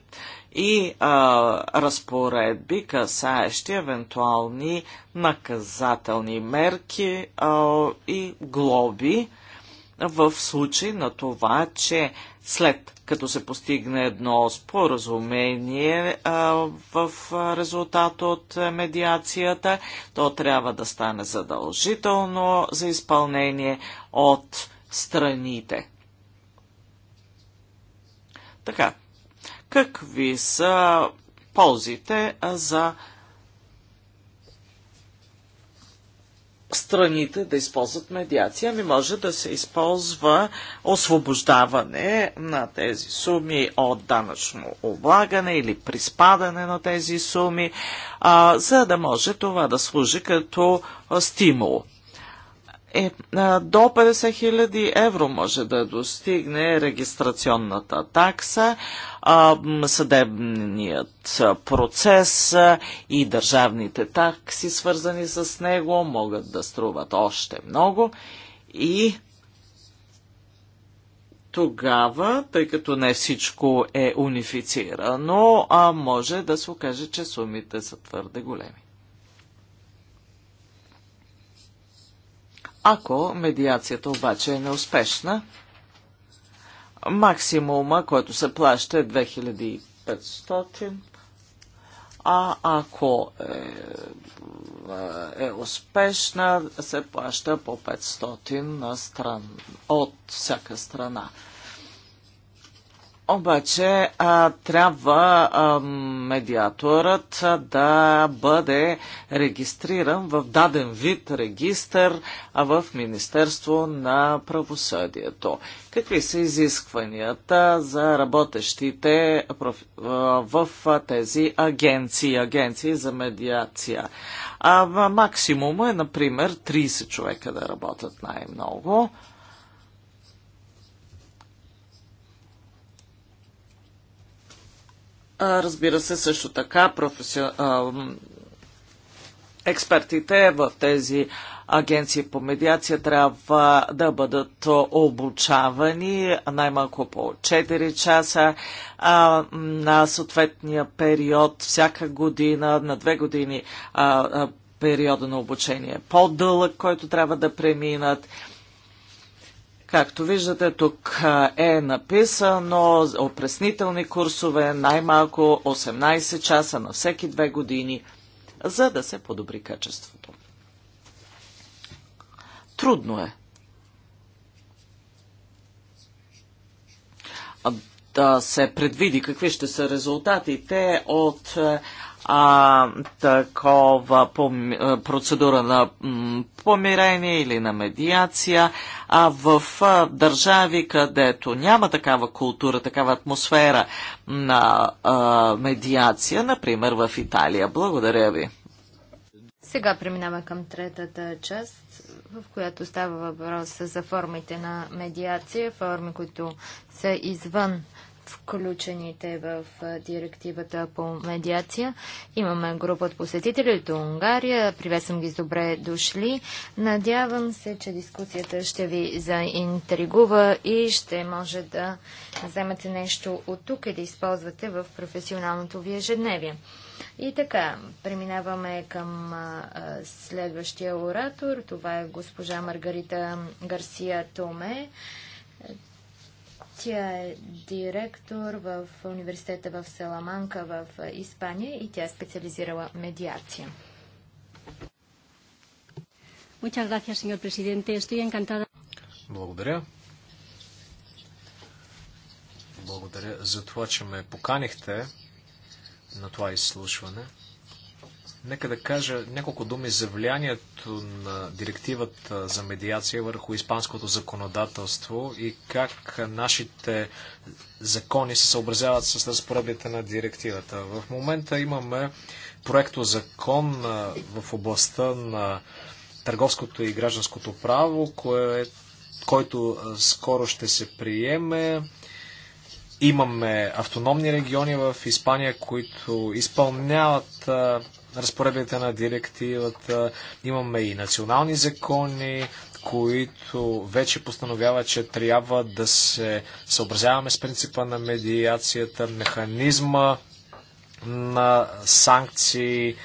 и а, разпоредби, касаещи евентуални наказателни мерки а, и глоби в случай на това, че след като се постигне едно споразумение а, в резултат от медиацията, то трябва да стане задължително за изпълнение от страните така, какви са ползите за страните да използват медиация, ами може да се използва освобождаване на тези суми от данъчно облагане или приспадане на тези суми, а, за да може това да служи като стимул е, до 50 000 евро може да достигне регистрационната такса, съдебният процес и държавните такси, свързани с него, могат да струват още много и тогава, тъй като не всичко е унифицирано, а може да се окаже, че сумите са твърде големи. Ако медиацията обаче е неуспешна, максимума, който се плаща е 2500, а ако е, е успешна, се плаща по 500 на стран, от всяка страна. Обаче а, трябва а, медиаторът да бъде регистриран в даден вид регистър а в Министерство на правосъдието. Какви са изискванията за работещите проф... в тези агенции, агенции за медиация? А, максимум е, например, 30 човека да работят най-много. Разбира се, също така професи... експертите в тези агенции по медиация трябва да бъдат обучавани най-малко по 4 часа а, на съответния период всяка година, на две години а, а, периода на обучение по-дълъг, който трябва да преминат. Както виждате, тук е написано опреснителни курсове най-малко 18 часа на всеки две години, за да се подобри качеството. Трудно е. да се предвиди какви ще са резултатите от е, а, такова пом, процедура на помирение или на медиация, а в а, държави, където няма такава култура, такава атмосфера на а, медиация, например в Италия. Благодаря ви. Сега преминаваме към третата част, в която става въпрос за формите на медиация, форми, които са извън включените в директивата по медиация. Имаме група от посетители от Унгария. Приветствам ги с добре дошли. Надявам се, че дискусията ще ви заинтригува и ще може да вземете нещо от тук и да използвате в професионалното ви ежедневие. И така, преминаваме към а, следващия оратор. Това е госпожа Маргарита Гарсия Томе. Тя е директор в университета в Саламанка в Испания и тя е специализирала медиация. Благодаря. Благодаря за това, че ме поканихте на това изслушване. Нека да кажа няколко думи за влиянието на директивата за медиация върху испанското законодателство и как нашите закони се съобразяват с разпоредбите на директивата. В момента имаме проекто закон в областта на търговското и гражданското право, кое, който скоро ще се приеме. Имаме автономни региони в Испания, които изпълняват разпоредбите на директивата. Имаме и национални закони, които вече постановяват, че трябва да се съобразяваме с принципа на медиацията, механизма на санкции, е,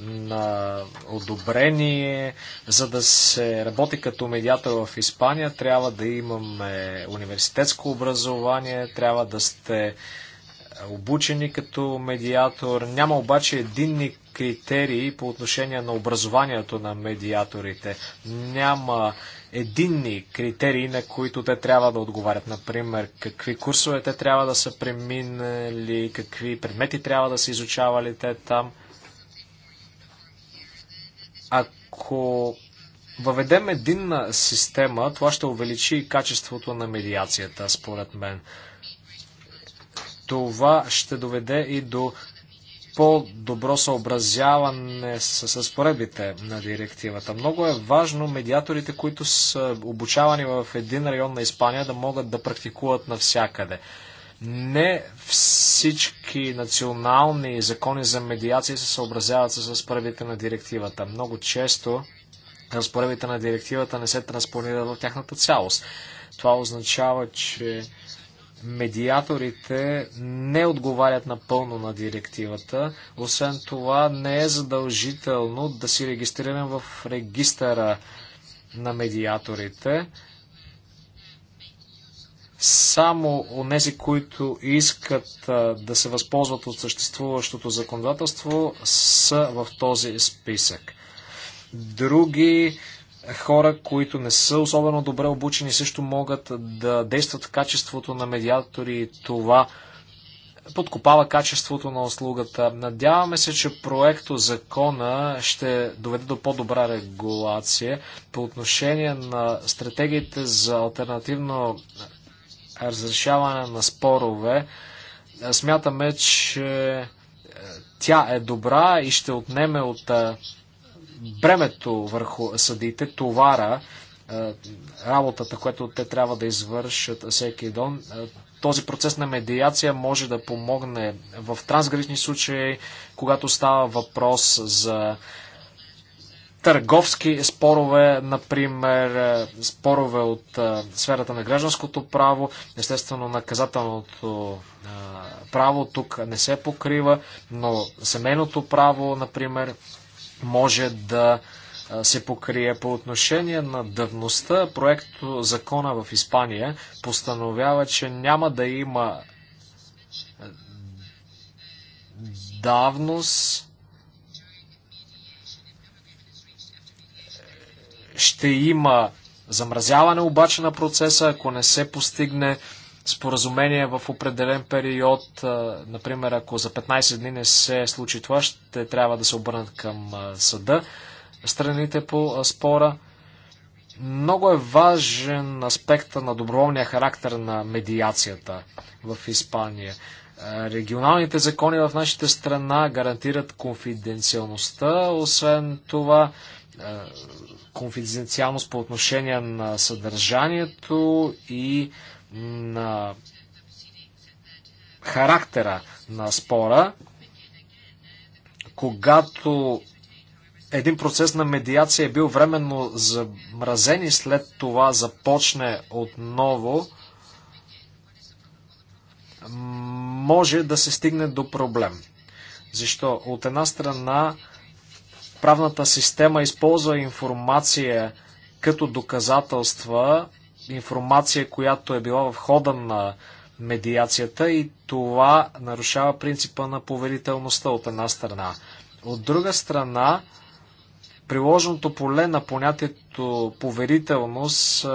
на одобрение, за да се работи като медиатор в Испания, трябва да имаме университетско образование, трябва да сте обучени като медиатор. Няма обаче единни критерии по отношение на образованието на медиаторите. Няма единни критерии, на които те трябва да отговарят. Например, какви курсове те трябва да са преминали, какви предмети трябва да са изучавали те там. Ако въведем единна система, това ще увеличи качеството на медиацията, според мен. Това ще доведе и до по-добро съобразяване с разпоредбите на директивата. Много е важно медиаторите, които са обучавани в един район на Испания, да могат да практикуват навсякъде. Не всички национални закони за медиация се съобразяват с разпоредбите на директивата. Много често разпоредбите на директивата не се транспонират в тяхната цялост. Това означава, че медиаторите не отговарят напълно на директивата. Освен това, не е задължително да си регистрирам в регистъра на медиаторите. Само тези, които искат да се възползват от съществуващото законодателство, са в този списък. Други хора, които не са особено добре обучени, също могат да действат в качеството на медиатори и това подкопава качеството на услугата. Надяваме се, че проекто закона ще доведе до по-добра регулация по отношение на стратегиите за альтернативно разрешаване на спорове. Смятаме, че тя е добра и ще отнеме от бремето върху съдите, товара, е, работата, която те трябва да извършат всеки дон. Е, този процес на медиация може да помогне в трансгранични случаи, когато става въпрос за търговски спорове, например, е, спорове от сферата на гражданското право, естествено наказателното право тук не се покрива, но семейното право, например, може да се покрие. По отношение на давността, проект закона в Испания постановява, че няма да има давност ще има замразяване обаче на процеса, ако не се постигне споразумение в определен период. Например, ако за 15 дни не се случи това, ще трябва да се обърнат към съда страните по спора. Много е важен аспекта на доброволния характер на медиацията в Испания. Регионалните закони в нашата страна гарантират конфиденциалността, освен това конфиденциалност по отношение на съдържанието и на характера на спора, когато един процес на медиация е бил временно замразен и след това започне отново, може да се стигне до проблем. Защо? От една страна, правната система използва информация като доказателства информация, която е била в хода на медиацията и това нарушава принципа на поверителността от една страна. От друга страна, приложеното поле на понятието поверителност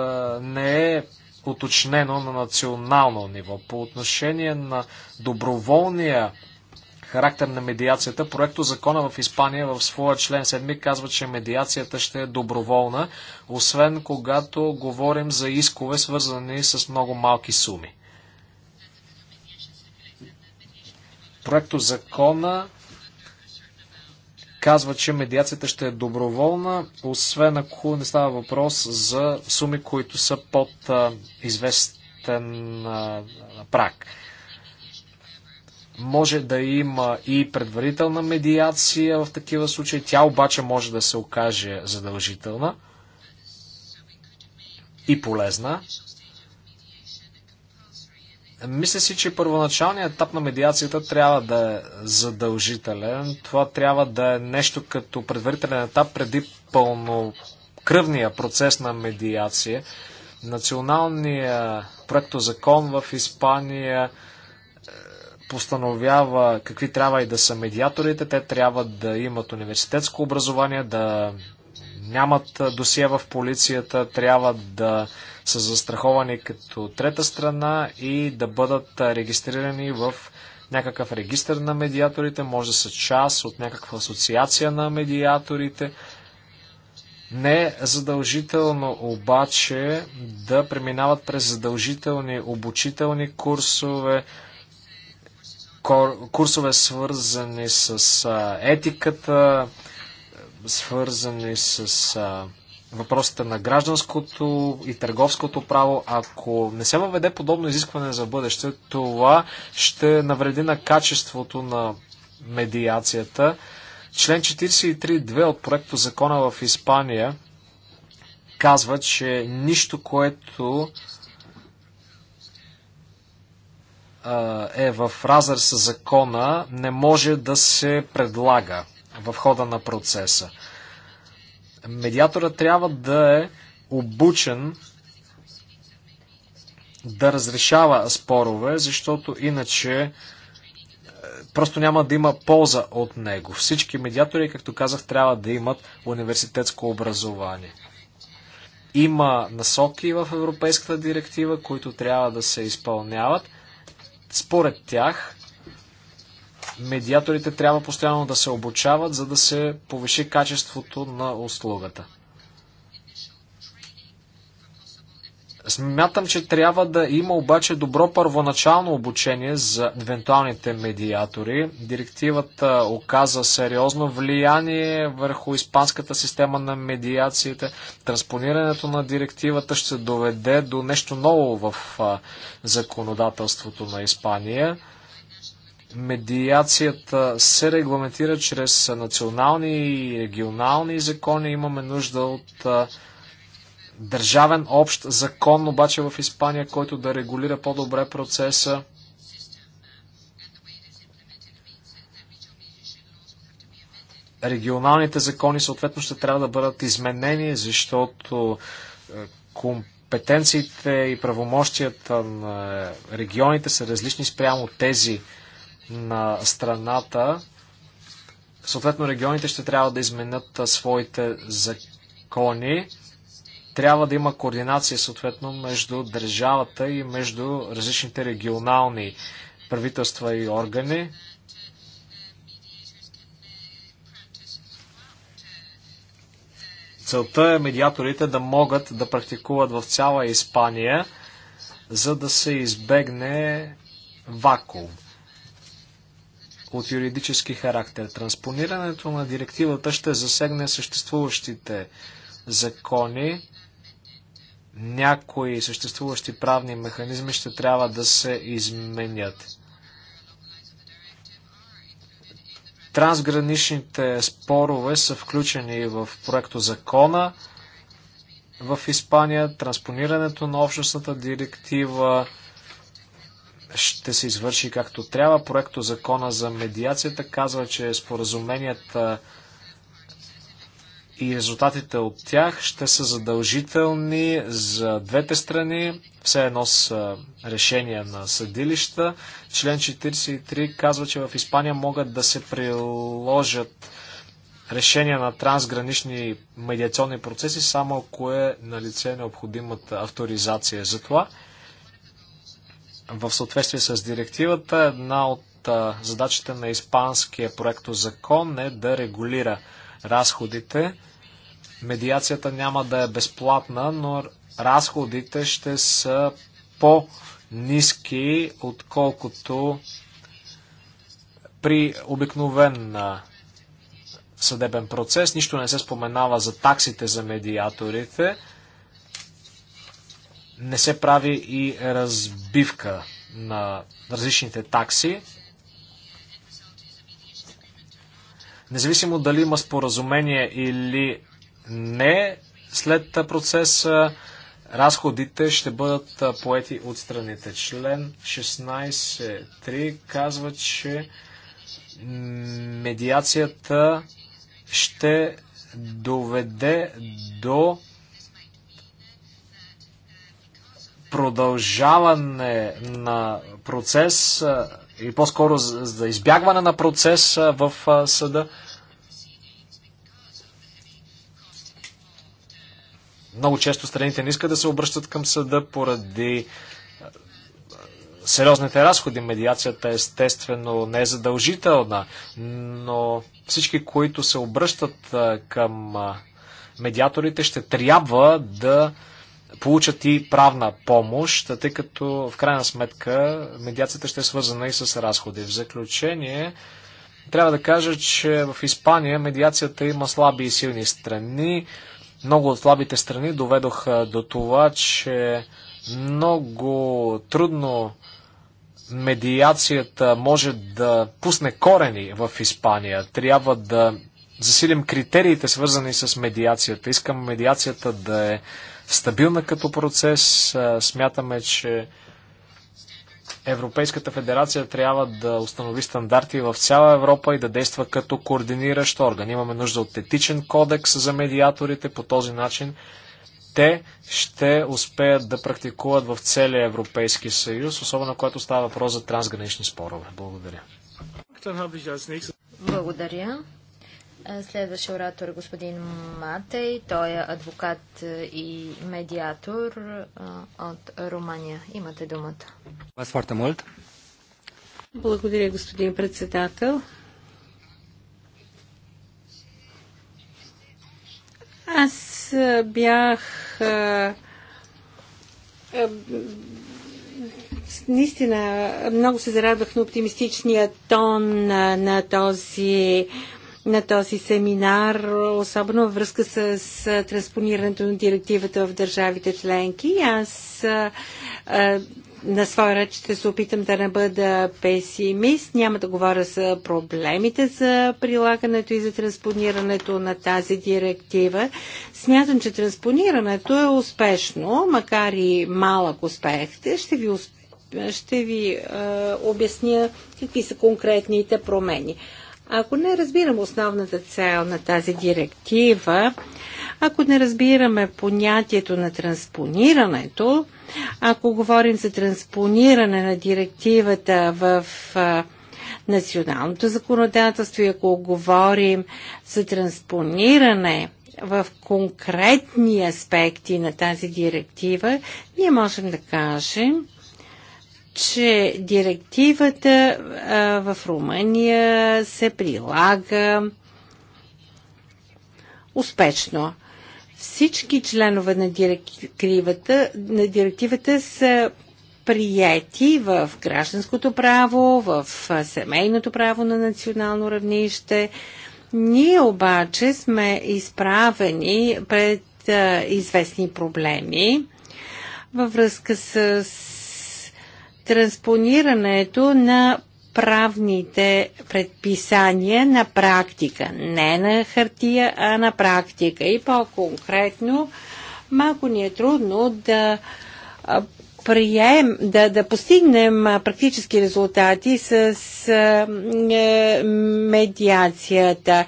не е уточнено на национално ниво. По отношение на доброволния характер на медиацията. Проекто закона в Испания в своя член 7 казва, че медиацията ще е доброволна, освен когато говорим за искове, свързани с много малки суми. Проекто закона казва, че медиацията ще е доброволна, освен ако не става въпрос за суми, които са под а, известен а, прак. Може да има и предварителна медиация в такива случаи. Тя обаче може да се окаже задължителна и полезна. Мисля си, че първоначалният етап на медиацията трябва да е задължителен. Това трябва да е нещо като предварителен етап преди пълнокръвния процес на медиация. Националният проектозакон в Испания постановява какви трябва и да са медиаторите. Те трябва да имат университетско образование, да нямат досие в полицията, трябва да са застраховани като трета страна и да бъдат регистрирани в някакъв регистр на медиаторите, може да са част от някаква асоциация на медиаторите. Не е задължително обаче да преминават през задължителни обучителни курсове, курсове свързани с а, етиката, свързани с а, въпросите на гражданското и търговското право. Ако не се въведе подобно изискване за бъдеще, това ще навреди на качеството на медиацията. Член 43.2 от проекто закона в Испания казва, че нищо, което е в разър с закона, не може да се предлага в хода на процеса. Медиатора трябва да е обучен да разрешава спорове, защото иначе е, просто няма да има полза от него. Всички медиатори, както казах, трябва да имат университетско образование. Има насоки в Европейската директива, които трябва да се изпълняват – според тях, медиаторите трябва постоянно да се обучават, за да се повиши качеството на услугата. Смятам, че трябва да има обаче добро първоначално обучение за евентуалните медиатори. Директивата оказа сериозно влияние върху испанската система на медиациите. Транспонирането на директивата ще доведе до нещо ново в законодателството на Испания. Медиацията се регламентира чрез национални и регионални закони. Имаме нужда от държавен общ закон, обаче в Испания, който да регулира по-добре процеса. Регионалните закони съответно ще трябва да бъдат изменени, защото е, компетенциите и правомощията на регионите са различни спрямо тези на страната. Съответно, регионите ще трябва да изменят своите закони трябва да има координация съответно между държавата и между различните регионални правителства и органи. Целта е медиаторите да могат да практикуват в цяла Испания, за да се избегне вакуум от юридически характер. Транспонирането на директивата ще засегне съществуващите закони някои съществуващи правни механизми ще трябва да се изменят. Трансграничните спорове са включени в проекто закона в Испания. Транспонирането на общностната директива ще се извърши както трябва. Проекто закона за медиацията казва, че споразуменията и резултатите от тях ще са задължителни за двете страни, все едно с решение на съдилища. Член 43 казва, че в Испания могат да се приложат решения на трансгранични медиационни процеси, само ако е на лице необходимата авторизация за това. В съответствие с директивата, една от задачите на испанския проекто закон е да регулира разходите. Медиацията няма да е безплатна, но разходите ще са по-низки, отколкото при обикновен съдебен процес. Нищо не се споменава за таксите за медиаторите. Не се прави и разбивка на различните такси. Независимо дали има споразумение или не, след процеса разходите ще бъдат поети от страните. Член 16.3 казва, че медиацията ще доведе до продължаване на процес или по-скоро за избягване на процес в съда. Много често страните не искат да се обръщат към съда поради сериозните разходи. Медиацията е естествено не е задължителна, но всички, които се обръщат към медиаторите, ще трябва да получат и правна помощ, тъй като в крайна сметка медиацията ще е свързана и с разходи. В заключение, трябва да кажа, че в Испания медиацията има слаби и силни страни. Много от слабите страни доведоха до това, че много трудно медиацията може да пусне корени в Испания. Трябва да засилим критериите, свързани с медиацията. Искам медиацията да е стабилна като процес. Смятаме, че Европейската федерация трябва да установи стандарти в цяла Европа и да действа като координиращ орган. Имаме нужда от етичен кодекс за медиаторите. По този начин те ще успеят да практикуват в целия Европейски съюз, особено когато става въпрос за трансгранични спорове. Благодаря. Благодаря. Е, Следващия оратор е господин Матей. Той е адвокат е, и медиатор е, от Румъния. Имате думата. Вас foarte mult. Благодаря, господин председател. Аз бях наистина много се зарадвах на оптимистичния тон на този на този семинар, особено във връзка с транспонирането на директивата в държавите членки. Аз а, а, на своя ред ще се опитам да не бъда песимист. Няма да говоря за проблемите за прилагането и за транспонирането на тази директива. Смятам, че транспонирането е успешно, макар и малък успех. Ще ви, ще ви а, обясня какви са конкретните промени. Ако не разбирам основната цел на тази директива, ако не разбираме понятието на транспонирането, ако говорим за транспониране на директивата в националното законодателство и ако говорим за транспониране в конкретни аспекти на тази директива, ние можем да кажем, че директивата а, в Румъния се прилага успешно. Всички членове на директивата, на директивата са прияти в гражданското право, в семейното право на национално равнище. Ние обаче сме изправени пред а, известни проблеми във връзка с транспонирането на правните предписания на практика. Не на хартия, а на практика. И по-конкретно, малко ни е трудно да прием, да, да постигнем практически резултати с е, медиацията.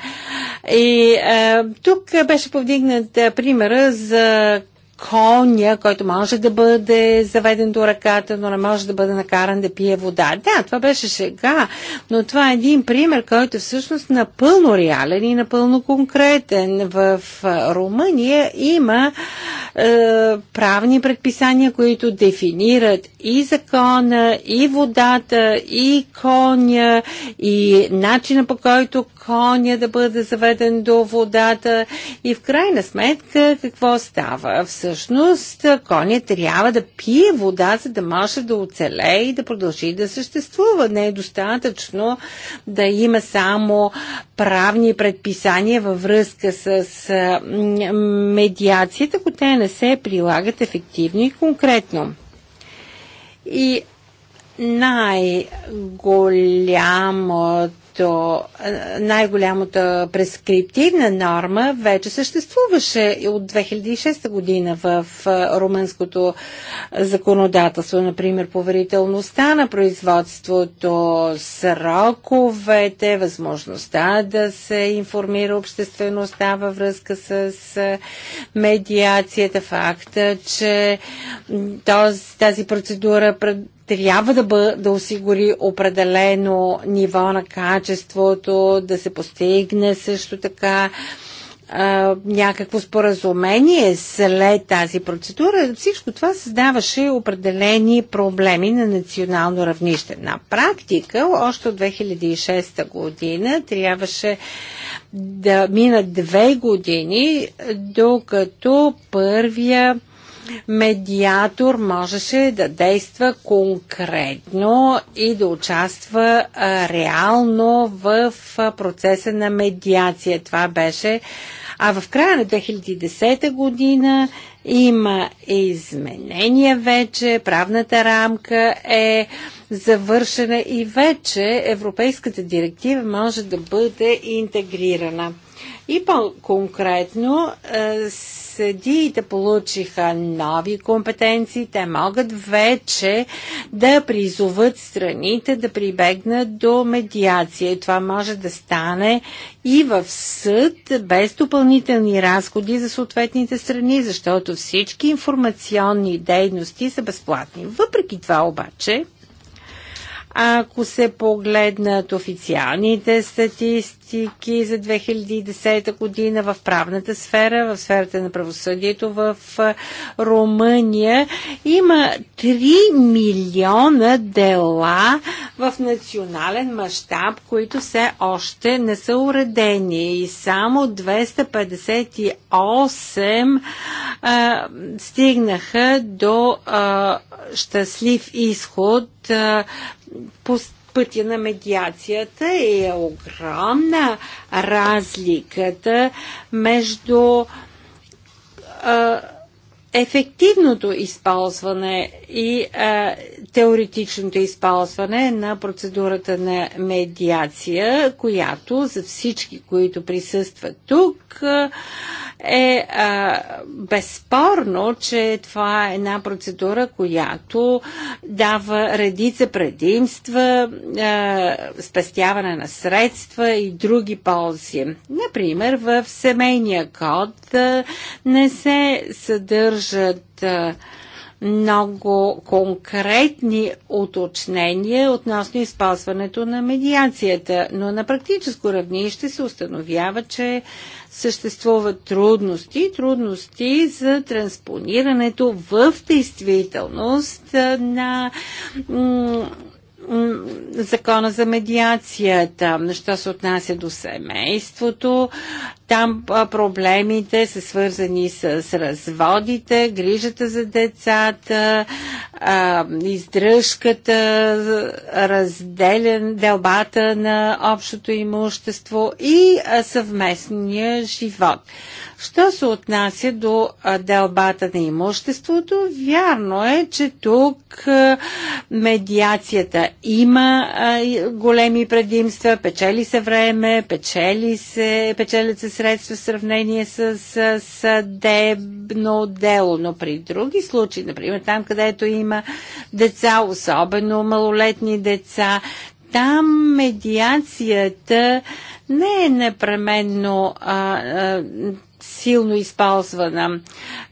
И е, тук беше повдигнат примера за коня, който може да бъде заведен до ръката, но не може да бъде накаран да пие вода. Да, това беше шега, но това е един пример, който всъщност напълно реален и напълно конкретен. В Румъния има е, правни предписания, които дефинират и закона, и водата, и коня, и начина по който коня да бъде заведен до водата и в крайна сметка какво става? Всъщност коня трябва да пие вода, за да може да оцелее и да продължи да съществува. Не е достатъчно да има само правни предписания във връзка с медиацията, ако те не се прилагат ефективно и конкретно. И най-голямото като е, най-голямата прескриптивна норма вече съществуваше от 2006 година в е, румънското законодателство, например поверителността на производството, сроковете, възможността да се информира обществеността във връзка с медиацията, факта, че този, тази процедура трябва да, бъ, да осигури определено ниво на качеството, да се постигне също така а, някакво споразумение след тази процедура. Всичко това създаваше определени проблеми на национално равнище. На практика, още от 2006 година трябваше да минат две години, докато първия медиатор можеше да действа конкретно и да участва реално в процеса на медиация. Това беше. А в края на 2010 година има изменения вече, правната рамка е завършена и вече Европейската директива може да бъде интегрирана. И по-конкретно съдиите получиха нови компетенции, те могат вече да призоват страните да прибегнат до медиация. И това може да стане и в съд без допълнителни разходи за съответните страни, защото всички информационни дейности са безплатни. Въпреки това обаче, ако се погледнат официалните статистики за 2010 година в правната сфера, в сферата на правосъдието в Румъния, има 3 милиона дела в национален мащаб, които все още не са уредени и само 258 а, стигнаха до а, щастлив изход а, по пътя на медиацията е огромна разликата между а, ефективното използване и а, теоретичното използване на процедурата на медиация, която за всички, които присъстват тук, е а, безспорно, че това е една процедура, която дава редица предимства, а, спестяване на средства и други ползи. Например, в семейния код а, не се съдържат а, много конкретни уточнения относно използването на медиацията, но на практическо равнище се установява, че съществуват трудности, трудности за транспонирането в действителност на закона за медиацията, що се отнася до семейството. Там проблемите са свързани с разводите, грижата за децата, издръжката, разделен, делбата на общото имущество и съвместния живот. Що се отнася до делбата на имуществото, вярно е, че тук медиацията има големи предимства, печели се време, печели се, печелят се средства в сравнение с съдебно дело, но при други случаи, например там, където има деца, особено малолетни деца, там медиацията не е непременно а, а, силно използвана.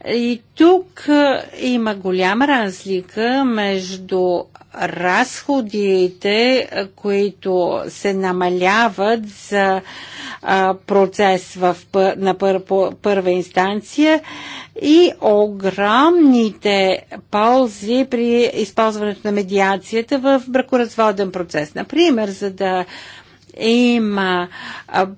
И тук е, има голяма разлика между разходите, е, които се намаляват за е, процес в, на пър, първа инстанция и огромните ползи при използването на медиацията в бракоразводен процес. Например, за да има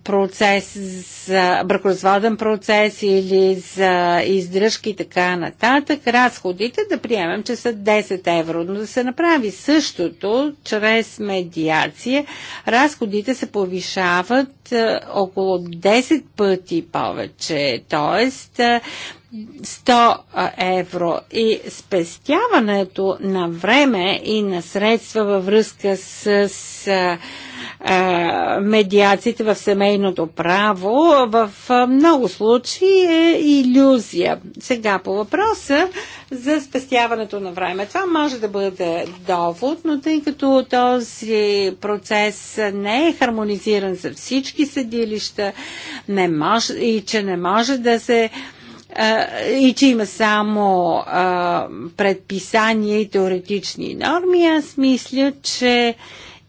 процес за бракоразводен процес или за издръжки и така нататък, разходите да приемем, че са 10 евро, но да се направи същото чрез медиация, разходите се повишават около 10 пъти повече. Тоест, 100 евро и спестяването на време и на средства във връзка с, с а, медиациите в семейното право в много случаи е иллюзия. Сега по въпроса за спестяването на време. Това може да бъде довод, но тъй като този процес не е хармонизиран за всички съдилища не може, и че не може да се а, и че има само предписания и теоретични норми, аз мисля, че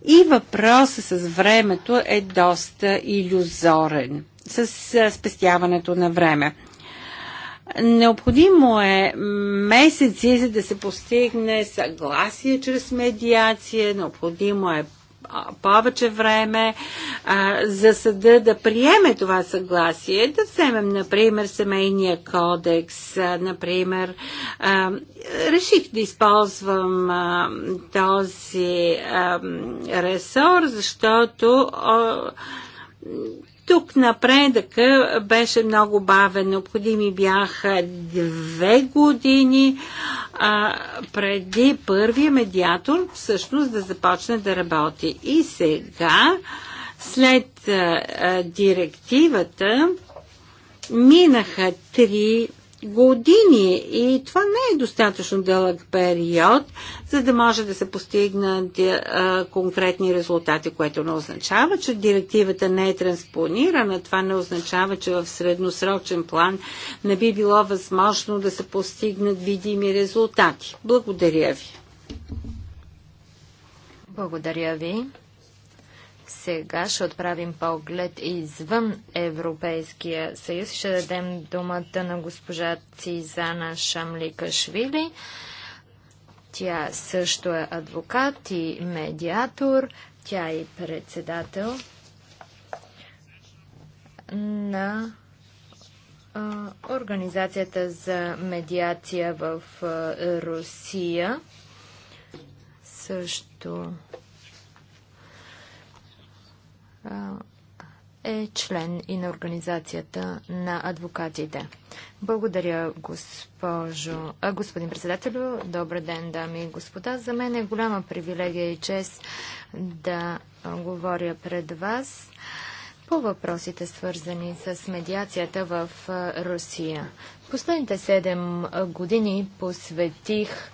и въпросът с времето е доста иллюзорен с спестяването на време. Необходимо е месеци, за да се постигне съгласие чрез медиация, необходимо е повече време а, за съда да приеме това съгласие. Да вземем, например, семейния кодекс, а, например, а, реших да използвам а, този а, ресор, защото а, тук напредъка беше много бавен. Необходими бяха две години а, преди първия медиатор всъщност да започне да работи. И сега, след а, а, директивата, минаха три години и това не е достатъчно дълъг период, за да може да се постигнат е, конкретни резултати, което не означава, че директивата не е транспонирана. Това не означава, че в средносрочен план не би било възможно да се постигнат видими резултати. Благодаря ви. Благодаря ви. Сега ще отправим поглед извън Европейския съюз. Ще дадем думата на госпожа Цизана Шамликашвили. Тя също е адвокат и медиатор. Тя е председател на Организацията за медиация в Русия. Също е член и на Организацията на адвокатите. Благодаря, госпожо, а, господин председателю. Добър ден, дами и господа. За мен е голяма привилегия и чест да говоря пред вас по въпросите свързани с медиацията в Русия. Последните седем години посветих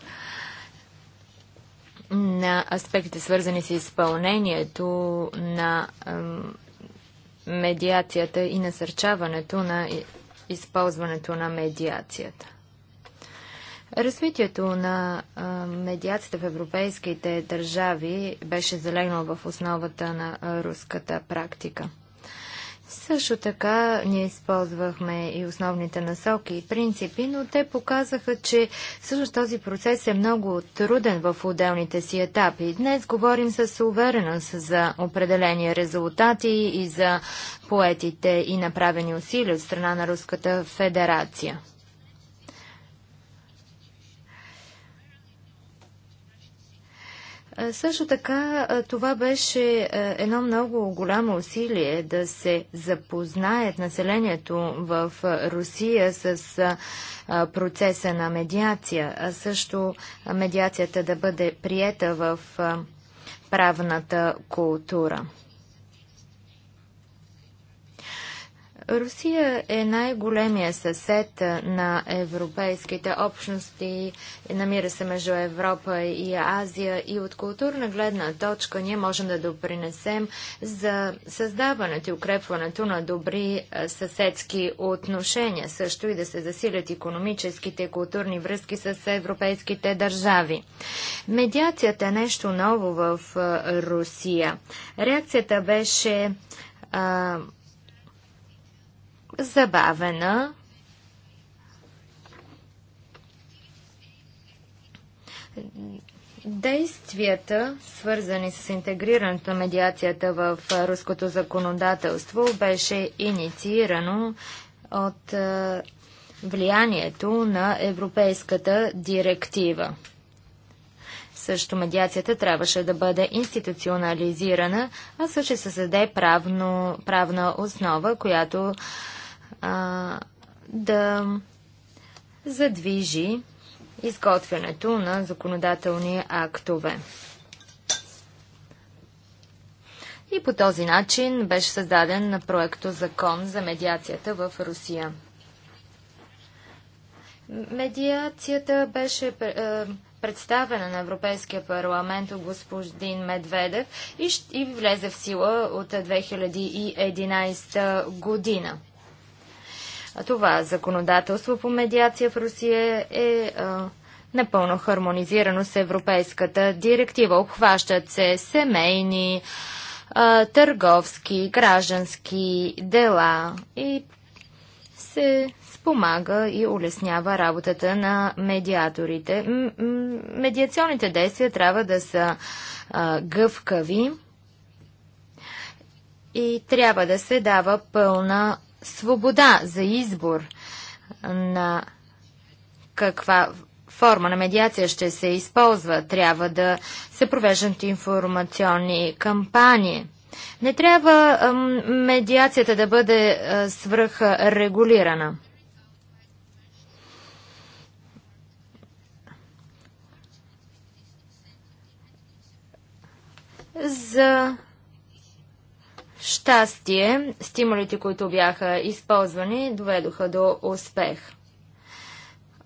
на аспектите, свързани с изпълнението на медиацията и насърчаването на използването на медиацията. Развитието на медиацията в европейските държави беше залегнало в основата на руската практика – също така ние използвахме и основните насоки и принципи, но те показаха, че всъщност този процес е много труден в отделните си етапи. Днес говорим с увереност за определени резултати и за поетите и направени усилия от страна на Руската федерация. Също така, това беше едно много голямо усилие да се запознаят населението в Русия с процеса на медиация, а също медиацията да бъде приета в правната култура. Русия е най-големия съсед на европейските общности, намира се между Европа и Азия и от културна гледна точка ние можем да допринесем за създаването и укрепването на добри съседски отношения, също и да се засилят економическите и културни връзки с европейските държави. Медиацията е нещо ново в Русия. Реакцията беше а, забавена. Действията, свързани с интегрирането на медиацията в руското законодателство, беше инициирано от е, влиянието на Европейската директива. Също медиацията трябваше да бъде институционализирана, а също се създаде правна основа, която а, да задвижи изготвянето на законодателни актове. И по този начин беше създаден на проекто Закон за медиацията в Русия. Медиацията беше е, представена на Европейския парламент от господин Медведев и влезе в сила от 2011 година. Това законодателство по медиация в Русия е а, напълно хармонизирано с европейската директива. Обхващат се семейни, а, търговски, граждански дела и се спомага и улеснява работата на медиаторите. Медиационните действия трябва да са а, гъвкави и трябва да се дава пълна свобода за избор на каква форма на медиация ще се използва. Трябва да се провеждат информационни кампании. Не трябва медиацията да бъде свръхрегулирана. За щастие, стимулите, които бяха използвани, доведоха до успех.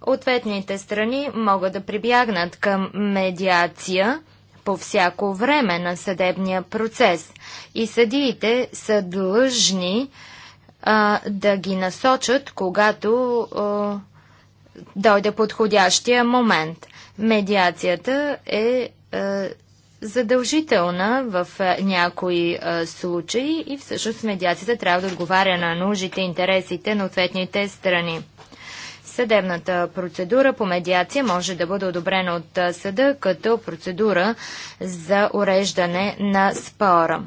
Ответните страни могат да прибягнат към медиация по всяко време на съдебния процес и съдиите са длъжни а, да ги насочат, когато а, дойде подходящия момент. Медиацията е, е задължителна в е, някои а, е, случаи и всъщност медиацията трябва да отговаря на нужите, и интересите на ответните страни. Съдебната процедура по медиация може да бъде одобрена от е, съда като процедура за уреждане на спора.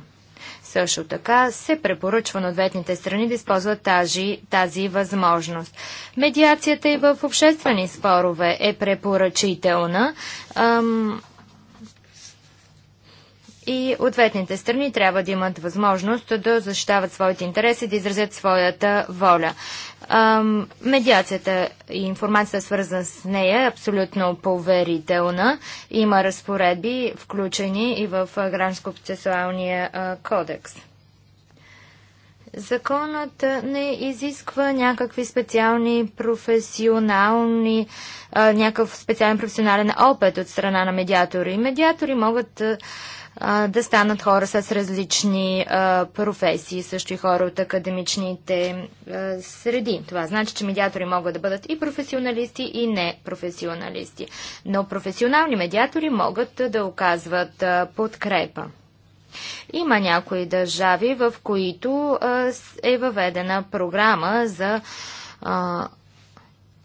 Също така се препоръчва на ответните страни да използват тази, тази възможност. Медиацията и в обществени спорове е препоръчителна. Ам, и ответните страни трябва да имат възможност да защитават своите интереси, да изразят своята воля. Медиацията и информацията свързана с нея е абсолютно поверителна. Има разпоредби, включени и в Гражданско-процесуалния кодекс. Законът не изисква някакви специални професионални, някакъв специален професионален опит от страна на медиатори. Медиатори могат да станат хора с различни а, професии, също и хора от академичните а, среди. Това значи, че медиатори могат да бъдат и професионалисти, и непрофесионалисти. Но професионални медиатори могат да оказват подкрепа. Има някои държави, в които е въведена програма за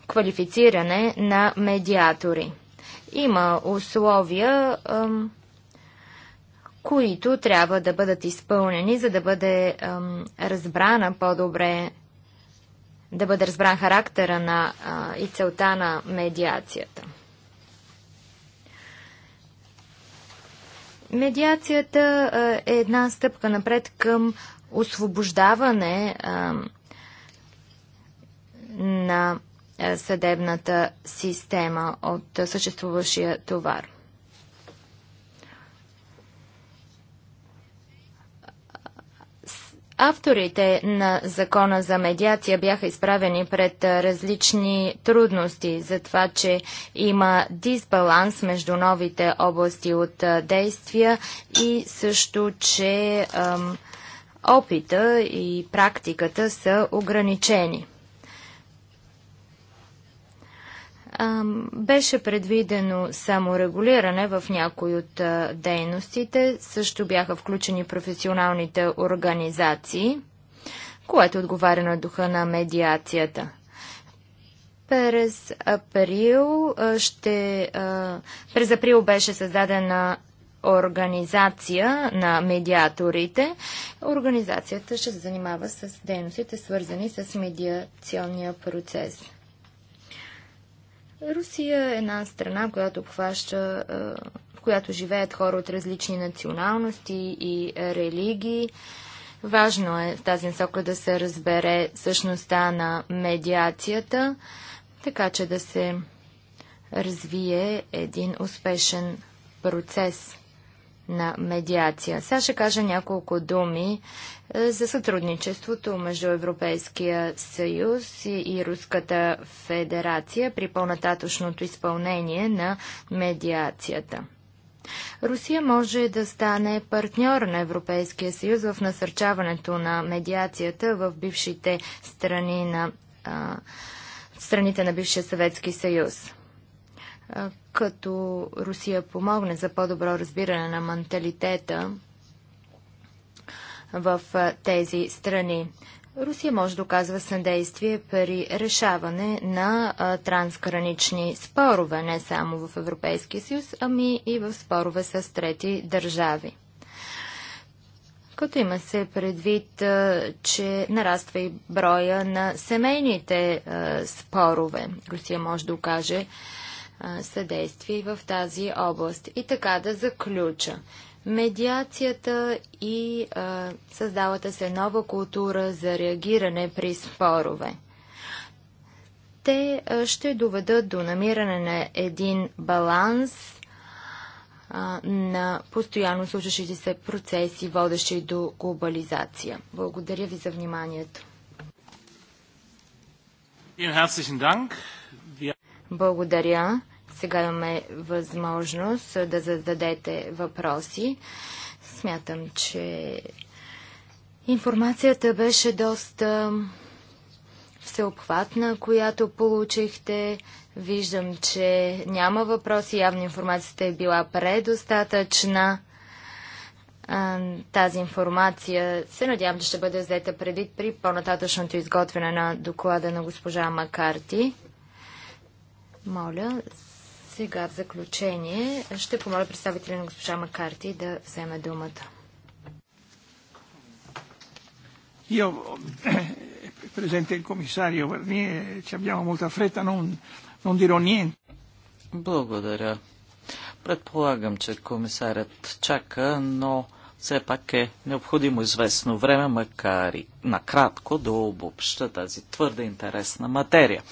квалифициране на медиатори. Има условия които трябва да бъдат изпълнени, за да бъде ам, разбрана по-добре, да бъде разбран характера на, а, и целта на медиацията. Медиацията а, е една стъпка напред към освобождаване а, на съдебната система от съществуващия товар. Авторите на закона за медиация бяха изправени пред различни трудности за това, че има дисбаланс между новите области от действия и също, че ам, опита и практиката са ограничени. Беше предвидено само регулиране в някои от дейностите. Също бяха включени професионалните организации, което отговаря на духа на медиацията. През април ще. През април беше създадена организация на медиаторите. Организацията ще се занимава с дейностите, свързани с медиационния процес. Русия е една страна, която обхваща, в която живеят хора от различни националности и религии. Важно е в тази насока да се разбере същността на медиацията, така че да се развие един успешен процес на медиация. Сега ще кажа няколко думи е, за сътрудничеството между Европейския съюз и, и Руската федерация при по-нататъчното изпълнение на медиацията. Русия може да стане партньор на Европейския съюз в насърчаването на медиацията в бившите страни на а, страните на бившия Съветски съюз като Русия помогне за по-добро разбиране на менталитета в тези страни. Русия може да оказва съдействие при решаване на трансгранични спорове, не само в Европейския съюз, ами и в спорове с трети държави. Като има се предвид, че нараства и броя на семейните спорове. Русия може да окаже съдействие в тази област. И така да заключа. Медиацията и а, създалата се нова култура за реагиране при спорове. Те а, ще доведат до намиране на един баланс а, на постоянно случващите се процеси, водещи до глобализация. Благодаря ви за вниманието. Благодаря сега имаме възможност да зададете въпроси. Смятам, че информацията беше доста всеобхватна, която получихте. Виждам, че няма въпроси. Явно информацията е била предостатъчна. Тази информация се надявам, че ще бъде взета преди при по-нататъчното изготвяне на доклада на госпожа Макарти. Моля, сега в заключение ще помоля представителя на госпожа Макарти да вземе думата. Io, eh, presente il commissario Barnier, eh, ci abbiamo molta fretta, non, non dirò niente. Благодаря. Предполагам, че комисарят чака, но все пак е необходимо известно време, макар и накратко, да обобща тази твърде интересна материя.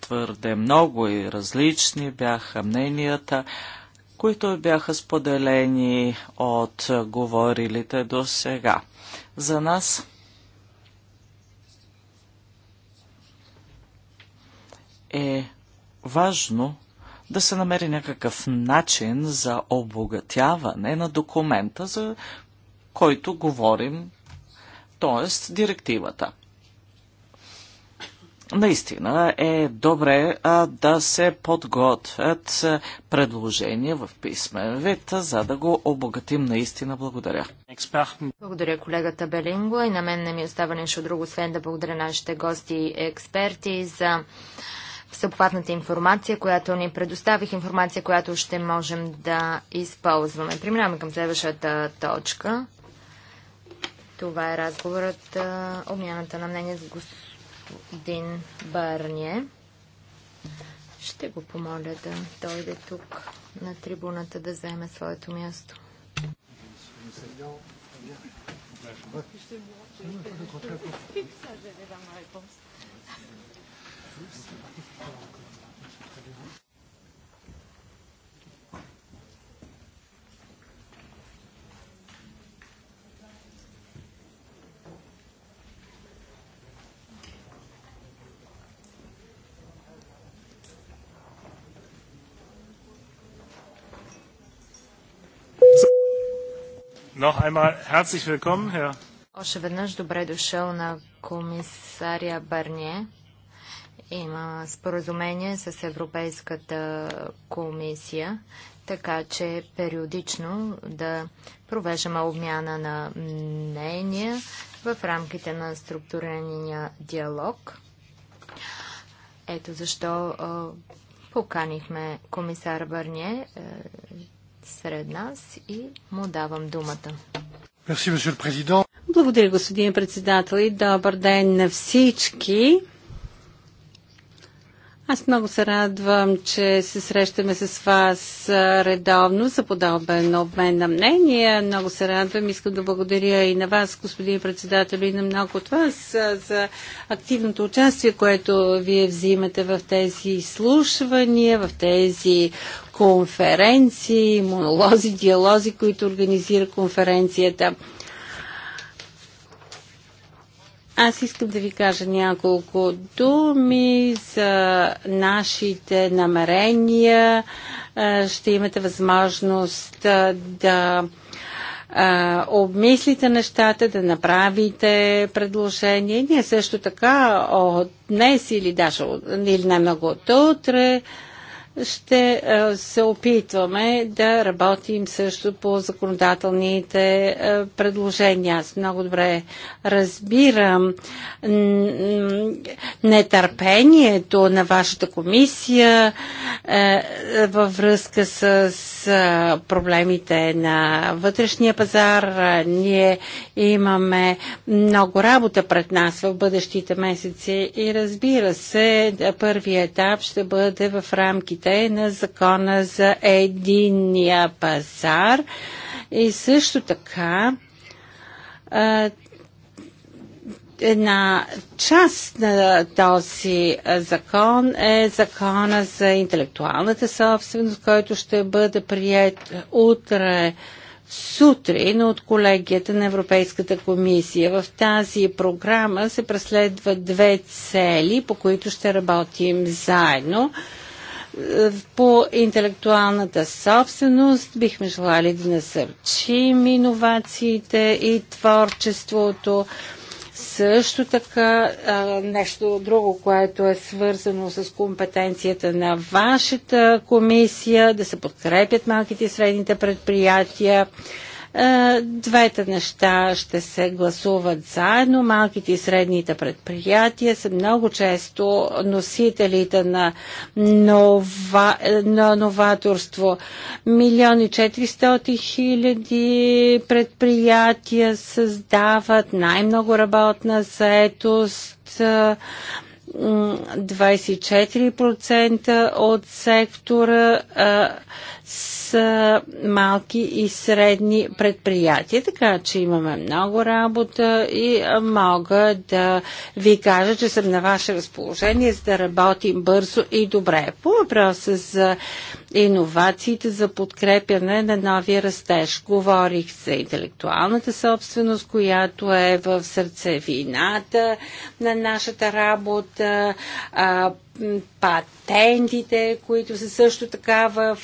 Твърде много и различни бяха мненията, които бяха споделени от говорилите до сега. За нас е важно да се намери някакъв начин за обогатяване на документа, за който говорим, т.е. директивата. Наистина е добре а, да се подготвят предложения в писмен вид, за да го обогатим наистина. Благодаря. Благодаря колегата Белинго и на мен не ми остава нещо друго, освен да благодаря нашите гости и експерти за всеобхватната информация, която ни предоставих, информация, която ще можем да използваме. Преминаваме към следващата точка. Това е разговорът, обмяната на мнение с господин Барние. Ще го помоля да дойде тук на трибуната да вземе своето място. Je Willkommen, Още веднъж добре дошъл на комисаря Барне. Има споразумение с Европейската комисия, така че периодично да провеждаме обмяна на мнения в рамките на структурирания диалог. Ето защо поканихме комисар Барне сред нас и му давам думата. Благодаря, господин председател и добър ден на всички. Аз много се радвам, че се срещаме с вас редовно за подобен обмен на мнения. Много се радвам. Искам да благодаря и на вас, господин председател, и на много от вас за активното участие, което вие взимате в тези изслушвания, в тези конференции, монолози, диалози, които организира конференцията. Аз искам да ви кажа няколко думи за нашите намерения. Е, ще имате възможност е, да е, обмислите нещата, да направите предложение. Ние също така от днес или даже или най-много от утре ще е, се опитваме да работим също по законодателните е, предложения. Аз много добре разбирам нетърпението на вашата комисия е, във връзка с проблемите на вътрешния пазар. Ние имаме много работа пред нас в бъдещите месеци и разбира се, първият етап ще бъде в рамките рамките на закона за единния пазар и също така една част на този закон е закона за интелектуалната собственост, който ще бъде прият утре сутрин от колегията на Европейската комисия. В тази програма се преследват две цели, по които ще работим заедно. По интелектуалната собственост бихме желали да насърчим иновациите и творчеството. Също така нещо друго, което е свързано с компетенцията на вашата комисия, да се подкрепят малките и средните предприятия е, двете неща ще се гласуват заедно. Малките и средните предприятия са много често носителите на, нова, на новаторство. Милиони 400 хиляди предприятия създават най-много работна заетост. 24% е, от сектора е, са малки и средни предприятия, така че имаме много работа и мога да ви кажа, че съм на ваше разположение, за да работим бързо и добре. По въпроса за иновациите за подкрепяне на новия растеж. Говорих за интелектуалната собственост, която е в сърцевината на нашата работа, а, патентите, които са също така в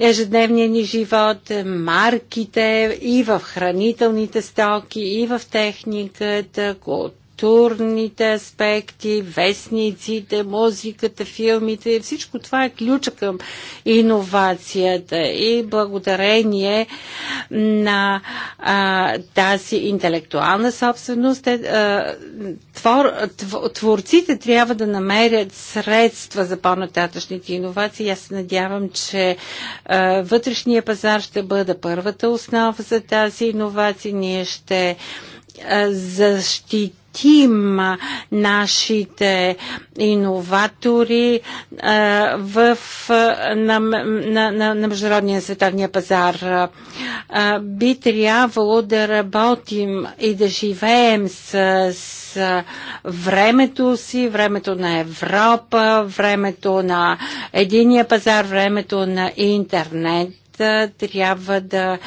ежедневния ни живот, марките и в хранителните стоки, и в техниката, от културните аспекти, вестниците, музиката, филмите. и Всичко това е ключа към иновацията и благодарение на а, тази интелектуална собственост. Е, а, твор, творците трябва да намерят средства за по-нататъчните иновации. Аз се надявам, че а, вътрешния пазар ще бъде първата основа за тази иновация. Ние ще защитим посетим нашите иноватори е, в, е, на, на, на, на международния световния пазар. Е, би трябвало да работим и да живеем с, с времето си, времето на Европа, времето на единия пазар, времето на интернет трябва да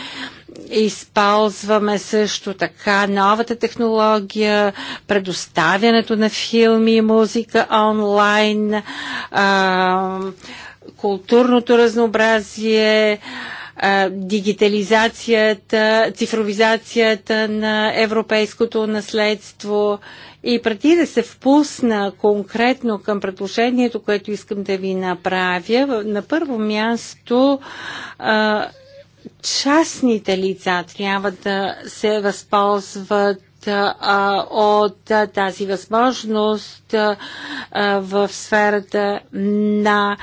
Използваме също така новата технология, предоставянето на филми и музика онлайн, а, културното разнообразие, дигитализацията, цифровизацията на европейското наследство. И преди да се впусна конкретно към предложението, което искам да ви направя, на първо място частните лица трябва да се възползват от тази възможност в сферата на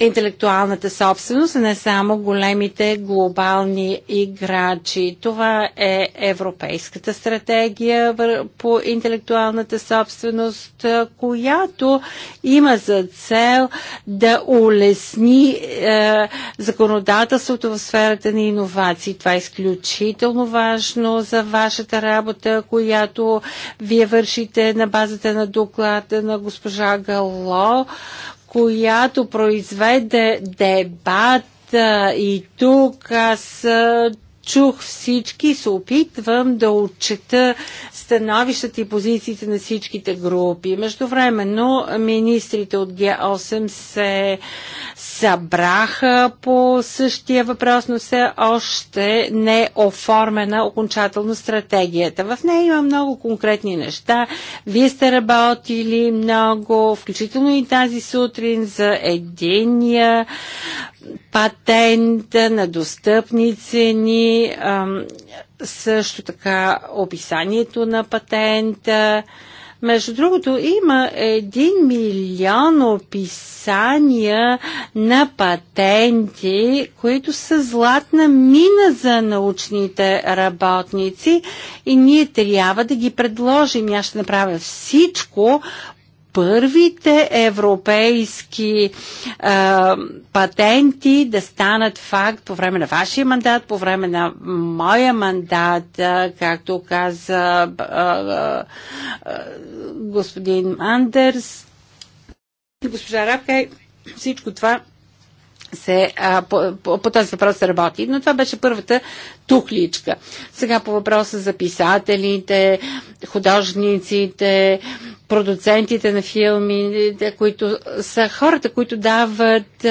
интелектуалната собственост, а не само големите глобални играчи. Това е Европейската стратегия по интелектуалната собственост, която има за цел да улесни е, законодателството в сферата на иновации. Това е изключително важно за вашата работа, която вие вършите на базата на доклада на госпожа Гало която произведе дебат и тук аз чух всички се опитвам да отчета становищата и позициите на всичките групи. Междувременно министрите от Г8 се събраха по същия въпрос, но все още не е оформена окончателно стратегията. В нея има много конкретни неща. Вие сте работили много, включително и тази сутрин за единия патента, на достъпни цени, също така описанието на патента. Между другото, има един милион описания на патенти, които са златна мина за научните работници и ние трябва да ги предложим. Аз ще направя всичко първите европейски а, патенти да станат факт по време на вашия мандат, по време на моя мандат, а, както каза а, а, господин Андерс госпожа Рапкай, всичко това се, а, по, по, по този въпрос се работи. Но това беше първата тухличка. Сега по въпроса за писателите, художниците, продуцентите на филми, които са хората, които дават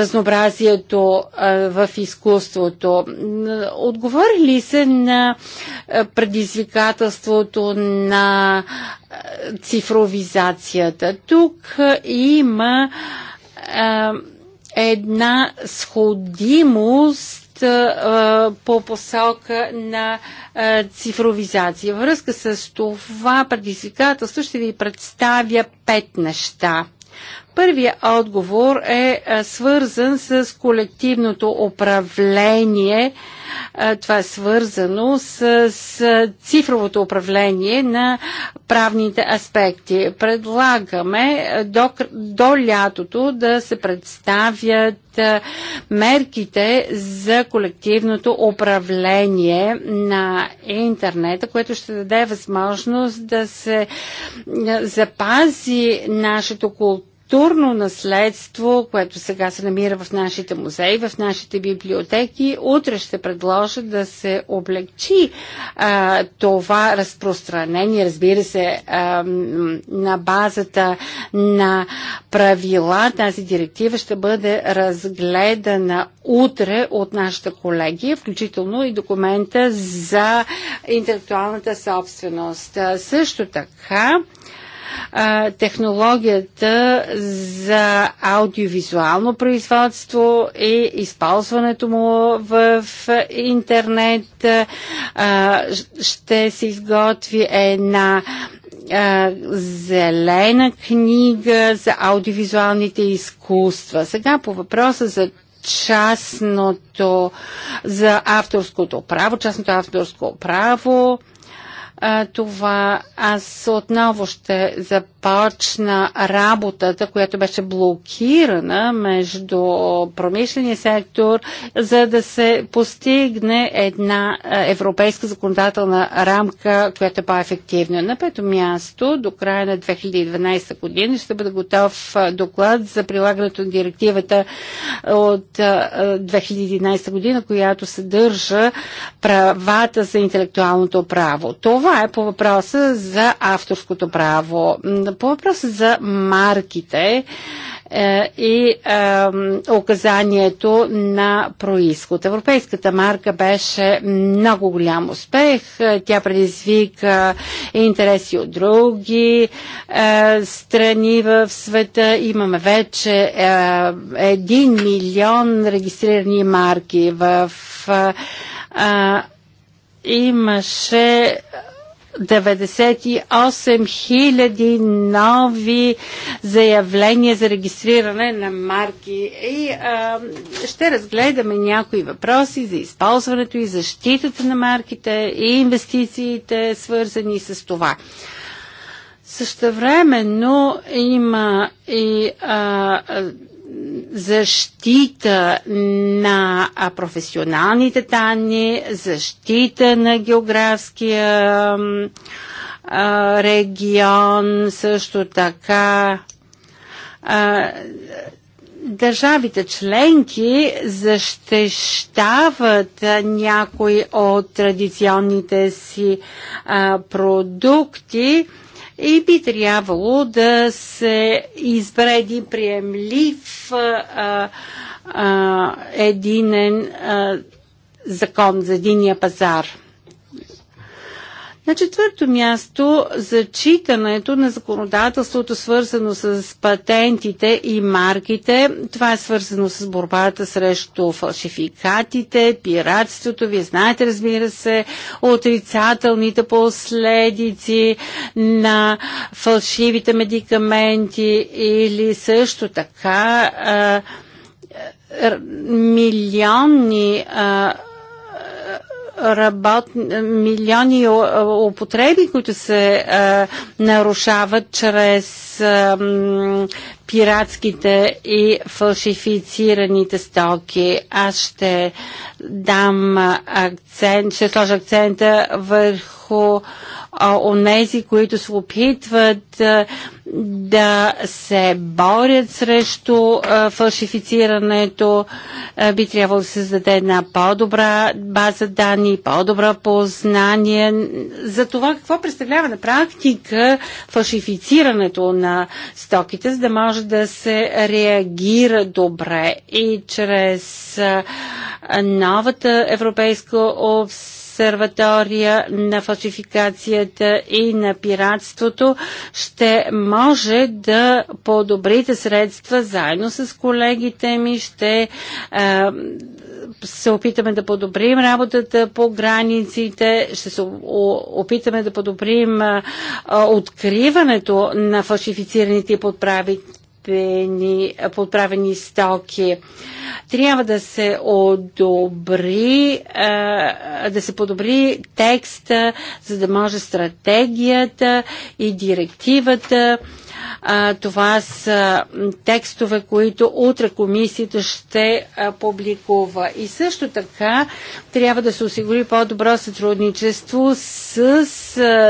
разнообразието в изкуството. Отговорили се на предизвикателството на цифровизацията. Тук има една сходимост по посока на цифровизация. връзка с това предизвикателство ще ви представя пет неща. Първият отговор е свързан с колективното управление това е свързано с, с цифровото управление на правните аспекти. Предлагаме до, до лятото да се представят мерките за колективното управление на интернета, което ще даде възможност да се запази нашето културно културно наследство, което сега се намира в нашите музеи, в нашите библиотеки. Утре ще предложа да се облегчи а, това разпространение, разбира се, а, на базата на правила. Тази директива ще бъде разгледана утре от нашите колеги, включително и документа за интелектуалната собственост. Също така, а, технологията за аудиовизуално производство и използването му в интернет. А, ще се изготви една зелена книга за аудиовизуалните изкуства. Сега по въпроса за частното, за авторското право, частното авторско право това аз отново ще започна работата, която беше блокирана между промишления сектор, за да се постигне една европейска законодателна рамка, която е по-ефективна. На пето място, до края на 2012 година, ще бъде готов доклад за прилагането на директивата от 2011 година, която съдържа правата за интелектуалното право. Това това е по въпроса за авторското право. По въпроса за марките е, и е, указанието на происход. Европейската марка беше много голям успех. Тя предизвика интереси от други е, страни в света. Имаме вече е, 1 милион регистрирани марки в е, имаше 98 000 нови заявления за регистриране на марки. И а, ще разгледаме някои въпроси за използването и защитата на марките и инвестициите, свързани с това. Също но има и а, защита на професионалните данни, защита на географския регион, също така държавите членки защищават някои от традиционните си а, продукти и би трябвало да се избере един приемлив а, а, единен а, закон за единия пазар. На четвърто място, зачитането на законодателството, свързано с патентите и марките. Това е свързано с борбата срещу фалшификатите, пиратството. Вие знаете, разбира се, отрицателните последици на фалшивите медикаменти или също така а, милионни а, работ... милиони употреби, които се а, нарушават чрез а, пиратските и фалшифицираните стоки. Аз ще дам акцент, ще сложа акцента върху а, онези, които се опитват а, да се борят срещу а, фалшифицирането, а, би трябвало да се създаде една по-добра база данни, по-добра познание за това какво представлява на практика фалшифицирането на стоките, за да може да се реагира добре и чрез а, новата европейска обс обсерватория на фалшификацията и на пиратството ще може да подобрите средства заедно с колегите ми. Ще а, се опитаме да подобрим работата по границите, ще се опитаме да подобрим а, откриването на фалшифицираните и подправи подправени стоки. Трябва да се одобри, да се подобри текста, за да може стратегията и директивата. Това са текстове, които утре комисията ще публикува. И също така трябва да се осигури по-добро сътрудничество с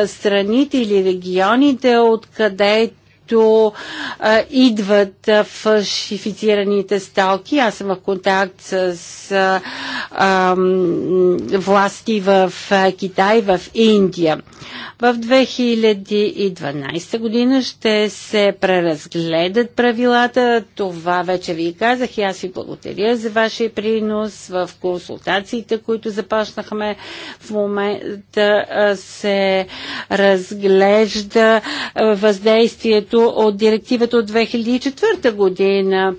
страните или регионите, откъдето които а, идват а, фалшифицираните сталки. Аз съм в контакт с а, а, власти в а, Китай, в Индия. В 2012 година ще се преразгледат правилата. Това вече ви казах и аз ви благодаря за вашия принос в консултациите, които започнахме. В момента се разглежда въздействието нещо от директивата от 2004 година.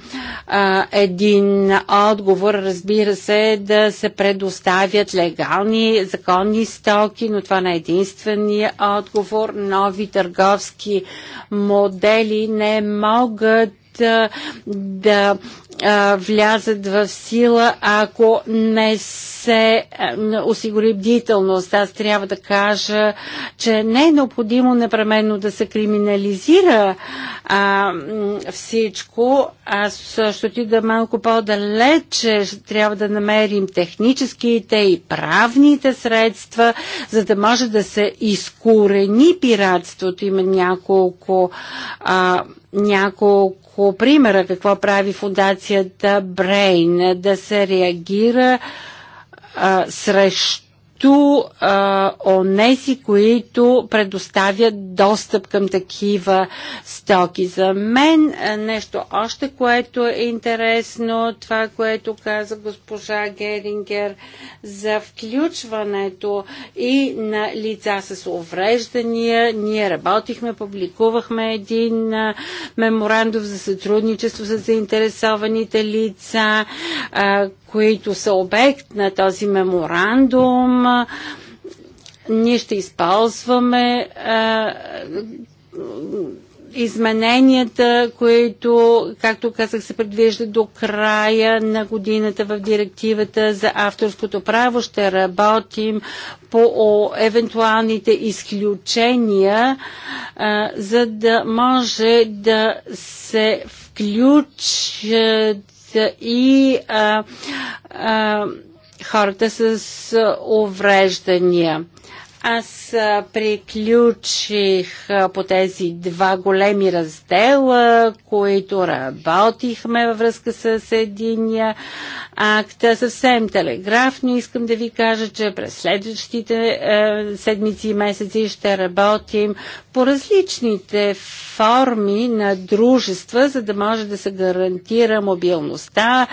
един отговор, разбира се, да се предоставят легални, законни стоки, но това не е единствения отговор. Нови търговски модели не могат да а, влязат в сила, ако не се а, осигури бдителност. Аз трябва да кажа, че не е необходимо непременно да се криминализира а, всичко. Аз ще отида малко по-далече. Трябва да намерим техническите и правните средства, за да може да се изкорени пиратството. Има няколко а, няколко примера какво прави фундацията Брейн да се реагира а, срещу срещу а, онези, които предоставят достъп към такива стоки. За мен нещо още, което е интересно, това, което каза госпожа Герингер за включването и на лица с увреждания. Ние работихме, публикувахме един меморандум за сътрудничество с заинтересованите лица, а, които са обект на този меморандум. Ние ще използваме а, измененията, които, както казах, се предвиждат до края на годината в директивата за авторското право. Ще работим по евентуалните изключения, а, за да може да се включат и а, а, хората с увреждания. Аз приключих по тези два големи раздела, които работихме във връзка с единия акт. Съвсем телеграфно искам да ви кажа, че през следващите е, седмици и месеци ще работим по различните форми на дружества, за да може да се гарантира мобилността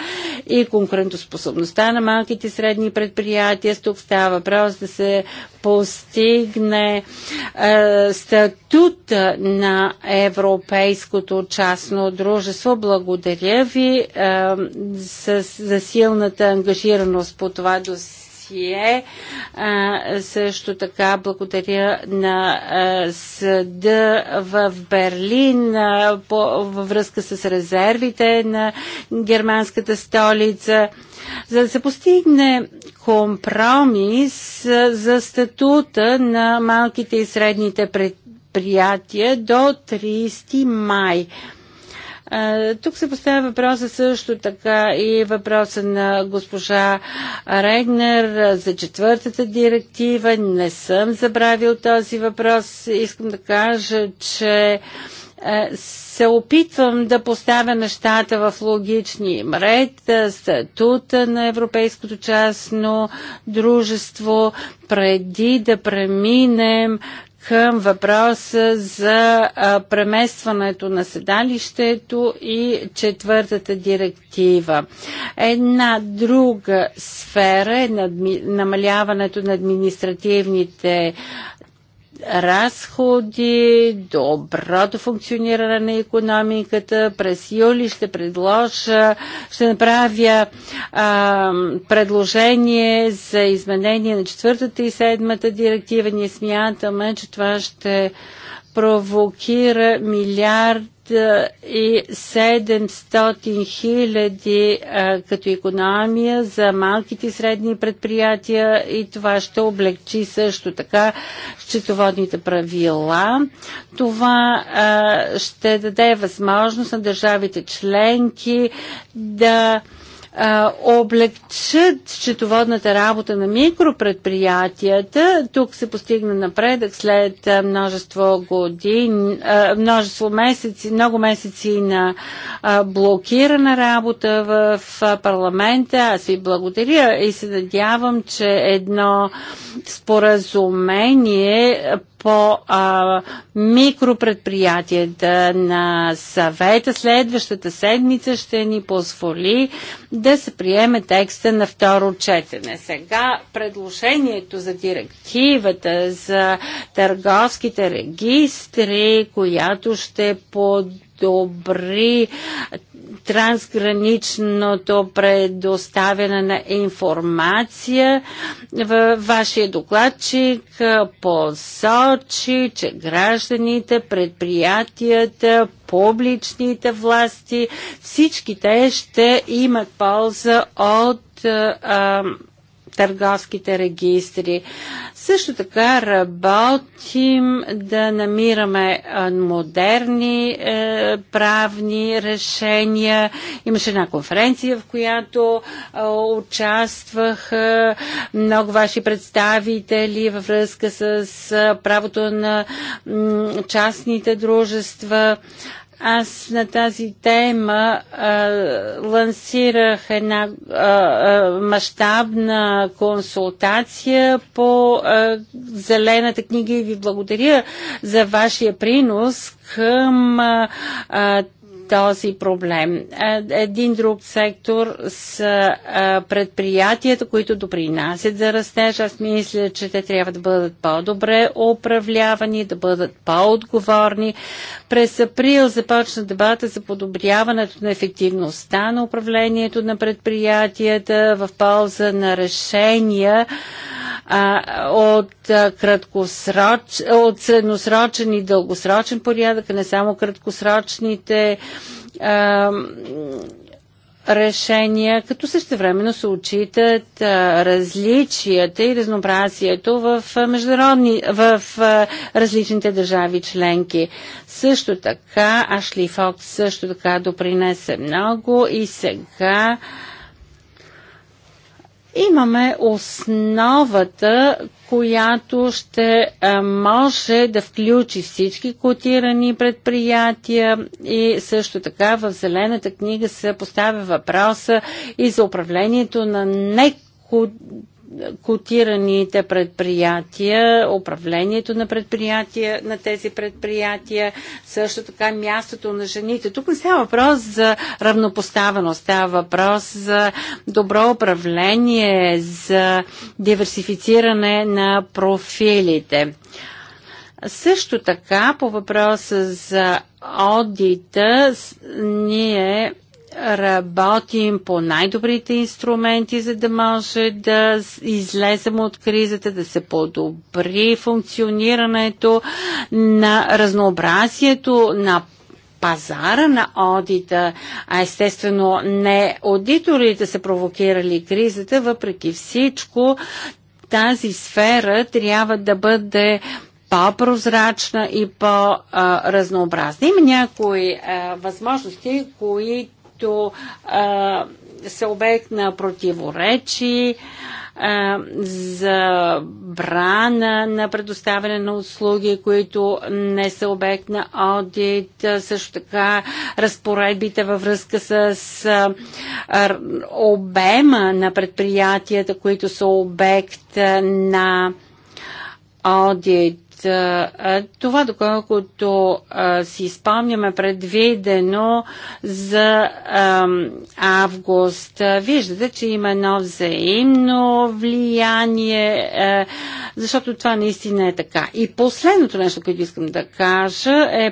и конкурентоспособността на малките и средни предприятия. С тук става въпрос да се пос постигне е, статут на европейското частно дружество. Благодаря ви е, с, за силната ангажираност по това досега досие. А, също така благодаря на а, съда в Берлин а, по, във връзка с резервите на германската столица. За да се постигне компромис а, за статута на малките и средните предприятия до 30 май. Тук се поставя въпроса също така и въпроса на госпожа Регнер за четвъртата директива. Не съм забравил този въпрос. Искам да кажа, че се опитвам да поставя нещата в логични ред, статута на Европейското частно дружество, преди да преминем към въпроса за преместването на седалището и четвъртата директива. Една друга сфера е намаляването на административните разходи, доброто функциониране на економиката. През юли ще предложа, ще направя а, предложение за изменение на четвъртата и седмата директива. Ние смятаме, че това ще провокира милиард и 700 хиляди като економия за малките и средни предприятия и това ще облегчи също така счетоводните правила. Това а, ще даде възможност на държавите членки да а, облегчат счетоводната работа на микропредприятията. Тук се постигна напредък след множество години, множество месеци, много месеци на блокирана работа в парламента. Аз ви благодаря и се надявам, че едно споразумение по а, микропредприятията на съвета следващата седмица ще ни позволи да се приеме текста на второ четене. Сега предложението за директивата за търговските регистри, която ще под добри трансграничното предоставяне на информация. Във вашия докладчик посочи, че гражданите, предприятията, публичните власти, всички те ще имат полза от а, търговските регистри. Също така работим да намираме модерни е, правни решения. Имаше една конференция, в която е, участваха много ваши представители във връзка с правото на частните дружества. Аз на тази тема а, лансирах една мащабна консултация по а, зелената книга и ви благодаря за вашия принос към а, този проблем. Един друг сектор са предприятията, които допринасят за растеж. Аз мисля, че те трябва да бъдат по-добре управлявани, да бъдат по-отговорни. През април започна дебата за подобряването на ефективността на управлението на предприятията в полза на решения а, от, краткосроч, от средносрочен и дългосрочен порядък, не само краткосрочните а, решения, като същевременно се очитат а, различията и разнообразието в, международни, в а, различните държави членки. Също така, Ашли Фокс също така допринесе много и сега а, имаме основата, която ще може да включи всички котирани предприятия и също така в Зелената книга се поставя въпроса и за управлението на некотирани котираните предприятия, управлението на предприятия, на тези предприятия, също така мястото на жените. Тук не става въпрос за равнопоставеност, става въпрос за добро управление, за диверсифициране на профилите. Също така по въпроса за одита ние работим по най-добрите инструменти, за да може да излезем от кризата, да се подобри функционирането на разнообразието на пазара на одита, а естествено не аудиторите са провокирали кризата, въпреки всичко тази сфера трябва да бъде по-прозрачна и по-разнообразна. Има някои а, възможности, които които а, са обект на противоречи, а, за брана на предоставяне на услуги, които не са обект на аудит, също така разпоредбите във връзка с а, обема на предприятията, които са обект на аудит това, доколкото си спомняме, предвидено за август. Виждате, че има едно взаимно влияние, защото това наистина е така. И последното нещо, което искам да кажа е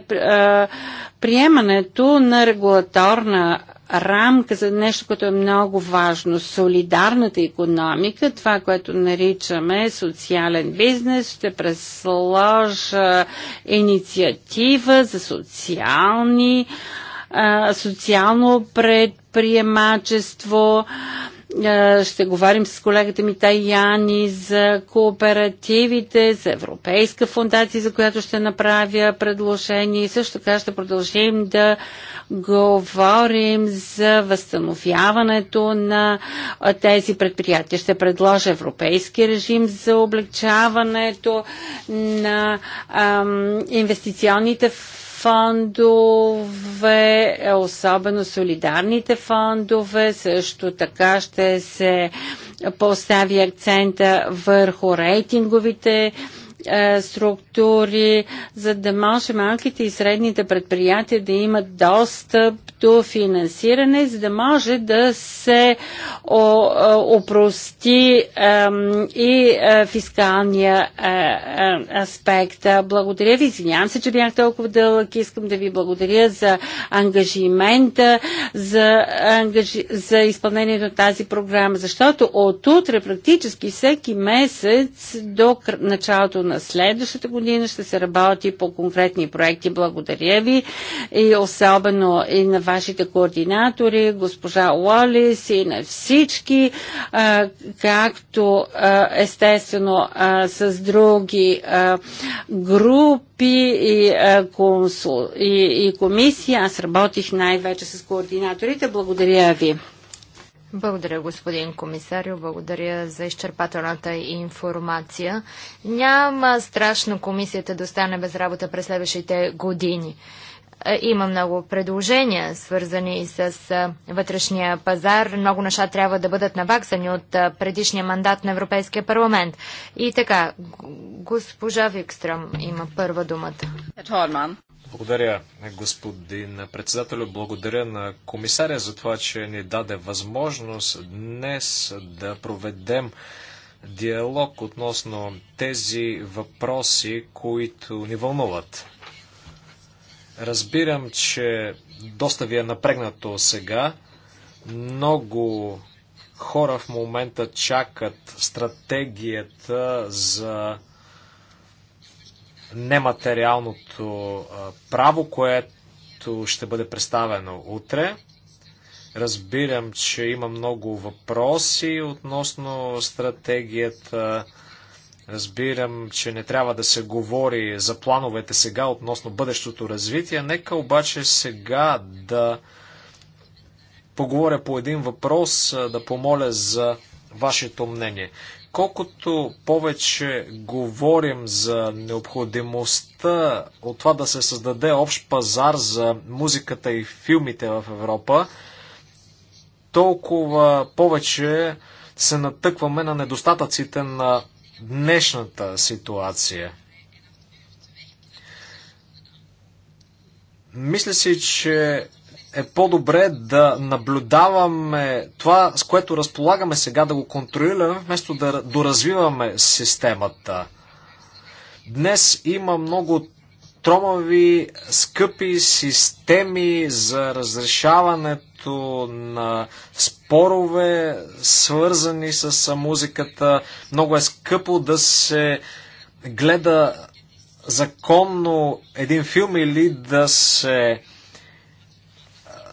приемането на регулаторна рамка за нещо, което е много важно. Солидарната економика, това, което наричаме социален бизнес, ще пресложа инициатива за социални, социално предприемачество. Е, ще говорим с колегата ми Таяни за кооперативите, за Европейска фундация, за която ще направя предложение и също така ще продължим да говорим за възстановяването на е, тези предприятия. Ще предложа европейски режим за облегчаването на ам, инвестиционните фондове, е, особено солидарните фондове, също така ще се постави акцента върху рейтинговите е, структури, за да може малките и средните предприятия да имат достъп до финансиране, за да може да се е, опрости и е, фискалния аспект. Благодаря ви, извинявам се, че бях толкова дълъг. Искам да ви благодаря за ангажимента, за, ангажи... за изпълнението на тази програма, защото от утре практически всеки месец до началото на на Следващата година ще се работи по конкретни проекти. Благодаря ви и особено и на вашите координатори, госпожа Уолис и на всички, както естествено с други групи и, консул, и, и комисии. Аз работих най-вече с координаторите. Благодаря ви. Благодаря, господин комисарио. Благодаря за изчерпателната информация. Няма страшно комисията да остане без работа през следващите години. Е, има много предложения, свързани с е, вътрешния пазар. Много неща трябва да бъдат наваксани от е, предишния мандат на Европейския парламент. И така, госпожа Викстрам има първа думата. Благодаря, господин председател. Благодаря на комисаря за това, че ни даде възможност днес да проведем диалог относно тези въпроси, които ни вълнуват. Разбирам, че доста ви е напрегнато сега. Много хора в момента чакат стратегията за нематериалното право, което ще бъде представено утре. Разбирам, че има много въпроси относно стратегията. Разбирам, че не трябва да се говори за плановете сега относно бъдещото развитие. Нека обаче сега да поговоря по един въпрос, да помоля за вашето мнение колкото повече говорим за необходимостта от това да се създаде общ пазар за музиката и филмите в Европа, толкова повече се натъкваме на недостатъците на днешната ситуация. Мисля си, че е по-добре да наблюдаваме това, с което разполагаме сега, да го контролираме, вместо да доразвиваме системата. Днес има много тромави, скъпи системи за разрешаването на спорове, свързани с музиката. Много е скъпо да се гледа законно един филм или да се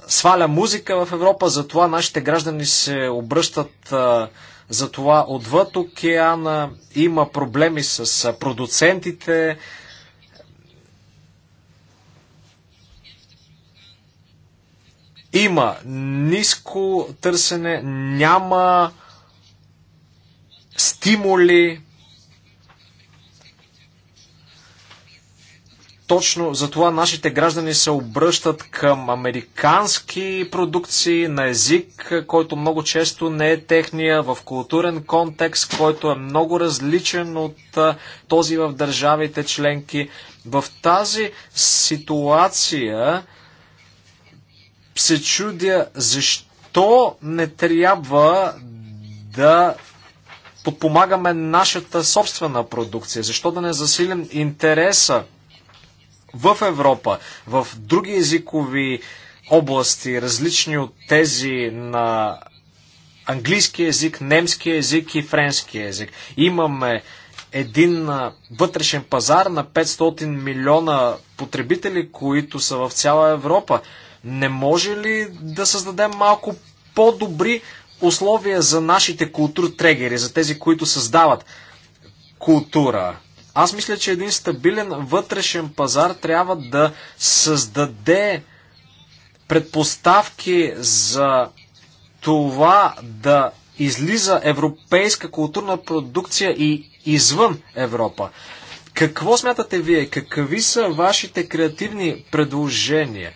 сваля музика в Европа, затова нашите граждани се обръщат за това отвъд океана, има проблеми с продуцентите. Има ниско търсене, няма стимули Точно за това нашите граждани се обръщат към американски продукции на език, който много често не е техния, в културен контекст, който е много различен от този в държавите членки. В тази ситуация се чудя защо не трябва да подпомагаме нашата собствена продукция? Защо да не засилим интереса в Европа, в други езикови области, различни от тези на английски език, немски език и френски език. Имаме един вътрешен пазар на 500 милиона потребители, които са в цяла Европа. Не може ли да създадем малко по-добри условия за нашите култур трегери, за тези, които създават култура? Аз мисля, че един стабилен вътрешен пазар трябва да създаде предпоставки за това да излиза европейска културна продукция и извън Европа. Какво смятате вие? Какви са вашите креативни предложения?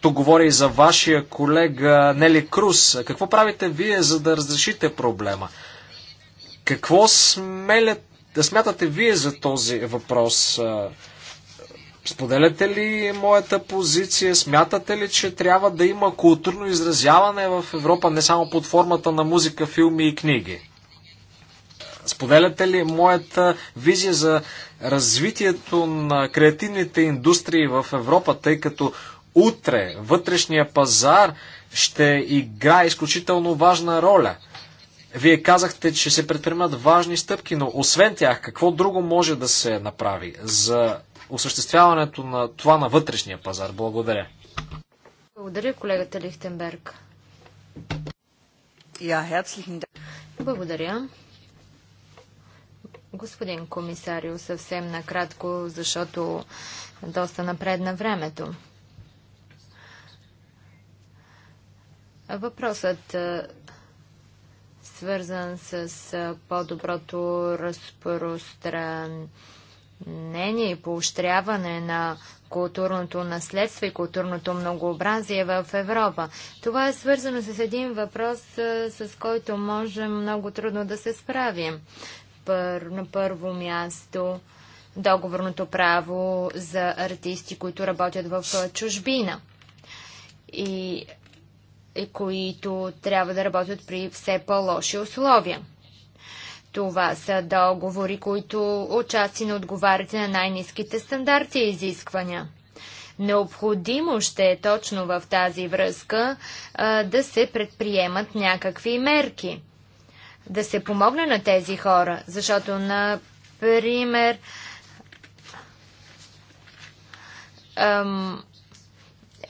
Тук говори и за вашия колега Нели Крус. Какво правите вие, за да разрешите проблема? Какво смелят да смятате вие за този въпрос? Споделяте ли моята позиция? Смятате ли, че трябва да има културно изразяване в Европа, не само под формата на музика, филми и книги? Споделяте ли моята визия за развитието на креативните индустрии в Европа, тъй като утре вътрешния пазар ще играе изключително важна роля – вие казахте, че се предприемат важни стъпки, но освен тях, какво друго може да се направи за осъществяването на това на вътрешния пазар? Благодаря. Благодаря, колегата Лихтенберг. Благодаря. Господин комисарио, съвсем накратко, защото доста напредна времето. Въпросът свързан с по-доброто разпространение и поощряване на културното наследство и културното многообразие в Европа. Това е свързано с един въпрос, с който можем много трудно да се справим. Пър, на първо място договорното право за артисти, които работят в чужбина. И е, които трябва да работят при все по-лоши условия. Това са договори, които отчасти не отговарят на най-низките стандарти и изисквания. Необходимо ще е точно в тази връзка а, да се предприемат някакви мерки, да се помогне на тези хора, защото, например, ам,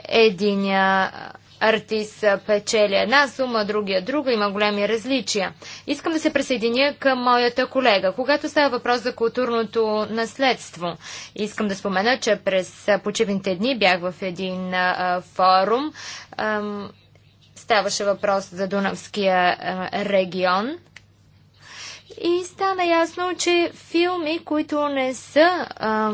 единия Артис печели една сума, другия друга, има големи различия. Искам да се присъединя към моята колега. Когато става въпрос за културното наследство, искам да спомена, че през почивните дни бях в един а, форум. А, ставаше въпрос за Дунавския а, регион. И стана ясно, че филми, които не са а,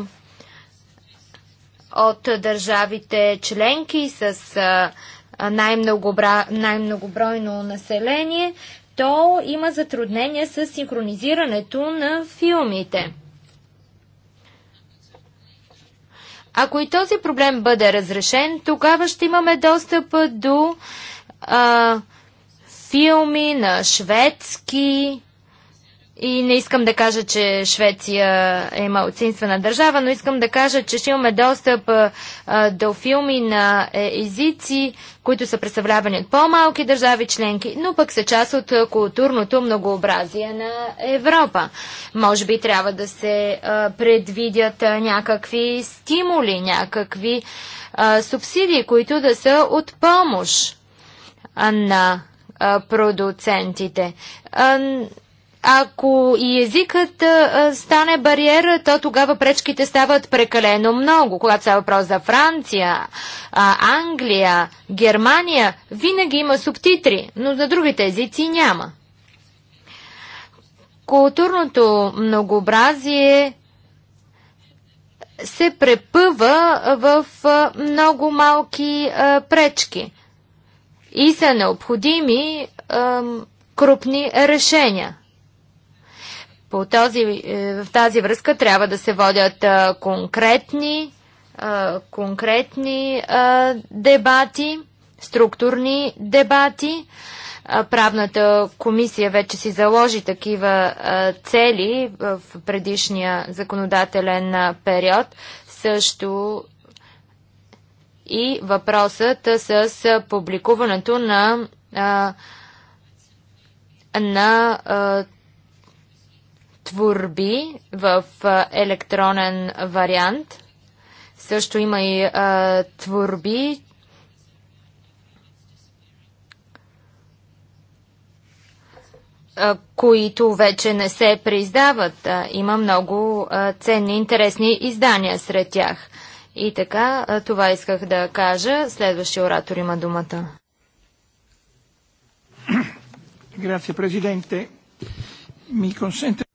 от държавите членки с а, най-многобройно най население, то има затруднения с синхронизирането на филмите. Ако и този проблем бъде разрешен, тогава ще имаме достъп до а, филми на шведски, и не искам да кажа, че Швеция е малцинствена държава, но искам да кажа, че ще имаме достъп а, до филми на е, езици, които са представлявани от по-малки държави членки, но пък са част от културното многообразие на Европа. Може би трябва да се а, предвидят а, някакви стимули, някакви субсидии, които да са от помощ на продуцентите. Ако и езикът а, стане бариера, то тогава пречките стават прекалено много. Когато става въпрос за Франция, а, Англия, Германия, винаги има субтитри, но за другите езици няма. Културното многообразие се препъва в а, много малки а, пречки и са необходими крупни решения. По този, е, в тази връзка трябва да се водят е, конкретни, е, конкретни дебати, структурни дебати. Правната комисия вече си заложи такива цели в предишния законодателен период. Също и въпросът с публикуването на, на творби в електронен вариант. Също има и а, творби, а, които вече не се преиздават. А, има много а, ценни, интересни издания сред тях. И така, а, това исках да кажа. Следващия оратор има думата. Grazie Presidente. Mi consente...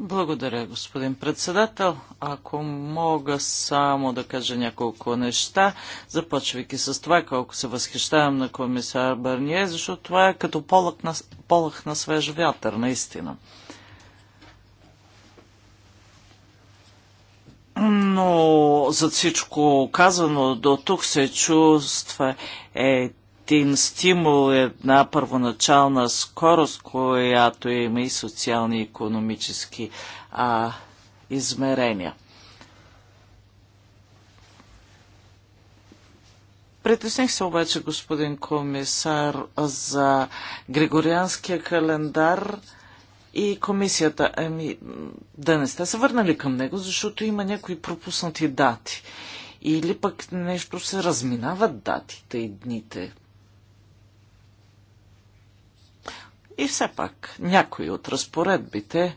Благодаря, господин председател. Ако мога само да кажа няколко неща, започвайки с това, колко се възхищавам на комисар Бърние, защото това е като полъх на, полъх на свеж вятър, наистина. Но за всичко казано до тук се чувства е един стимул, една първоначална скорост, която има и социални и економически а, измерения. Притесних се обаче, господин комисар, за Григорианския календар и комисията. Ами, да не сте се върнали към него, защото има някои пропуснати дати. Или пък нещо се разминават датите и дните. И все пак някои от разпоредбите,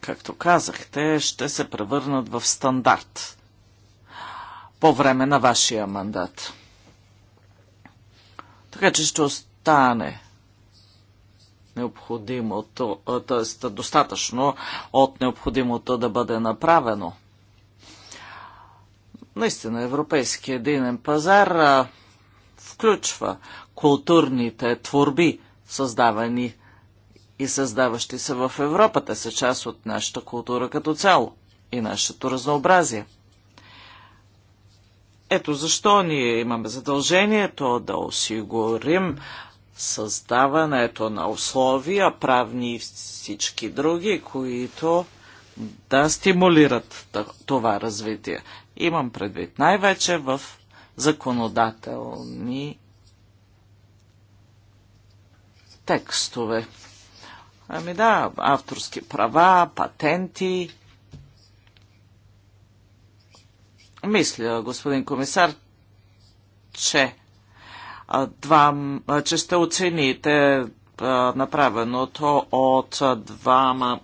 както казахте, ще се превърнат в стандарт по време на вашия мандат. Така че ще остане необходимото, т.е. достатъчно от необходимото да бъде направено. Наистина, Европейския единен пазар включва културните творби, създавани и създаващи се в Европа. Те са част от нашата култура като цяло и нашето разнообразие. Ето защо ние имаме задължението да осигурим създаването на условия, правни и всички други, които да стимулират това развитие. Имам предвид най-вече в законодателни текстове. Ами да, авторски права, патенти. Мисля, господин комисар, че, два, че ще оцените направеното от двама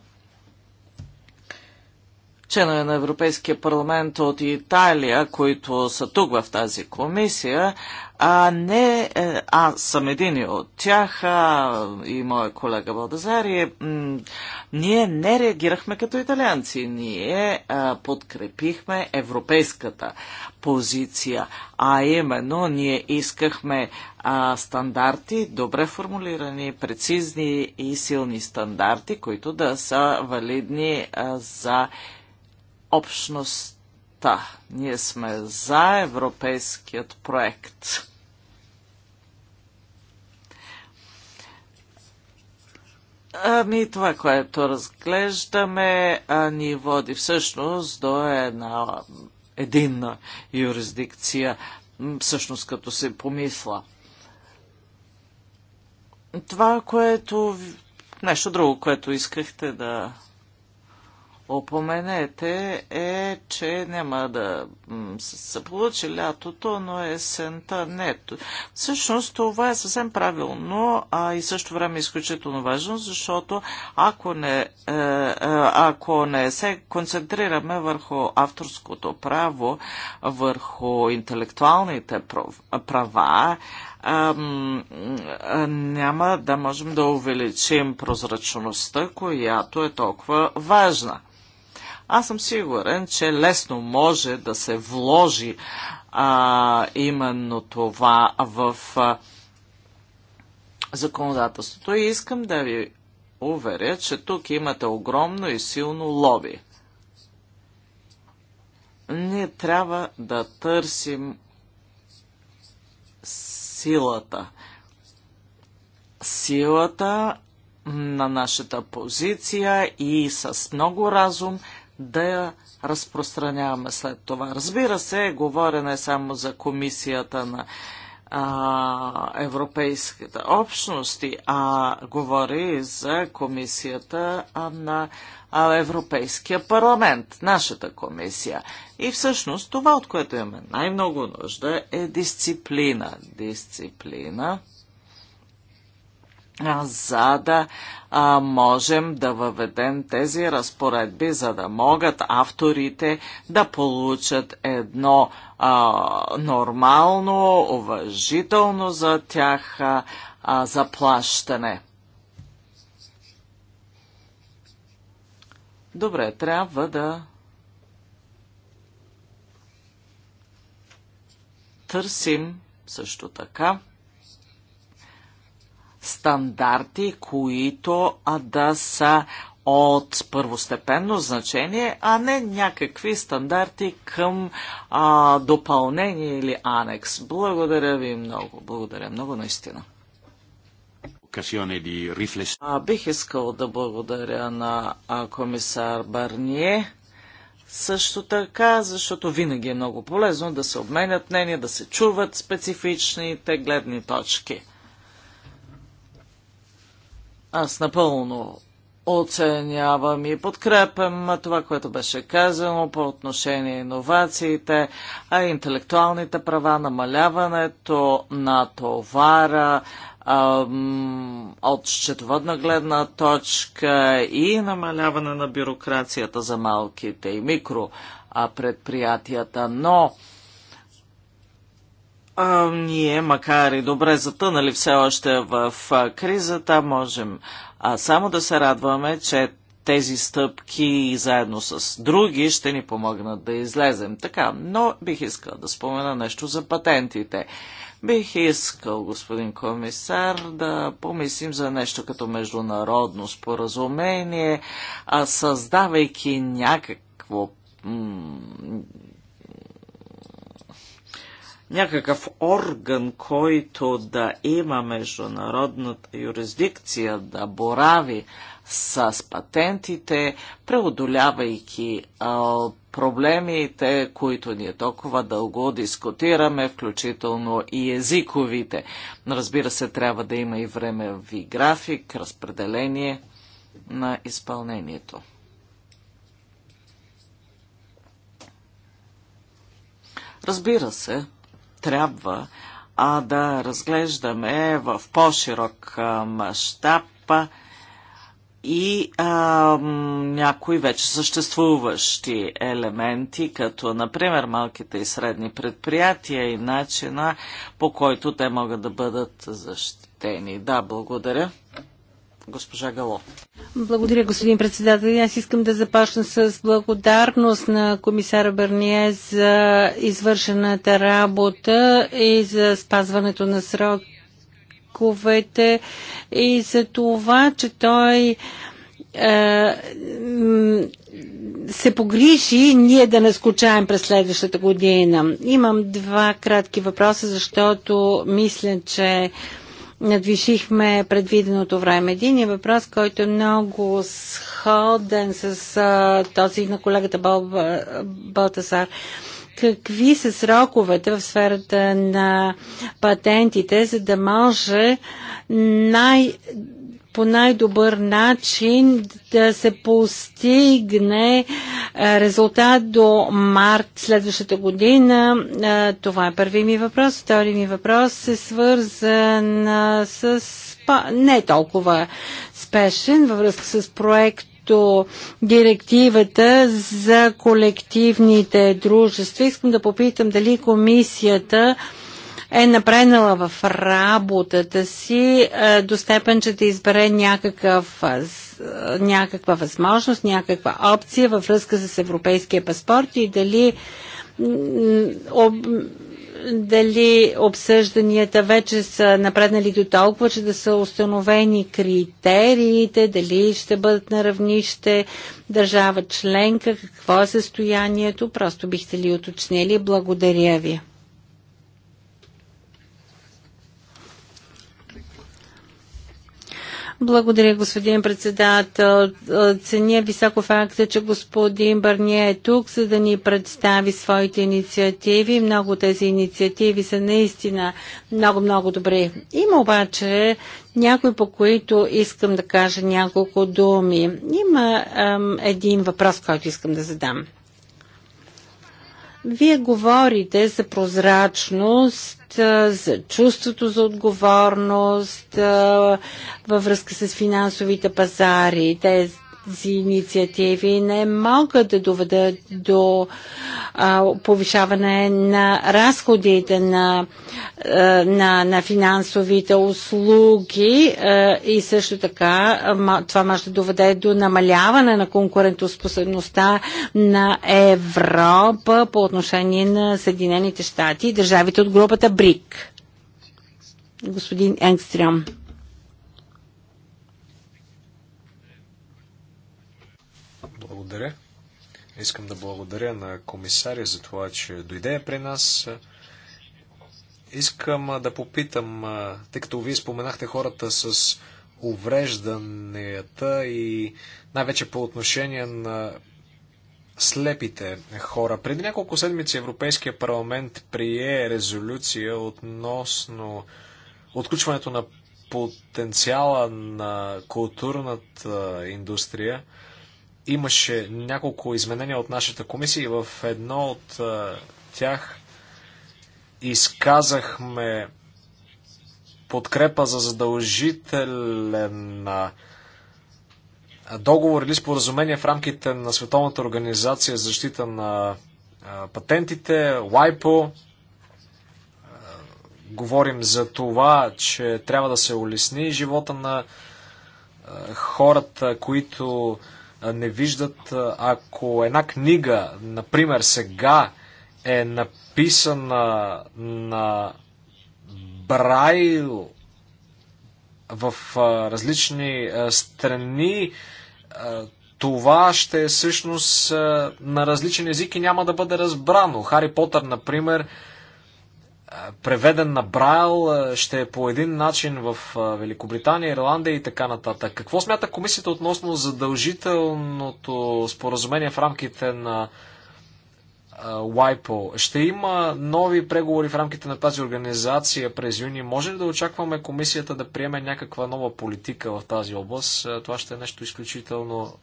членове на Европейския парламент от Италия, които са тук в тази комисия, а не е, аз съм един от тях а, и моя колега Балдазари, ние не реагирахме като италианци. Ние а, подкрепихме европейската позиция, а именно ние искахме а, стандарти, добре формулирани, прецизни и силни стандарти, които да са валидни а, за общността. Ние сме за европейският проект. Ами това, което разглеждаме, а, ни води всъщност до една единна юрисдикция, всъщност като се помисла. Това, което... Нещо друго, което искахте да опоменете е, че няма да се получи лятото, но есента не. Всъщност това е съвсем правилно, а и също време е изключително важно, защото ако не, е, е, ако не се концентрираме върху авторското право, върху интелектуалните права, ам, няма да можем да увеличим прозрачността, която е толкова важна. Аз съм сигурен, че лесно може да се вложи а, именно това в а, законодателството и искам да ви уверя, че тук имате огромно и силно лоби. Ние трябва да търсим силата. Силата на нашата позиция и с много разум да я разпространяваме след това. Разбира се, говоря не само за комисията на а, Европейските общности, а говори за комисията на Европейския парламент, нашата комисия. И всъщност това, от което имаме най-много нужда, е дисциплина. Дисциплина – за да а, можем да въведем тези разпоредби, за да могат авторите да получат едно а, нормално, уважително за тях а, а, заплащане. Добре, трябва да търсим също така стандарти, които а, да са от първостепенно значение, а не някакви стандарти към а, допълнение или анекс. Благодаря ви много. Благодаря много наистина. А, бих искал да благодаря на а, комисар Барние. Също така, защото винаги е много полезно да се обменят мнения, да се чуват специфичните гледни точки. Аз напълно оценявам и подкрепям това, което беше казано по отношение иновациите, а интелектуалните права, намаляването на товара от счетоводна гледна точка и намаляване на бюрокрацията за малките и микропредприятията. Но а, ние, макар и добре затънали все още в а, кризата, можем а, само да се радваме, че тези стъпки заедно с други ще ни помогнат да излезем. Така, но бих искал да спомена нещо за патентите. Бих искал, господин комисар, да помислим за нещо като международно споразумение, а създавайки някакво някакъв орган, който да има международната юрисдикция да борави с патентите, преодолявайки а, проблемите, които ние толкова дълго дискутираме, включително и езиковите. Разбира се, трябва да има и време времеви график, разпределение на изпълнението. Разбира се, трябва а да разглеждаме в по-широк мащаб и а, някои вече съществуващи елементи, като например малките и средни предприятия и начина по който те могат да бъдат защитени. Да, благодаря госпожа Гало. Благодаря, господин председател. Аз искам да започна с благодарност на комисара Бърние за извършената работа и за спазването на сроковете и за това, че той е, се погрижи ние да не скучаем през следващата година. Имам два кратки въпроса, защото мисля, че надвишихме предвиденото време. Един е въпрос, който е много сходен с а, този на колегата Бал, Балтасар. Какви са сроковете в сферата на патентите, за да може най- по най-добър начин да се постигне резултат до март следващата година? Това е първи ми въпрос. Втори ми въпрос е свързан с не толкова спешен във връзка с проект директивата за колективните дружества. Искам да попитам дали комисията е напреднала в работата си е, до степен, че да избере някакъв, е, е, някаква възможност, някаква опция във връзка с европейския паспорт и дали об, дали обсъжданията вече са напреднали до толкова, че да са установени критериите, дали ще бъдат на равнище държава членка, какво е състоянието, просто бихте ли уточнили. Благодаря ви. Благодаря, господин председател. Ценя високо факта, че господин Барния е тук, за да ни представи своите инициативи. Много тези инициативи са наистина много-много добри. Има обаче някой, по които искам да кажа няколко думи. Има ем, един въпрос, който искам да задам. Вие говорите за прозрачност, за чувството за отговорност във връзка с финансовите пазари. Те, тези инициативи не могат да доведат до а, повишаване на разходите на, а, на, на финансовите услуги а, и също така а, това може да доведе до намаляване на конкурентоспособността на Европа по отношение на Съединените щати и държавите от групата БРИК. Господин Енгстрем. Благодаря. Искам да благодаря на комисаря за това, че дойде при нас. Искам да попитам, тъй като вие споменахте хората с уврежданията и най-вече по отношение на слепите хора. Преди няколко седмици Европейския парламент прие резолюция относно отключването на потенциала на културната индустрия. Имаше няколко изменения от нашата комисия и в едно от тях изказахме подкрепа за задължителен договор или споразумение в рамките на Световната организация за защита на патентите, WIPO. Говорим за това, че трябва да се улесни живота на хората, които не виждат. Ако една книга, например, сега е написана на Брайл в различни страни, това ще е всъщност на различен език и няма да бъде разбрано. Хари Потър, например, преведен на Брайл, ще е по един начин в Великобритания, Ирландия и така нататък. Какво смята комисията относно задължителното споразумение в рамките на WIPO? Ще има нови преговори в рамките на тази организация през юни. Може ли да очакваме комисията да приеме някаква нова политика в тази област? Това ще е нещо изключително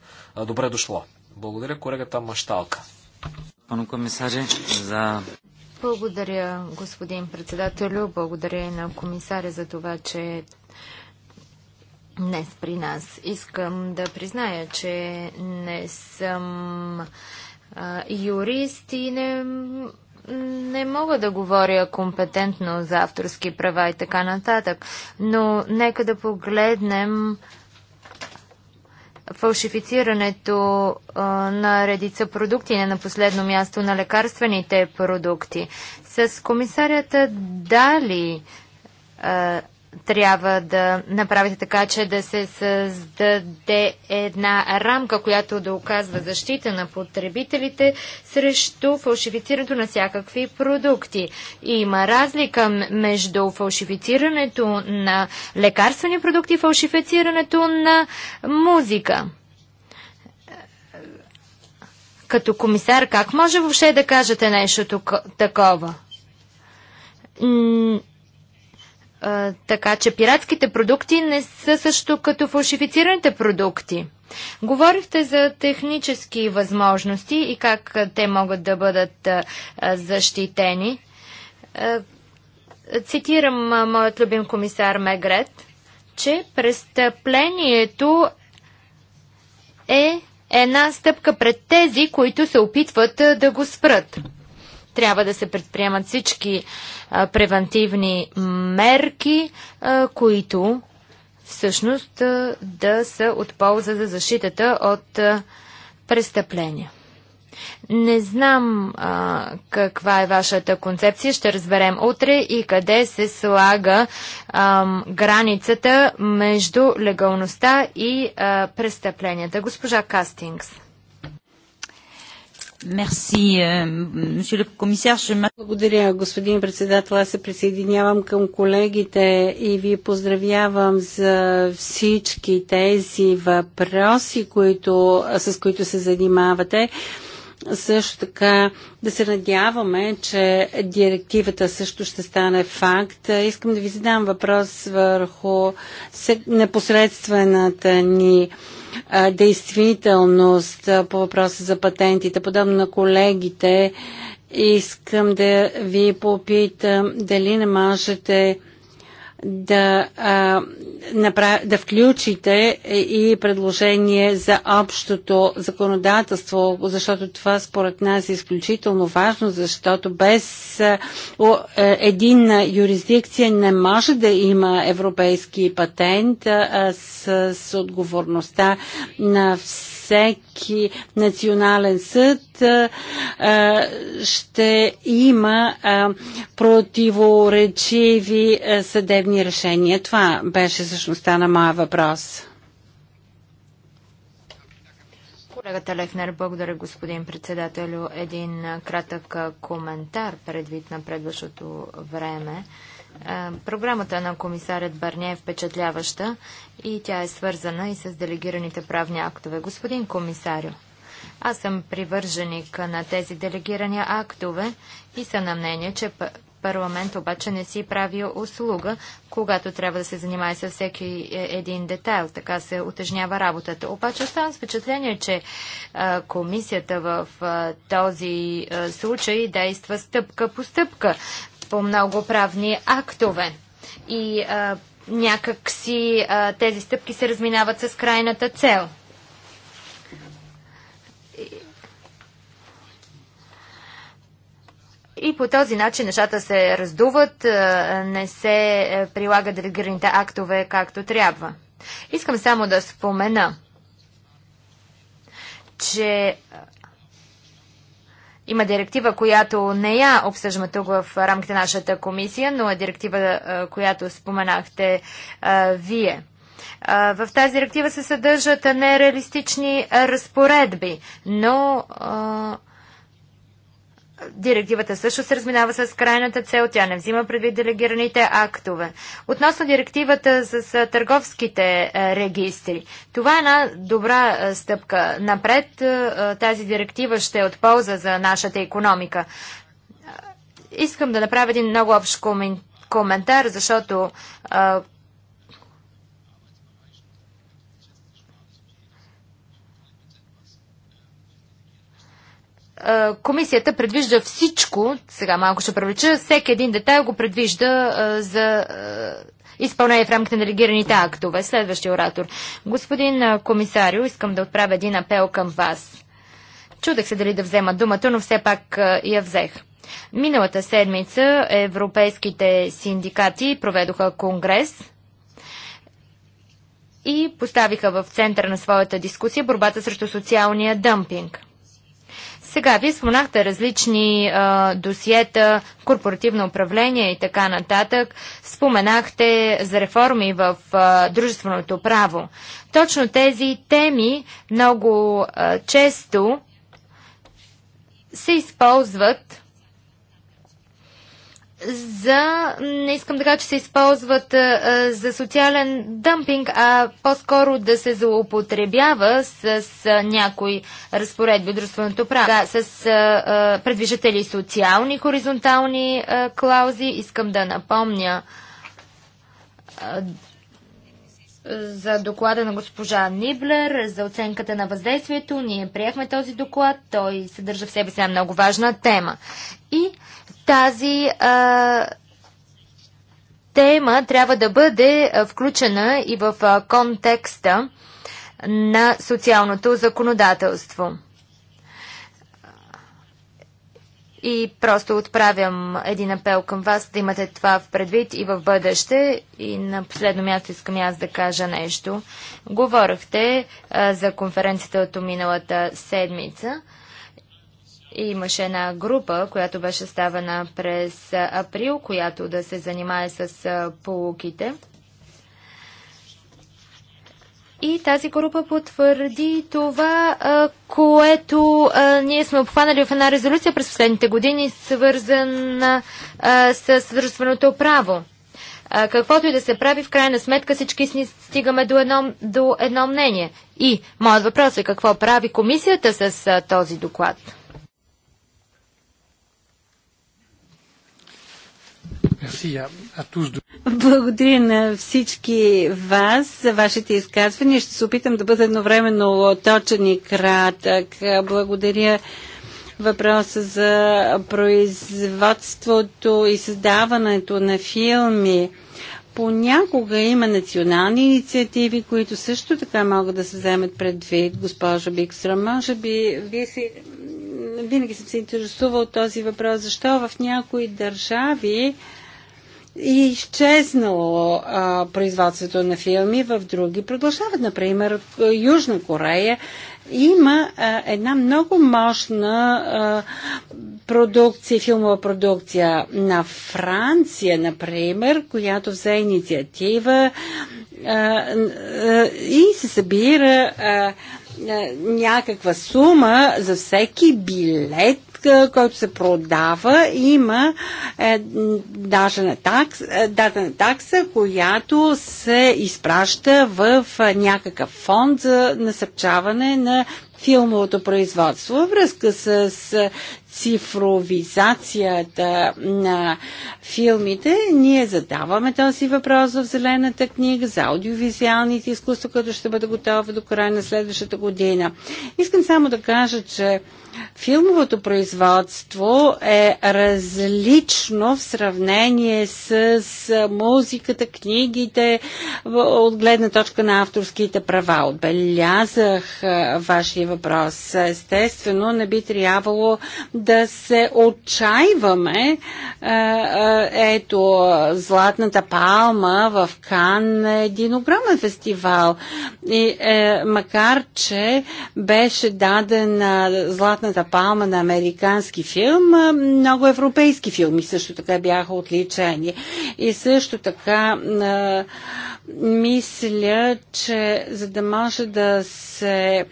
добре дошло. Благодаря колегата Машталка. Пану комисаре, за благодаря, господин председателю. Благодаря на комисаря за това, че днес при нас. Искам да призная, че не съм а, юрист и не, не мога да говоря компетентно за авторски права и така нататък, но нека да погледнем фалшифицирането а, на редица продукти, не на последно място на лекарствените продукти. С комисарията Дали а, трябва да направите така, че да се създаде една рамка, която да оказва защита на потребителите срещу фалшифицирането на всякакви продукти. има разлика между фалшифицирането на лекарствени продукти и фалшифицирането на музика. Като комисар, как може въобще да кажете нещо такова? така че пиратските продукти не са също като фалшифицираните продукти. Говорихте за технически възможности и как те могат да бъдат защитени. Цитирам моят любим комисар Мегрет, че престъплението е една стъпка пред тези, които се опитват да го спрат. Трябва да се предприемат всички uh, превентивни мерки, които всъщност да са от полза за защитата от престъпления. Не знам а, каква е вашата концепция, ще разберем утре и къде се слага а, границата между легалността и а, престъпленията. Госпожа Кастингс. Euh, Благодаря, господин председател. Аз се присъединявам към колегите и ви поздравявам за всички тези въпроси, които, с които се занимавате. Също така да се надяваме, че директивата също ще стане факт. Искам да ви задам въпрос върху непосредствената ни действителност по въпроса за патентите. Подобно на колегите, искам да ви попитам дали не можете да, а, направ... да включите и предложение за общото законодателство, защото това според нас е изключително важно, защото без а, е, единна юрисдикция не може да има европейски патент а, с, с отговорността на всички всеки национален съд ще има противоречиви съдебни решения. Това беше същността на моя въпрос. Колегата Лехнер, благодаря господин председателю. Един кратък коментар предвид на предващото време. Е, програмата на комисарят Барне е впечатляваща и тя е свързана и с делегираните правни актове. Господин комисарю, аз съм привърженик на тези делегирани актове и съм на мнение, че парламент обаче не си прави услуга, когато трябва да се занимае с всеки е, един детайл. Така се утежнява работата. Обаче оставам с впечатление, че а, е, комисията в а, този а, случай действа стъпка по стъпка по много правни актове. И а, някак си а, тези стъпки се разминават с крайната цел. И, по този начин нещата се раздуват, не се е, прилагат делегираните актове както трябва. Искам само да спомена, че има директива, която не я обсъждаме тук в рамките на нашата комисия, но е директива, която споменахте вие. в тази директива се съдържат нереалистични разпоредби, но а, Директивата също се разминава с крайната цел, тя не взима предвид делегираните актове. Относно директивата с търговските регистри, това е една добра стъпка. Напред тази директива ще е от полза за нашата економика. Искам да направя един много общ коментар, защото комисията предвижда всичко, сега малко ще привлеча, всеки един детайл го предвижда за изпълнение в рамките на делегираните актове. Следващия оратор. Господин комисарио, искам да отправя един апел към вас. Чудех се дали да взема думата, но все пак я взех. Миналата седмица европейските синдикати проведоха конгрес и поставиха в центъра на своята дискусия борбата срещу социалния дъмпинг. Сега, вие споменахте различни а, досиета, корпоративно управление и така нататък. Споменахте за реформи в а, дружественото право. Точно тези теми много а, често се използват за, не искам да кажа, че се използват а, за социален дъмпинг, а по-скоро да се злоупотребява с, с някои разпоредби от право. Да, с а, предвижители социални хоризонтални а, клаузи, искам да напомня за доклада на госпожа Ниблер, за оценката на въздействието. Ние приехме този доклад. Той съдържа в себе си една много важна тема. И тази а, тема трябва да бъде включена и в контекста на социалното законодателство. И просто отправям един апел към вас да имате това в предвид и в бъдеще. И на последно място искам аз да кажа нещо. Говорихте а, за конференцията от миналата седмица. И имаше една група, която беше ставана през април, която да се занимае с полуките. И тази група потвърди това, което ние сме обхванали в една резолюция през последните години, свързана с съдружественото право. каквото и да се прави, в крайна сметка всички си стигаме до едно, до едно мнение. И моят въпрос е какво прави комисията с този доклад? Благодаря на всички вас за вашите изказвания. Ще се опитам да бъда едновременно точен и кратък. Благодаря въпроса за производството и създаването на филми. Понякога има национални инициативи, които също така могат да се вземат предвид, госпожа Бикстра. Може би ви си, винаги съм се интересувал този въпрос, защо в някои държави и изчезнало а, производството на филми в други продължават. Например, Южна Корея има а, една много мощна а, продукция, филмова продукция на Франция, например, която взе инициатива а, а, и се събира а, някаква сума за всеки билет който се продава, има е, даже на такс, е, дадена такса, която се изпраща в е, някакъв фонд за насърчаване на филмовото производство. Във връзка с цифровизацията на филмите, ние задаваме този въпрос в Зелената книга за аудиовизуалните изкуства, като ще бъде готова до края на следващата година. Искам само да кажа, че филмовото производство е различно в сравнение с музиката, книгите, от гледна точка на авторските права. Отбелязах вашия въпрос. Естествено, не би трябвало да да се отчаиваме. Е, е, ето, Златната палма в Кан е един огромен фестивал. И, е, макар, че беше дадена Златната палма на американски филм, е, много европейски филми също така бяха отличени. И също така мисля, че за да може да се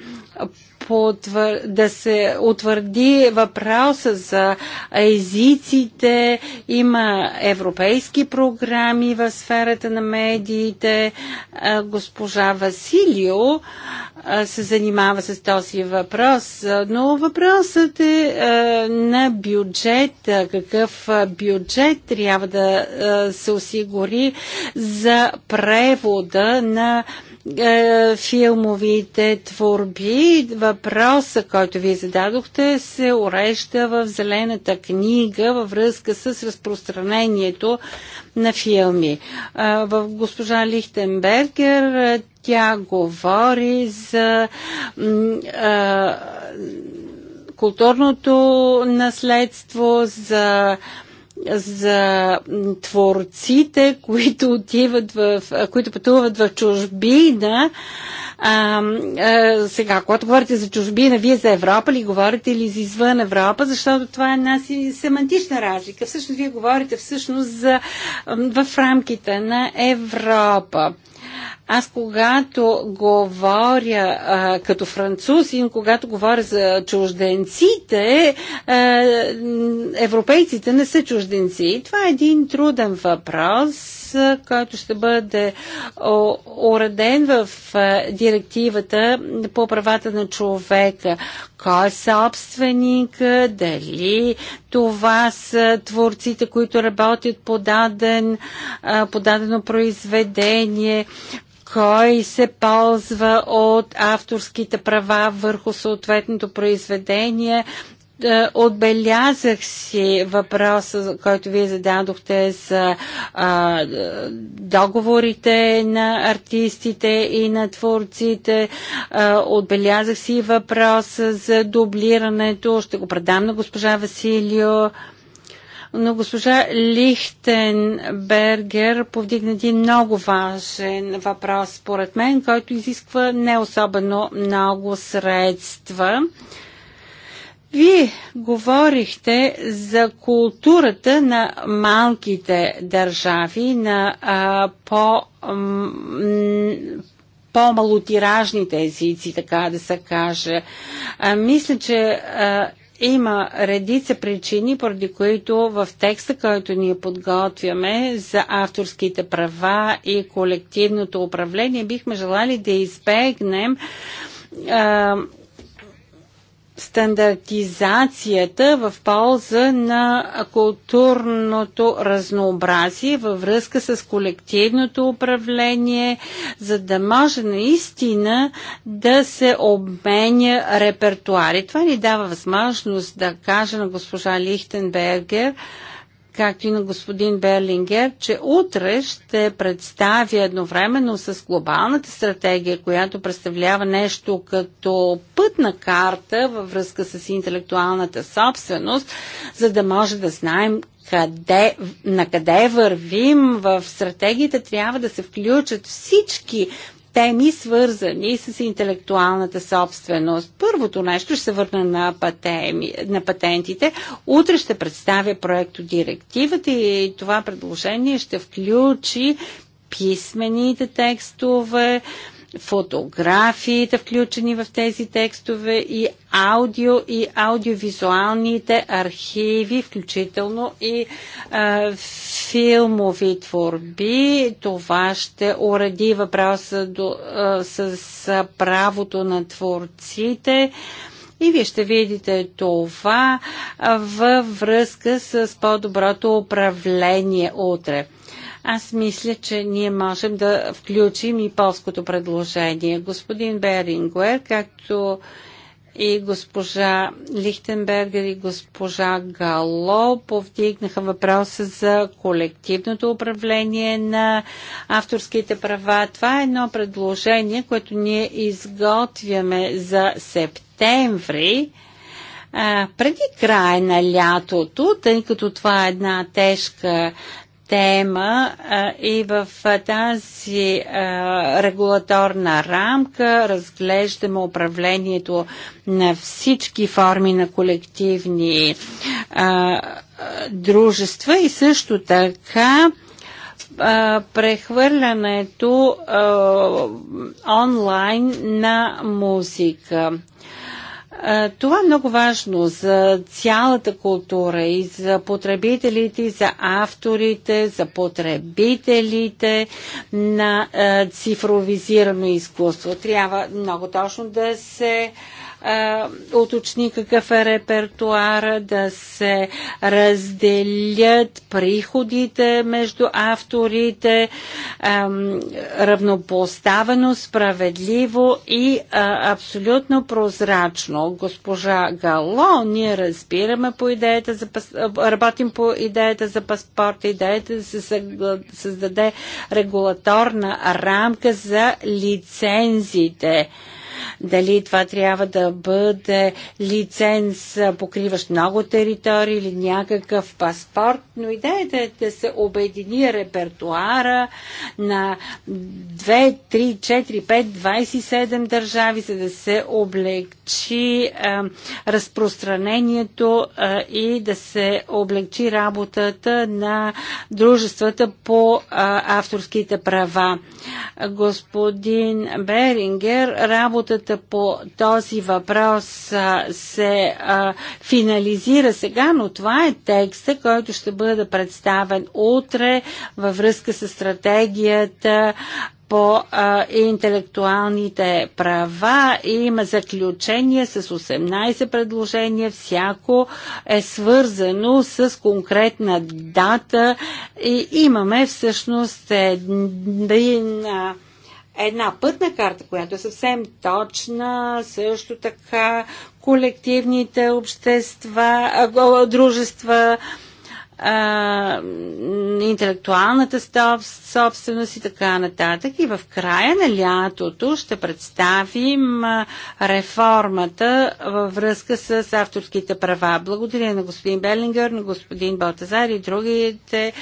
потвър... да се утвърди въпроса за езиците. Има европейски програми в сферата на медиите. Госпожа Василио се занимава с този въпрос, но въпросът е на бюджет. Какъв бюджет трябва да се осигури за превода на е, филмовите творби. Въпроса, който вие зададохте, се урежда в Зелената книга във връзка с разпространението на филми. Е, в госпожа Лихтенбергер е, тя говори за културното наследство, за за творците, които отиват в, които пътуват в чужбина. А, а, сега, когато говорите за чужбина, вие за Европа ли говорите или за извън Европа, защото това е една си семантична разлика. Всъщност, вие говорите всъщност за, в рамките на Европа. Аз когато говоря а, като француз и когато говоря за чужденците, а, европейците не са чужденци. Това е един труден въпрос, а, който ще бъде уреден в а, директивата по правата на човека. Кой е собственик, дали това са творците, които работят по, даден, по дадено произведение, кой се ползва от авторските права върху съответното произведение, е, отбелязах си въпроса, който вие зададохте за а, договорите на артистите и на творците. А, е, отбелязах си въпроса за дублирането. Ще го предам на госпожа Василио. Но госпожа Лихтенбергер повдигна един много важен въпрос, според мен, който изисква не особено много средства. А, вие говорихте за културата на малките държави, на а, по, по-малотиражните езици, така да се каже. А, мисля, че а, има редица причини, поради които в текста, който ние подготвяме за авторските права и колективното управление, бихме желали да избегнем а, стандартизацията в полза на културното разнообразие във връзка с колективното управление, за да може наистина да се обменя репертуари. това ни дава възможност да кажа на госпожа Лихтенбергер, както и на господин Берлингер, че утре ще представя едновременно с глобалната стратегия, която представлява нещо като пътна карта във връзка с интелектуалната собственост, за да може да знаем къде, на къде вървим в стратегията трябва да се включат всички теми, свързани с интелектуалната собственост. Първото нещо ще се върна на, патеми, на патентите. Утре ще представя проекто директивата и това предложение ще включи писмените текстове, фотографиите, включени в тези текстове, и аудио и аудиовизуалните архиви, включително и а, е, филмови творби. Това ще уреди въпроса до, а, е, с, правото на творците. И вие ще видите това във връзка с по-доброто управление утре. Аз мисля, че ние можем да включим и полското предложение. Господин Берингуер, както и госпожа Лихтенбергер и госпожа Гало повдигнаха въпроса за колективното управление на авторските права. Това е едно предложение, което ние изготвяме за септември преди края на лятото, тъй като това е една тежка тема и в тази регулаторна рамка разглеждаме управлението на всички форми на колективни дружества и също така прехвърлянето онлайн на музика. Това е много важно за цялата култура и за потребителите, и за авторите, за потребителите на цифровизирано изкуство. Трябва много точно да се уточни какъв е репертуара, да се разделят приходите между авторите, равнопоставено, справедливо и абсолютно прозрачно. Госпожа Гало, ние разбираме по идеята за работим по идеята за паспорт, идеята да се създаде регулаторна рамка за лицензите. Дали това трябва да бъде лиценз, покриващ много територии или някакъв паспорт, но идеята е да се обедини репертуара на 2, 3, 4, 5, 27 държави, за да се облегчи а, разпространението а, и да се облегчи работата на дружествата по а, авторските права. Господин Берингер, работа работата по този въпрос се финализира сега, но това е текста, който ще бъде представен утре във връзка с стратегията по а, интелектуалните права и има заключение с 18 предложения. Всяко е свързано с конкретна дата и имаме всъщност един. А, една пътна карта, която е съвсем точна, също така колективните общества, дружества, а, интелектуалната собственост и така нататък. И в края на лятото ще представим реформата във връзка с авторските права. Благодаря на господин Белингър, на господин Балтазар и другите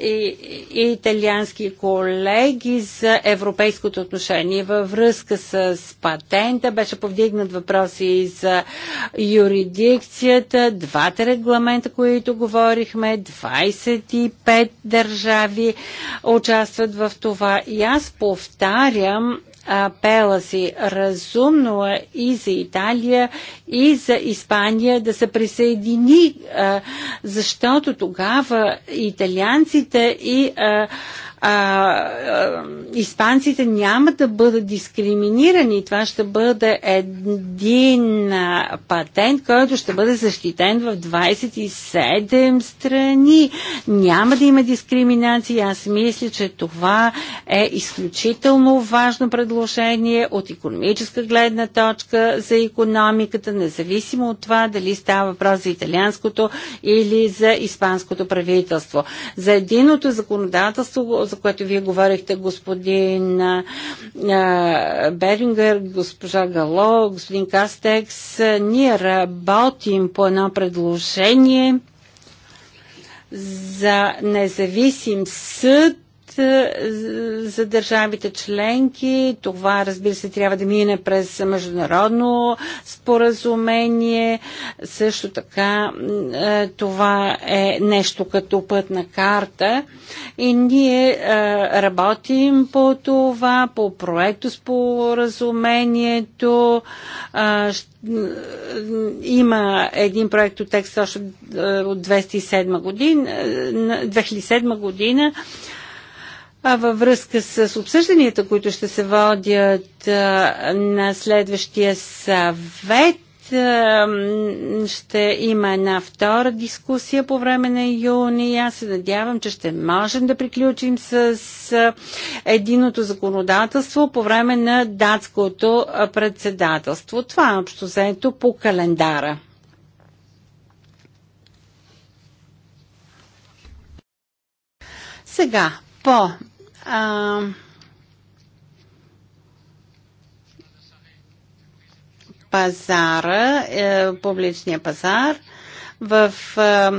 и, и италиански колеги за европейското отношение. Във връзка с патента беше повдигнат въпроси и за юридикцията, двата регламента, които говорихме, 25 държави участват в това. И аз повтарям апела си. Разумно е и за Италия, и за Испания да се присъедини, защото тогава италианците и а, испанците няма да бъдат дискриминирани. Това ще бъде един патент, който ще бъде защитен в 27 страни. Няма да има дискриминация. Аз мисля, че това е изключително важно предложение от економическа гледна точка за економиката, независимо от това дали става въпрос за италианското или за испанското правителство. За единото законодателство, за което вие говорихте, господин Берингер, госпожа Гало, господин Кастекс. Ние работим по едно предложение за независим съд е, за държавите членки. Това, разбира се, трябва да мине през международно споразумение. Също така е, това е нещо като пътна карта. И ние е, работим по това, по проекто споразумението. Има един проект от текст още от 2007 година, 2007 година а във връзка с обсъжданията, които ще се водят на следващия съвет, ще има една втора дискусия по време на юни. Аз се надявам, че ще можем да приключим с единото законодателство по време на датското председателство. Това е общо заето по календара. Сега по пазара, е, публичния пазар. В е,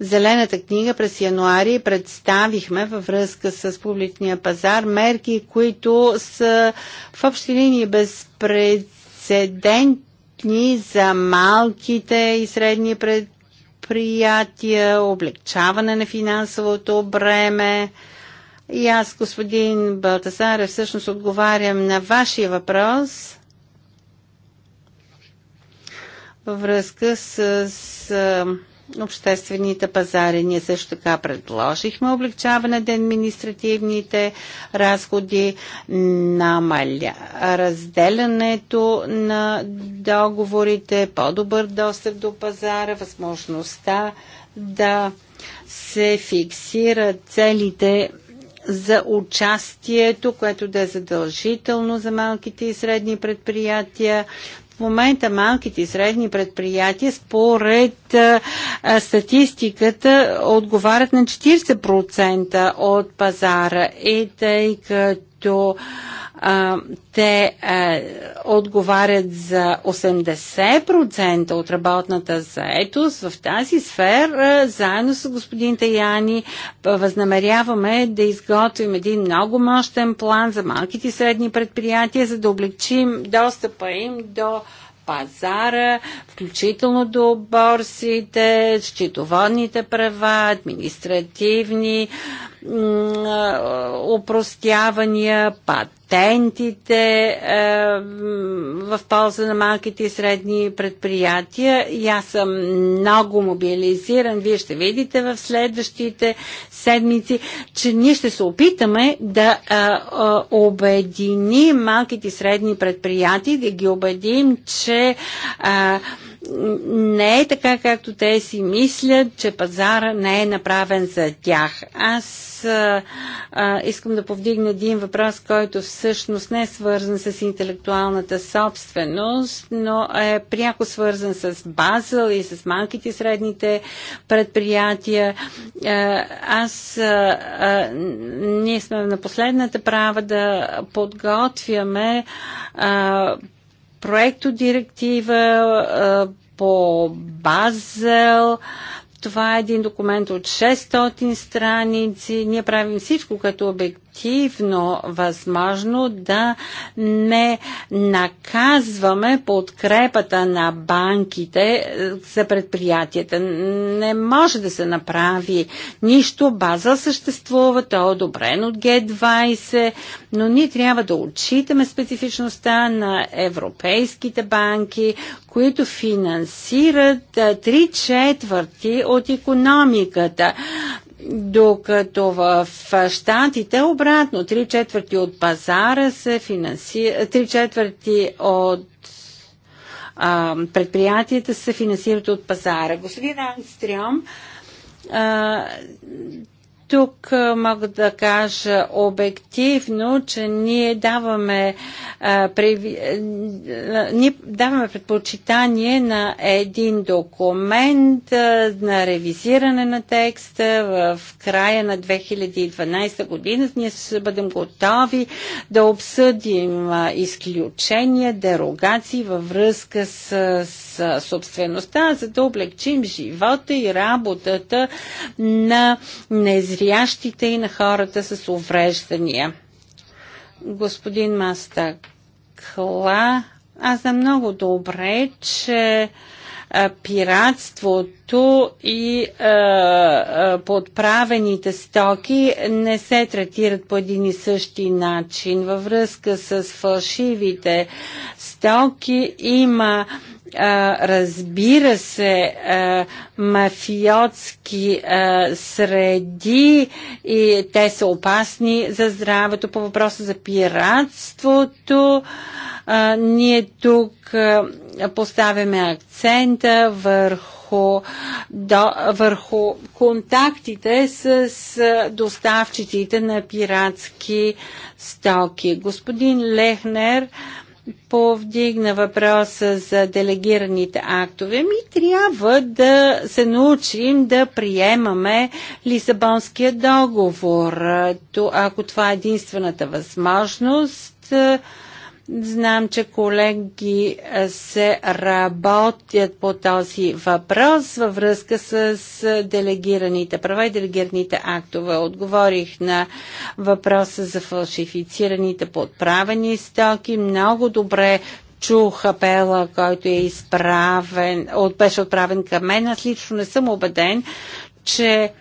Зелената книга през януари представихме във връзка с публичния пазар мерки, които са в общи линии безпредседентни за малките и средни предприятия, облегчаване на финансовото бреме, и аз, господин Балтасаре, всъщност отговарям на вашия въпрос във връзка с, с обществените пазари. Ние също така предложихме облегчаване на административните разходи, намаля разделянето на договорите, по-добър достъп до пазара, възможността да се фиксират целите за участието, което да е задължително за малките и средни предприятия. В момента малките и средни предприятия според а, статистиката отговарят на 40% от пазара и тъй като а, те а, отговарят за 80% от работната заетост в тази сфера. Заедно с господин Таяни възнамеряваме да изготвим един много мощен план за малките и средни предприятия, за да облегчим достъпа им до пазара, включително до борсите, счетоводните права, административни упростявания, патенти патентите е, в полза на малките и средни предприятия. И аз съм много мобилизиран. Вие ще видите в следващите седмици, че ние ще се опитаме да е, е, обединим малките и средни предприятия, да ги убедим, че е, не е така, както те си мислят, че пазара не е направен за тях. Аз а, е, а, е, искам да повдигна един въпрос, който все всъщност не е свързан с интелектуалната собственост, но е пряко свързан с Базъл и с малките и средните предприятия. Е, аз, е, е, ние сме на последната права да подготвяме проекто директива по Базел, това е един документ от 600 страници. Ние правим всичко, като обект оперативно възможно да не наказваме подкрепата на банките е, за предприятията. Не може да се направи нищо. База съществува, то е одобрен от Г20, но ние трябва да отчитаме специфичността на европейските банки, които финансират е, три четвърти от економиката. Докато в Штатите обратно, три четвърти от пазара се финансира, три четвърти от а, предприятията се финансират от пазара. Господин Ангстрем, тук мога да кажа обективно, че ние даваме, а, прев... ние даваме предпочитание на един документ а, на ревизиране на текста в края на 2012 година. Ние ще бъдем готови да обсъдим изключения, дерогации във връзка с, с собствеността, за да облегчим живота и работата на незрителите живящите и на хората с увреждания. Господин Мастакла, аз знам много добре, че пиратството и а, а, подправените стоки не се третират по един и същи начин. Във връзка с фалшивите стоки има а, разбира се, а, мафиотски а, среди и те са опасни за здравето. По въпроса за пиратството, а, ние тук а, поставяме акцента върху, до, върху контактите с, доставчиците на пиратски стоки. Господин Лехнер, а, повдигна въпроса за делегираните актове, ми трябва да се научим да приемаме Лисабонския договор. То, ако това е единствената възможност, Знам, че колеги се работят по този въпрос във връзка с делегираните права и делегираните актове. Отговорих на въпроса за фалшифицираните подправени стоки. Много добре чух апела, който е изправен, от, беше отправен към мен. Аз лично не съм убеден, че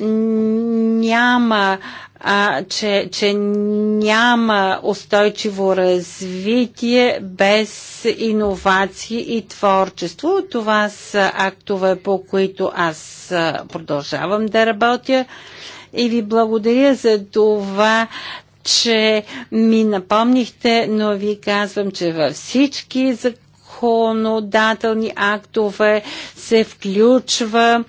няма а, че, че няма устойчиво развитие без иновации и творчество. Това са актове, по които аз продължавам да работя. И ви благодаря за това, че ми напомнихте, но ви казвам, че във всички законодателни актове се включва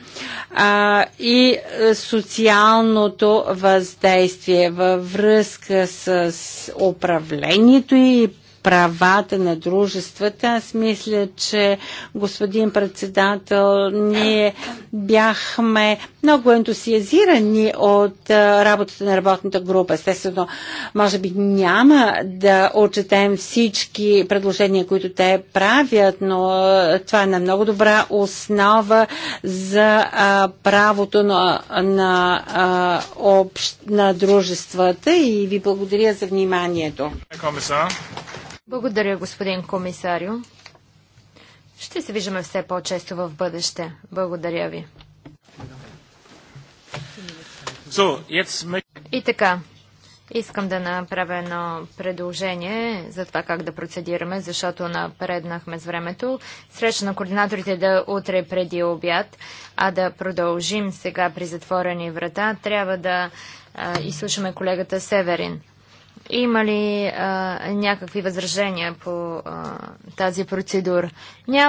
а, и е, социалното въздействие във връзка с управлението и правата на дружествата. Аз мисля, че господин председател, ние бяхме много ентусиазирани от работата на работната група. Естествено, може би няма да отчетем всички предложения, които те правят, но това е на много добра основа за правото на, на, общ, на дружествата и ви благодаря за вниманието. Комисар. Благодаря, господин комисарио. Ще се виждаме все по-често в бъдеще. Благодаря ви. И така, искам да направя едно предложение за това как да процедираме, защото напреднахме с времето. Среща на координаторите да утре преди обяд, а да продължим сега при затворени врата. Трябва да изслушаме колегата Северин. Има ли а, някакви възражения по а, тази процедура? Няма.